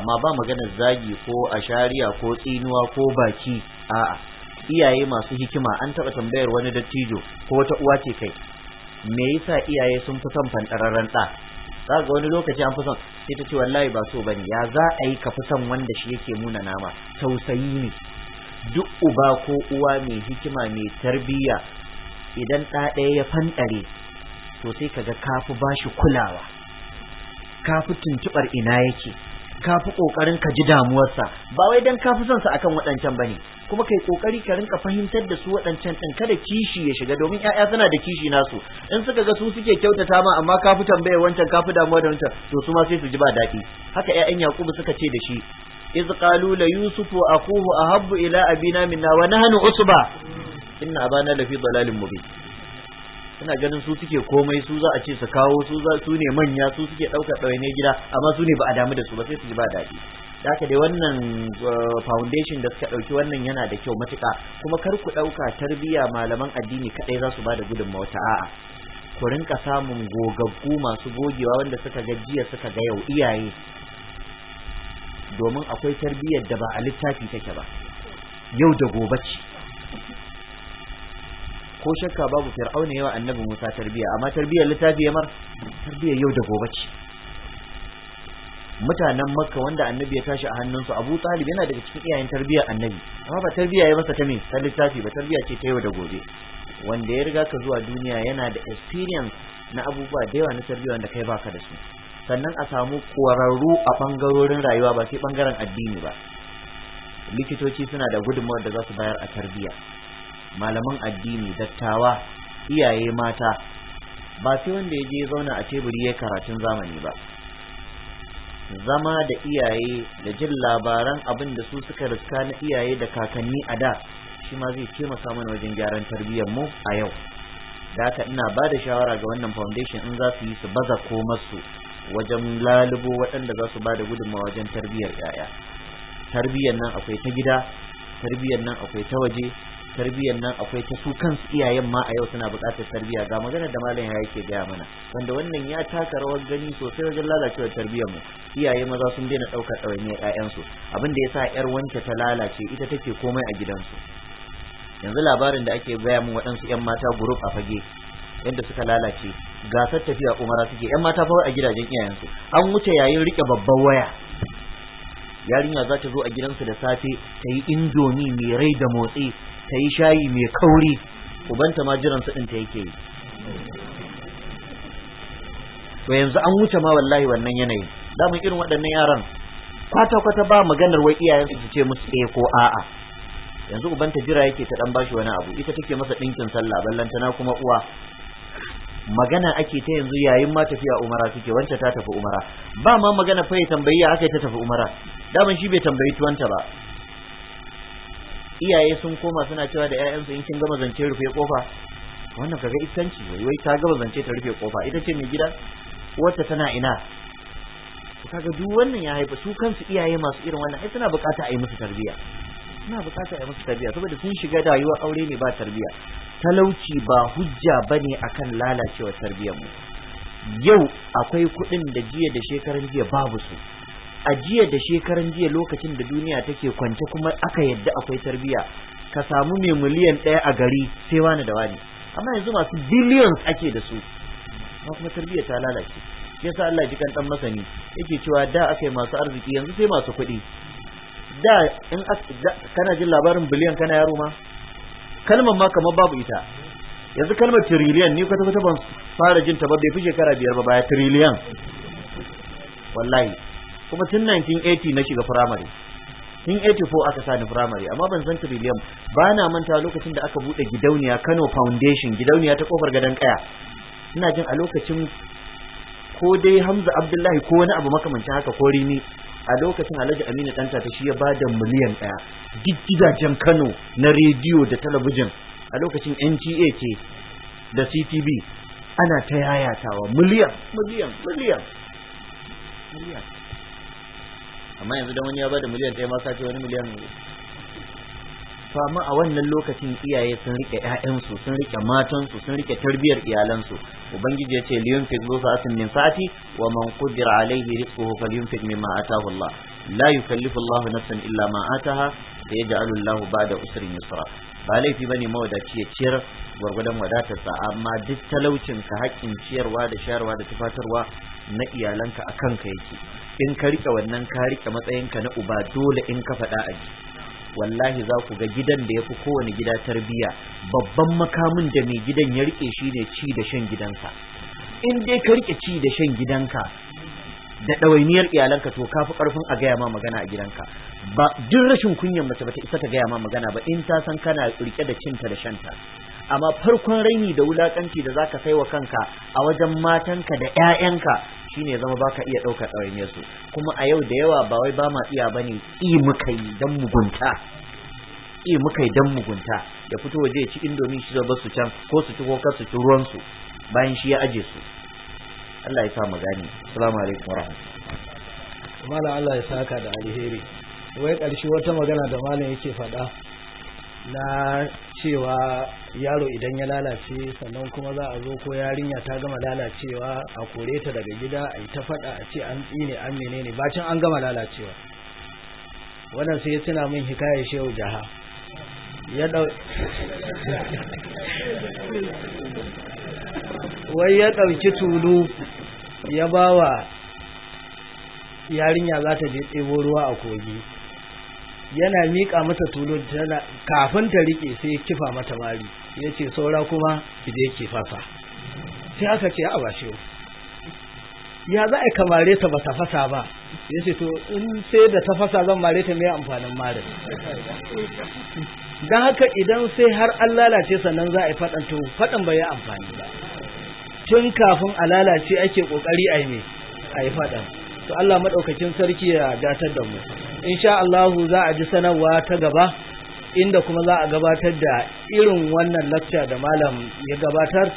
amma ba maganar zagi ko ashariya ko tsinuwa ko baki a'a iyaye masu hikima an taɓa tambayar wani dattijo ko wata uwa ce kai me yasa iyaye sun fi son fantararren ɗa za ga wani lokaci an fi son sai ta ce wallahi ba so bane ya za a yi ka fi son wanda shi yake muna nama tausayi ne duk uba ko uwa mai hikima mai tarbiyya idan ɗa ɗaya ya fanɗare to sai kaga kafi bashi kulawa kafi tuntuɓar ina yake kafi ƙoƙarin ka ji damuwarsa ba wai dan kafi son sa akan waɗancan bane kuma kai kokari ka rinka fahimtar da su waɗancan ɗin kada kishi ya shiga domin ƴaƴa suna da kishi nasu in suka ga su suke kyautata ma amma ka fi tambaya wancan ka fi damuwa da wancan to su ma sai su ji ba daɗi haka ƴaƴan Yakubu suka ce da shi iz qalu la yusufu akuhu ahabbu ila abina minna wa nahnu usba inna abana lafi dalalin mubin Ina ganin su suke komai su za a ce su kawo su za su ne manya su suke ɗaukar ɗawainiyar gida amma su ne ba a damu da su ba sai su ji ba daɗi Daka dai wannan uh, foundation da suka ɗauki wannan yana da kyau matuƙa kuma kar ku ɗauka tarbiyya malaman addini kaɗai za su ba da gudunmawa ta a'a ku rinka samun gogaggu masu gogewa wanda suka ga jiya suka ga yau iyaye domin akwai tarbiyyar da ba a littafi take ba yau da gobe ce ko shakka babu fir'auna yawa annabi Musa tarbiyya amma tarbiyyar littafi ya mar tarbiyyar yau da gobe ce mutanen makka wanda annabi ya tashi a hannunsu abu talib yana daga cikin iyayen tarbiyyar annabi amma ba tarbiyya ya masa ta me ta littafi ba tarbiyya ce ta yau da gobe wanda ya riga ka zuwa duniya yana da experience na abubuwa da yawa na tarbiyya wanda kai baka da su sannan a samu kwararru a bangarorin rayuwa ba sai bangaren addini ba likitoci suna da gudunmawar da za su bayar a tarbiyya malaman addini dattawa iyaye mata ba sai wanda ya je zauna a teburi ya karatun zamani ba zama da iyaye da jin labaran abin da su suka riska na iyaye da kakanni a da shi ma zai taimaka mana wajen gyaran tarbiyyar mu a yau da haka ina ba da shawara ga wannan foundation in za su yi su baza ko masu wajen lalubo waɗanda za su ba da gudunmawa wajen tarbiyyar 'ya'ya tarbiyyar nan akwai ta gida tarbiyyar nan akwai ta waje tarbiyyar nan akwai ta su kansu iyayen ma a yau suna buƙatar tarbiyya ga maganar da malam ya yake gaya mana wanda wannan ya taka rawar gani sosai wajen lalacewar tarbiyyar mu iyaye maza sun daina ɗaukar ɗawainiyar ƴaƴansu abin da yasa ƴar wanke ta lalace ita take komai a gidansu yanzu labarin da ake gaya min waɗansu ƴan mata group a fage yadda suka lalace gasar tafiya umara suke ƴan mata fa a gidajen iyayensu an wuce yayin rike babban waya yarinya za ta zo a gidansu da safe ta yi indomi mai rai da motsi ta yi shayi mai kauri ubanta ma jiran su ɗinta yake yi to yanzu an wuce ma wallahi wannan yanayi. yanayin damun irin waɗannan yaran kwata-kwata ba maganar wai iyayen su ce musu eh ko a'a yanzu ubanta jira yake ta dan bashi wani abu ita take masa ɗinkin sallah tana kuma uwa magana ake ta yanzu yayin ma tafiya umara suke wancan ta tafi umara ba ma magana fa ya tambayi ya aka ta tafi umara daman shi bai tambayi tuwanta ba iyaye sun koma suna cewa da ƴaƴansu in kin gama zance rufe kofa wannan kaga iskanci wai wai ta gama zance ta rufe kofa ita ce mai gida wata tana ina kaga duk wannan ya haifa su kansu iyaye masu irin wannan ai suna bukata a yi musu tarbiyya suna bukata a yi musu tarbiyya saboda sun shiga rayuwar aure ne ba tarbiyya talauci ba hujja bane akan lalacewa tarbiyyar mu yau akwai kuɗin da jiya da shekaran jiya babu su a jiya da shekaran jiya lokacin da duniya take kwance kuma aka yadda akwai tarbiyya ka samu mai miliyan ɗaya a gari sai wani da wani amma yanzu masu billions ake da su amma kuma tarbiyya ta lalace shi yasa Allah ji kan dan masani yake cewa da aka yi masu arziki yanzu sai masu kuɗi da in kana jin labarin biliyan kana yaro ma kalmar ma kamar babu ita yanzu kalmar tiriliyan ni kwata kwata ban fara jin ta ba bai fi shekara biyar ba baya tiriliyan wallahi kuma tun 1980 na shiga firamare tun 84 aka sani firamare amma ban san trillium ba na manta lokacin da aka bude gidauniya Kano Foundation gidauniya ta kofar gadon kaya ina jin a lokacin ko dai Hamza Abdullahi ko wani abu makamancin haka ko rini a lokacin Alhaji Aminu Danta ta shi ya ba da miliyan daya gidajen Kano na rediyo da talabijin a lokacin NTA ce da CTV ana ta yayatawa miliyan miliyan miliyan miliyan amma yanzu dan wani ya bada miliyan ɗaya ma ka ce wani miliyan to amma a wannan lokacin iyaye sun rike 'ya'yansu, sun rike matansu sun rike tarbiyar iyalansu ubangiji ya ce liyunfiq zu sa'atin min sa'ati wa man qadira alayhi rizquhu falyunfiq mimma ataahu Allah la yukallifu Allah nafsan illa ma ataha sayaj'alu Allah ba'da usrin yusra ba laifi bane mawadaci ya ciyar gwargwadon wadatarsa amma duk talaucin ka haƙƙin ciyarwa da shayarwa da tufatarwa na iyalanka a kanka yake in ka rike wannan ka rike matsayinka na uba dole in ka faɗa a ji wallahi za ku ga gidan da ya fi kowane gida tarbiya babban makamin da mai gidan ya rike shi ne ci da shan gidansa in dai ka rike ci da shan gidanka da ɗawainiyar iyalanka to ka fi ƙarfin a gaya ma magana a gidanka ba duk rashin kunyan mace bata isa ta gaya ma magana ba in ta san kana rike da cinta da shanta amma farkon raini da wulakanci da zaka kai wa kanka a wajen matanka da 'ya'yanka shine ya zama baka iya ɗaukar ɗawainiyar su kuma a yau da yawa ba wai ba ma iya bane i muka yi dan mugunta i muka yi dan mugunta ya fito waje ya ci indomi shi ba su can ko su ci ko kar su ci ruwan su bayan shi ya aje su Allah ya sa mu gane assalamu alaikum warahmatullahi mala Allah ya saka da alheri wai ƙarshe wata magana da malam yake faɗa na cewa yaro idan ya lalace sannan kuma za a zo ko yarinya ta gama lalacewa a kore ta daga gida a yi ta faɗa a ce an tsine an menene bacin an gama lalacewa wannan sai suna min hikayar shehu jaha ya dau wai ya ɗauki tulu ya bawa yarinya za ta je ɗebo ruwa a kogi yana miƙa mata tulun tana kafin ta rike sai ya kifa mata mari ya ce saura kuma ki je ki fasa sai aka ce a bashe ya za a kamare ta ba ta fasa ba ya ce to in sai da ta fasa zan mare ta mai amfanin marin don haka idan sai har an lalace sannan za a yi faɗan to faɗan bai yi amfani ba tun kafin a lalace ake ƙoƙari a yi a yi faɗan to Allah madaukakin sarki ya datar da mu insha Allah za a ji sanarwa ta gaba inda kuma za a gabatar da irin wannan lakca da malam ya gabatar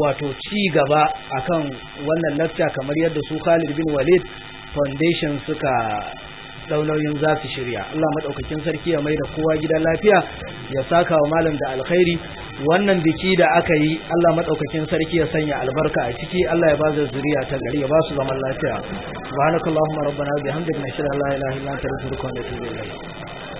wato ci gaba akan wannan lakca kamar yadda su Khalid bin Walid Foundation suka daunoyin za su shirya Allah madaukakin sarki ya mai da kowa gidan lafiya ya saka wa malam da alkhairi wannan biki da aka yi Allah madaukakin sarki ya sanya albarka a ciki Allah ya ba su zuriya ta gari ya ba su zaman lafiya subhanakallahumma rabbana bihamdika nashhadu an la ilaha illa anta astaghfiruka wa atubu ilayk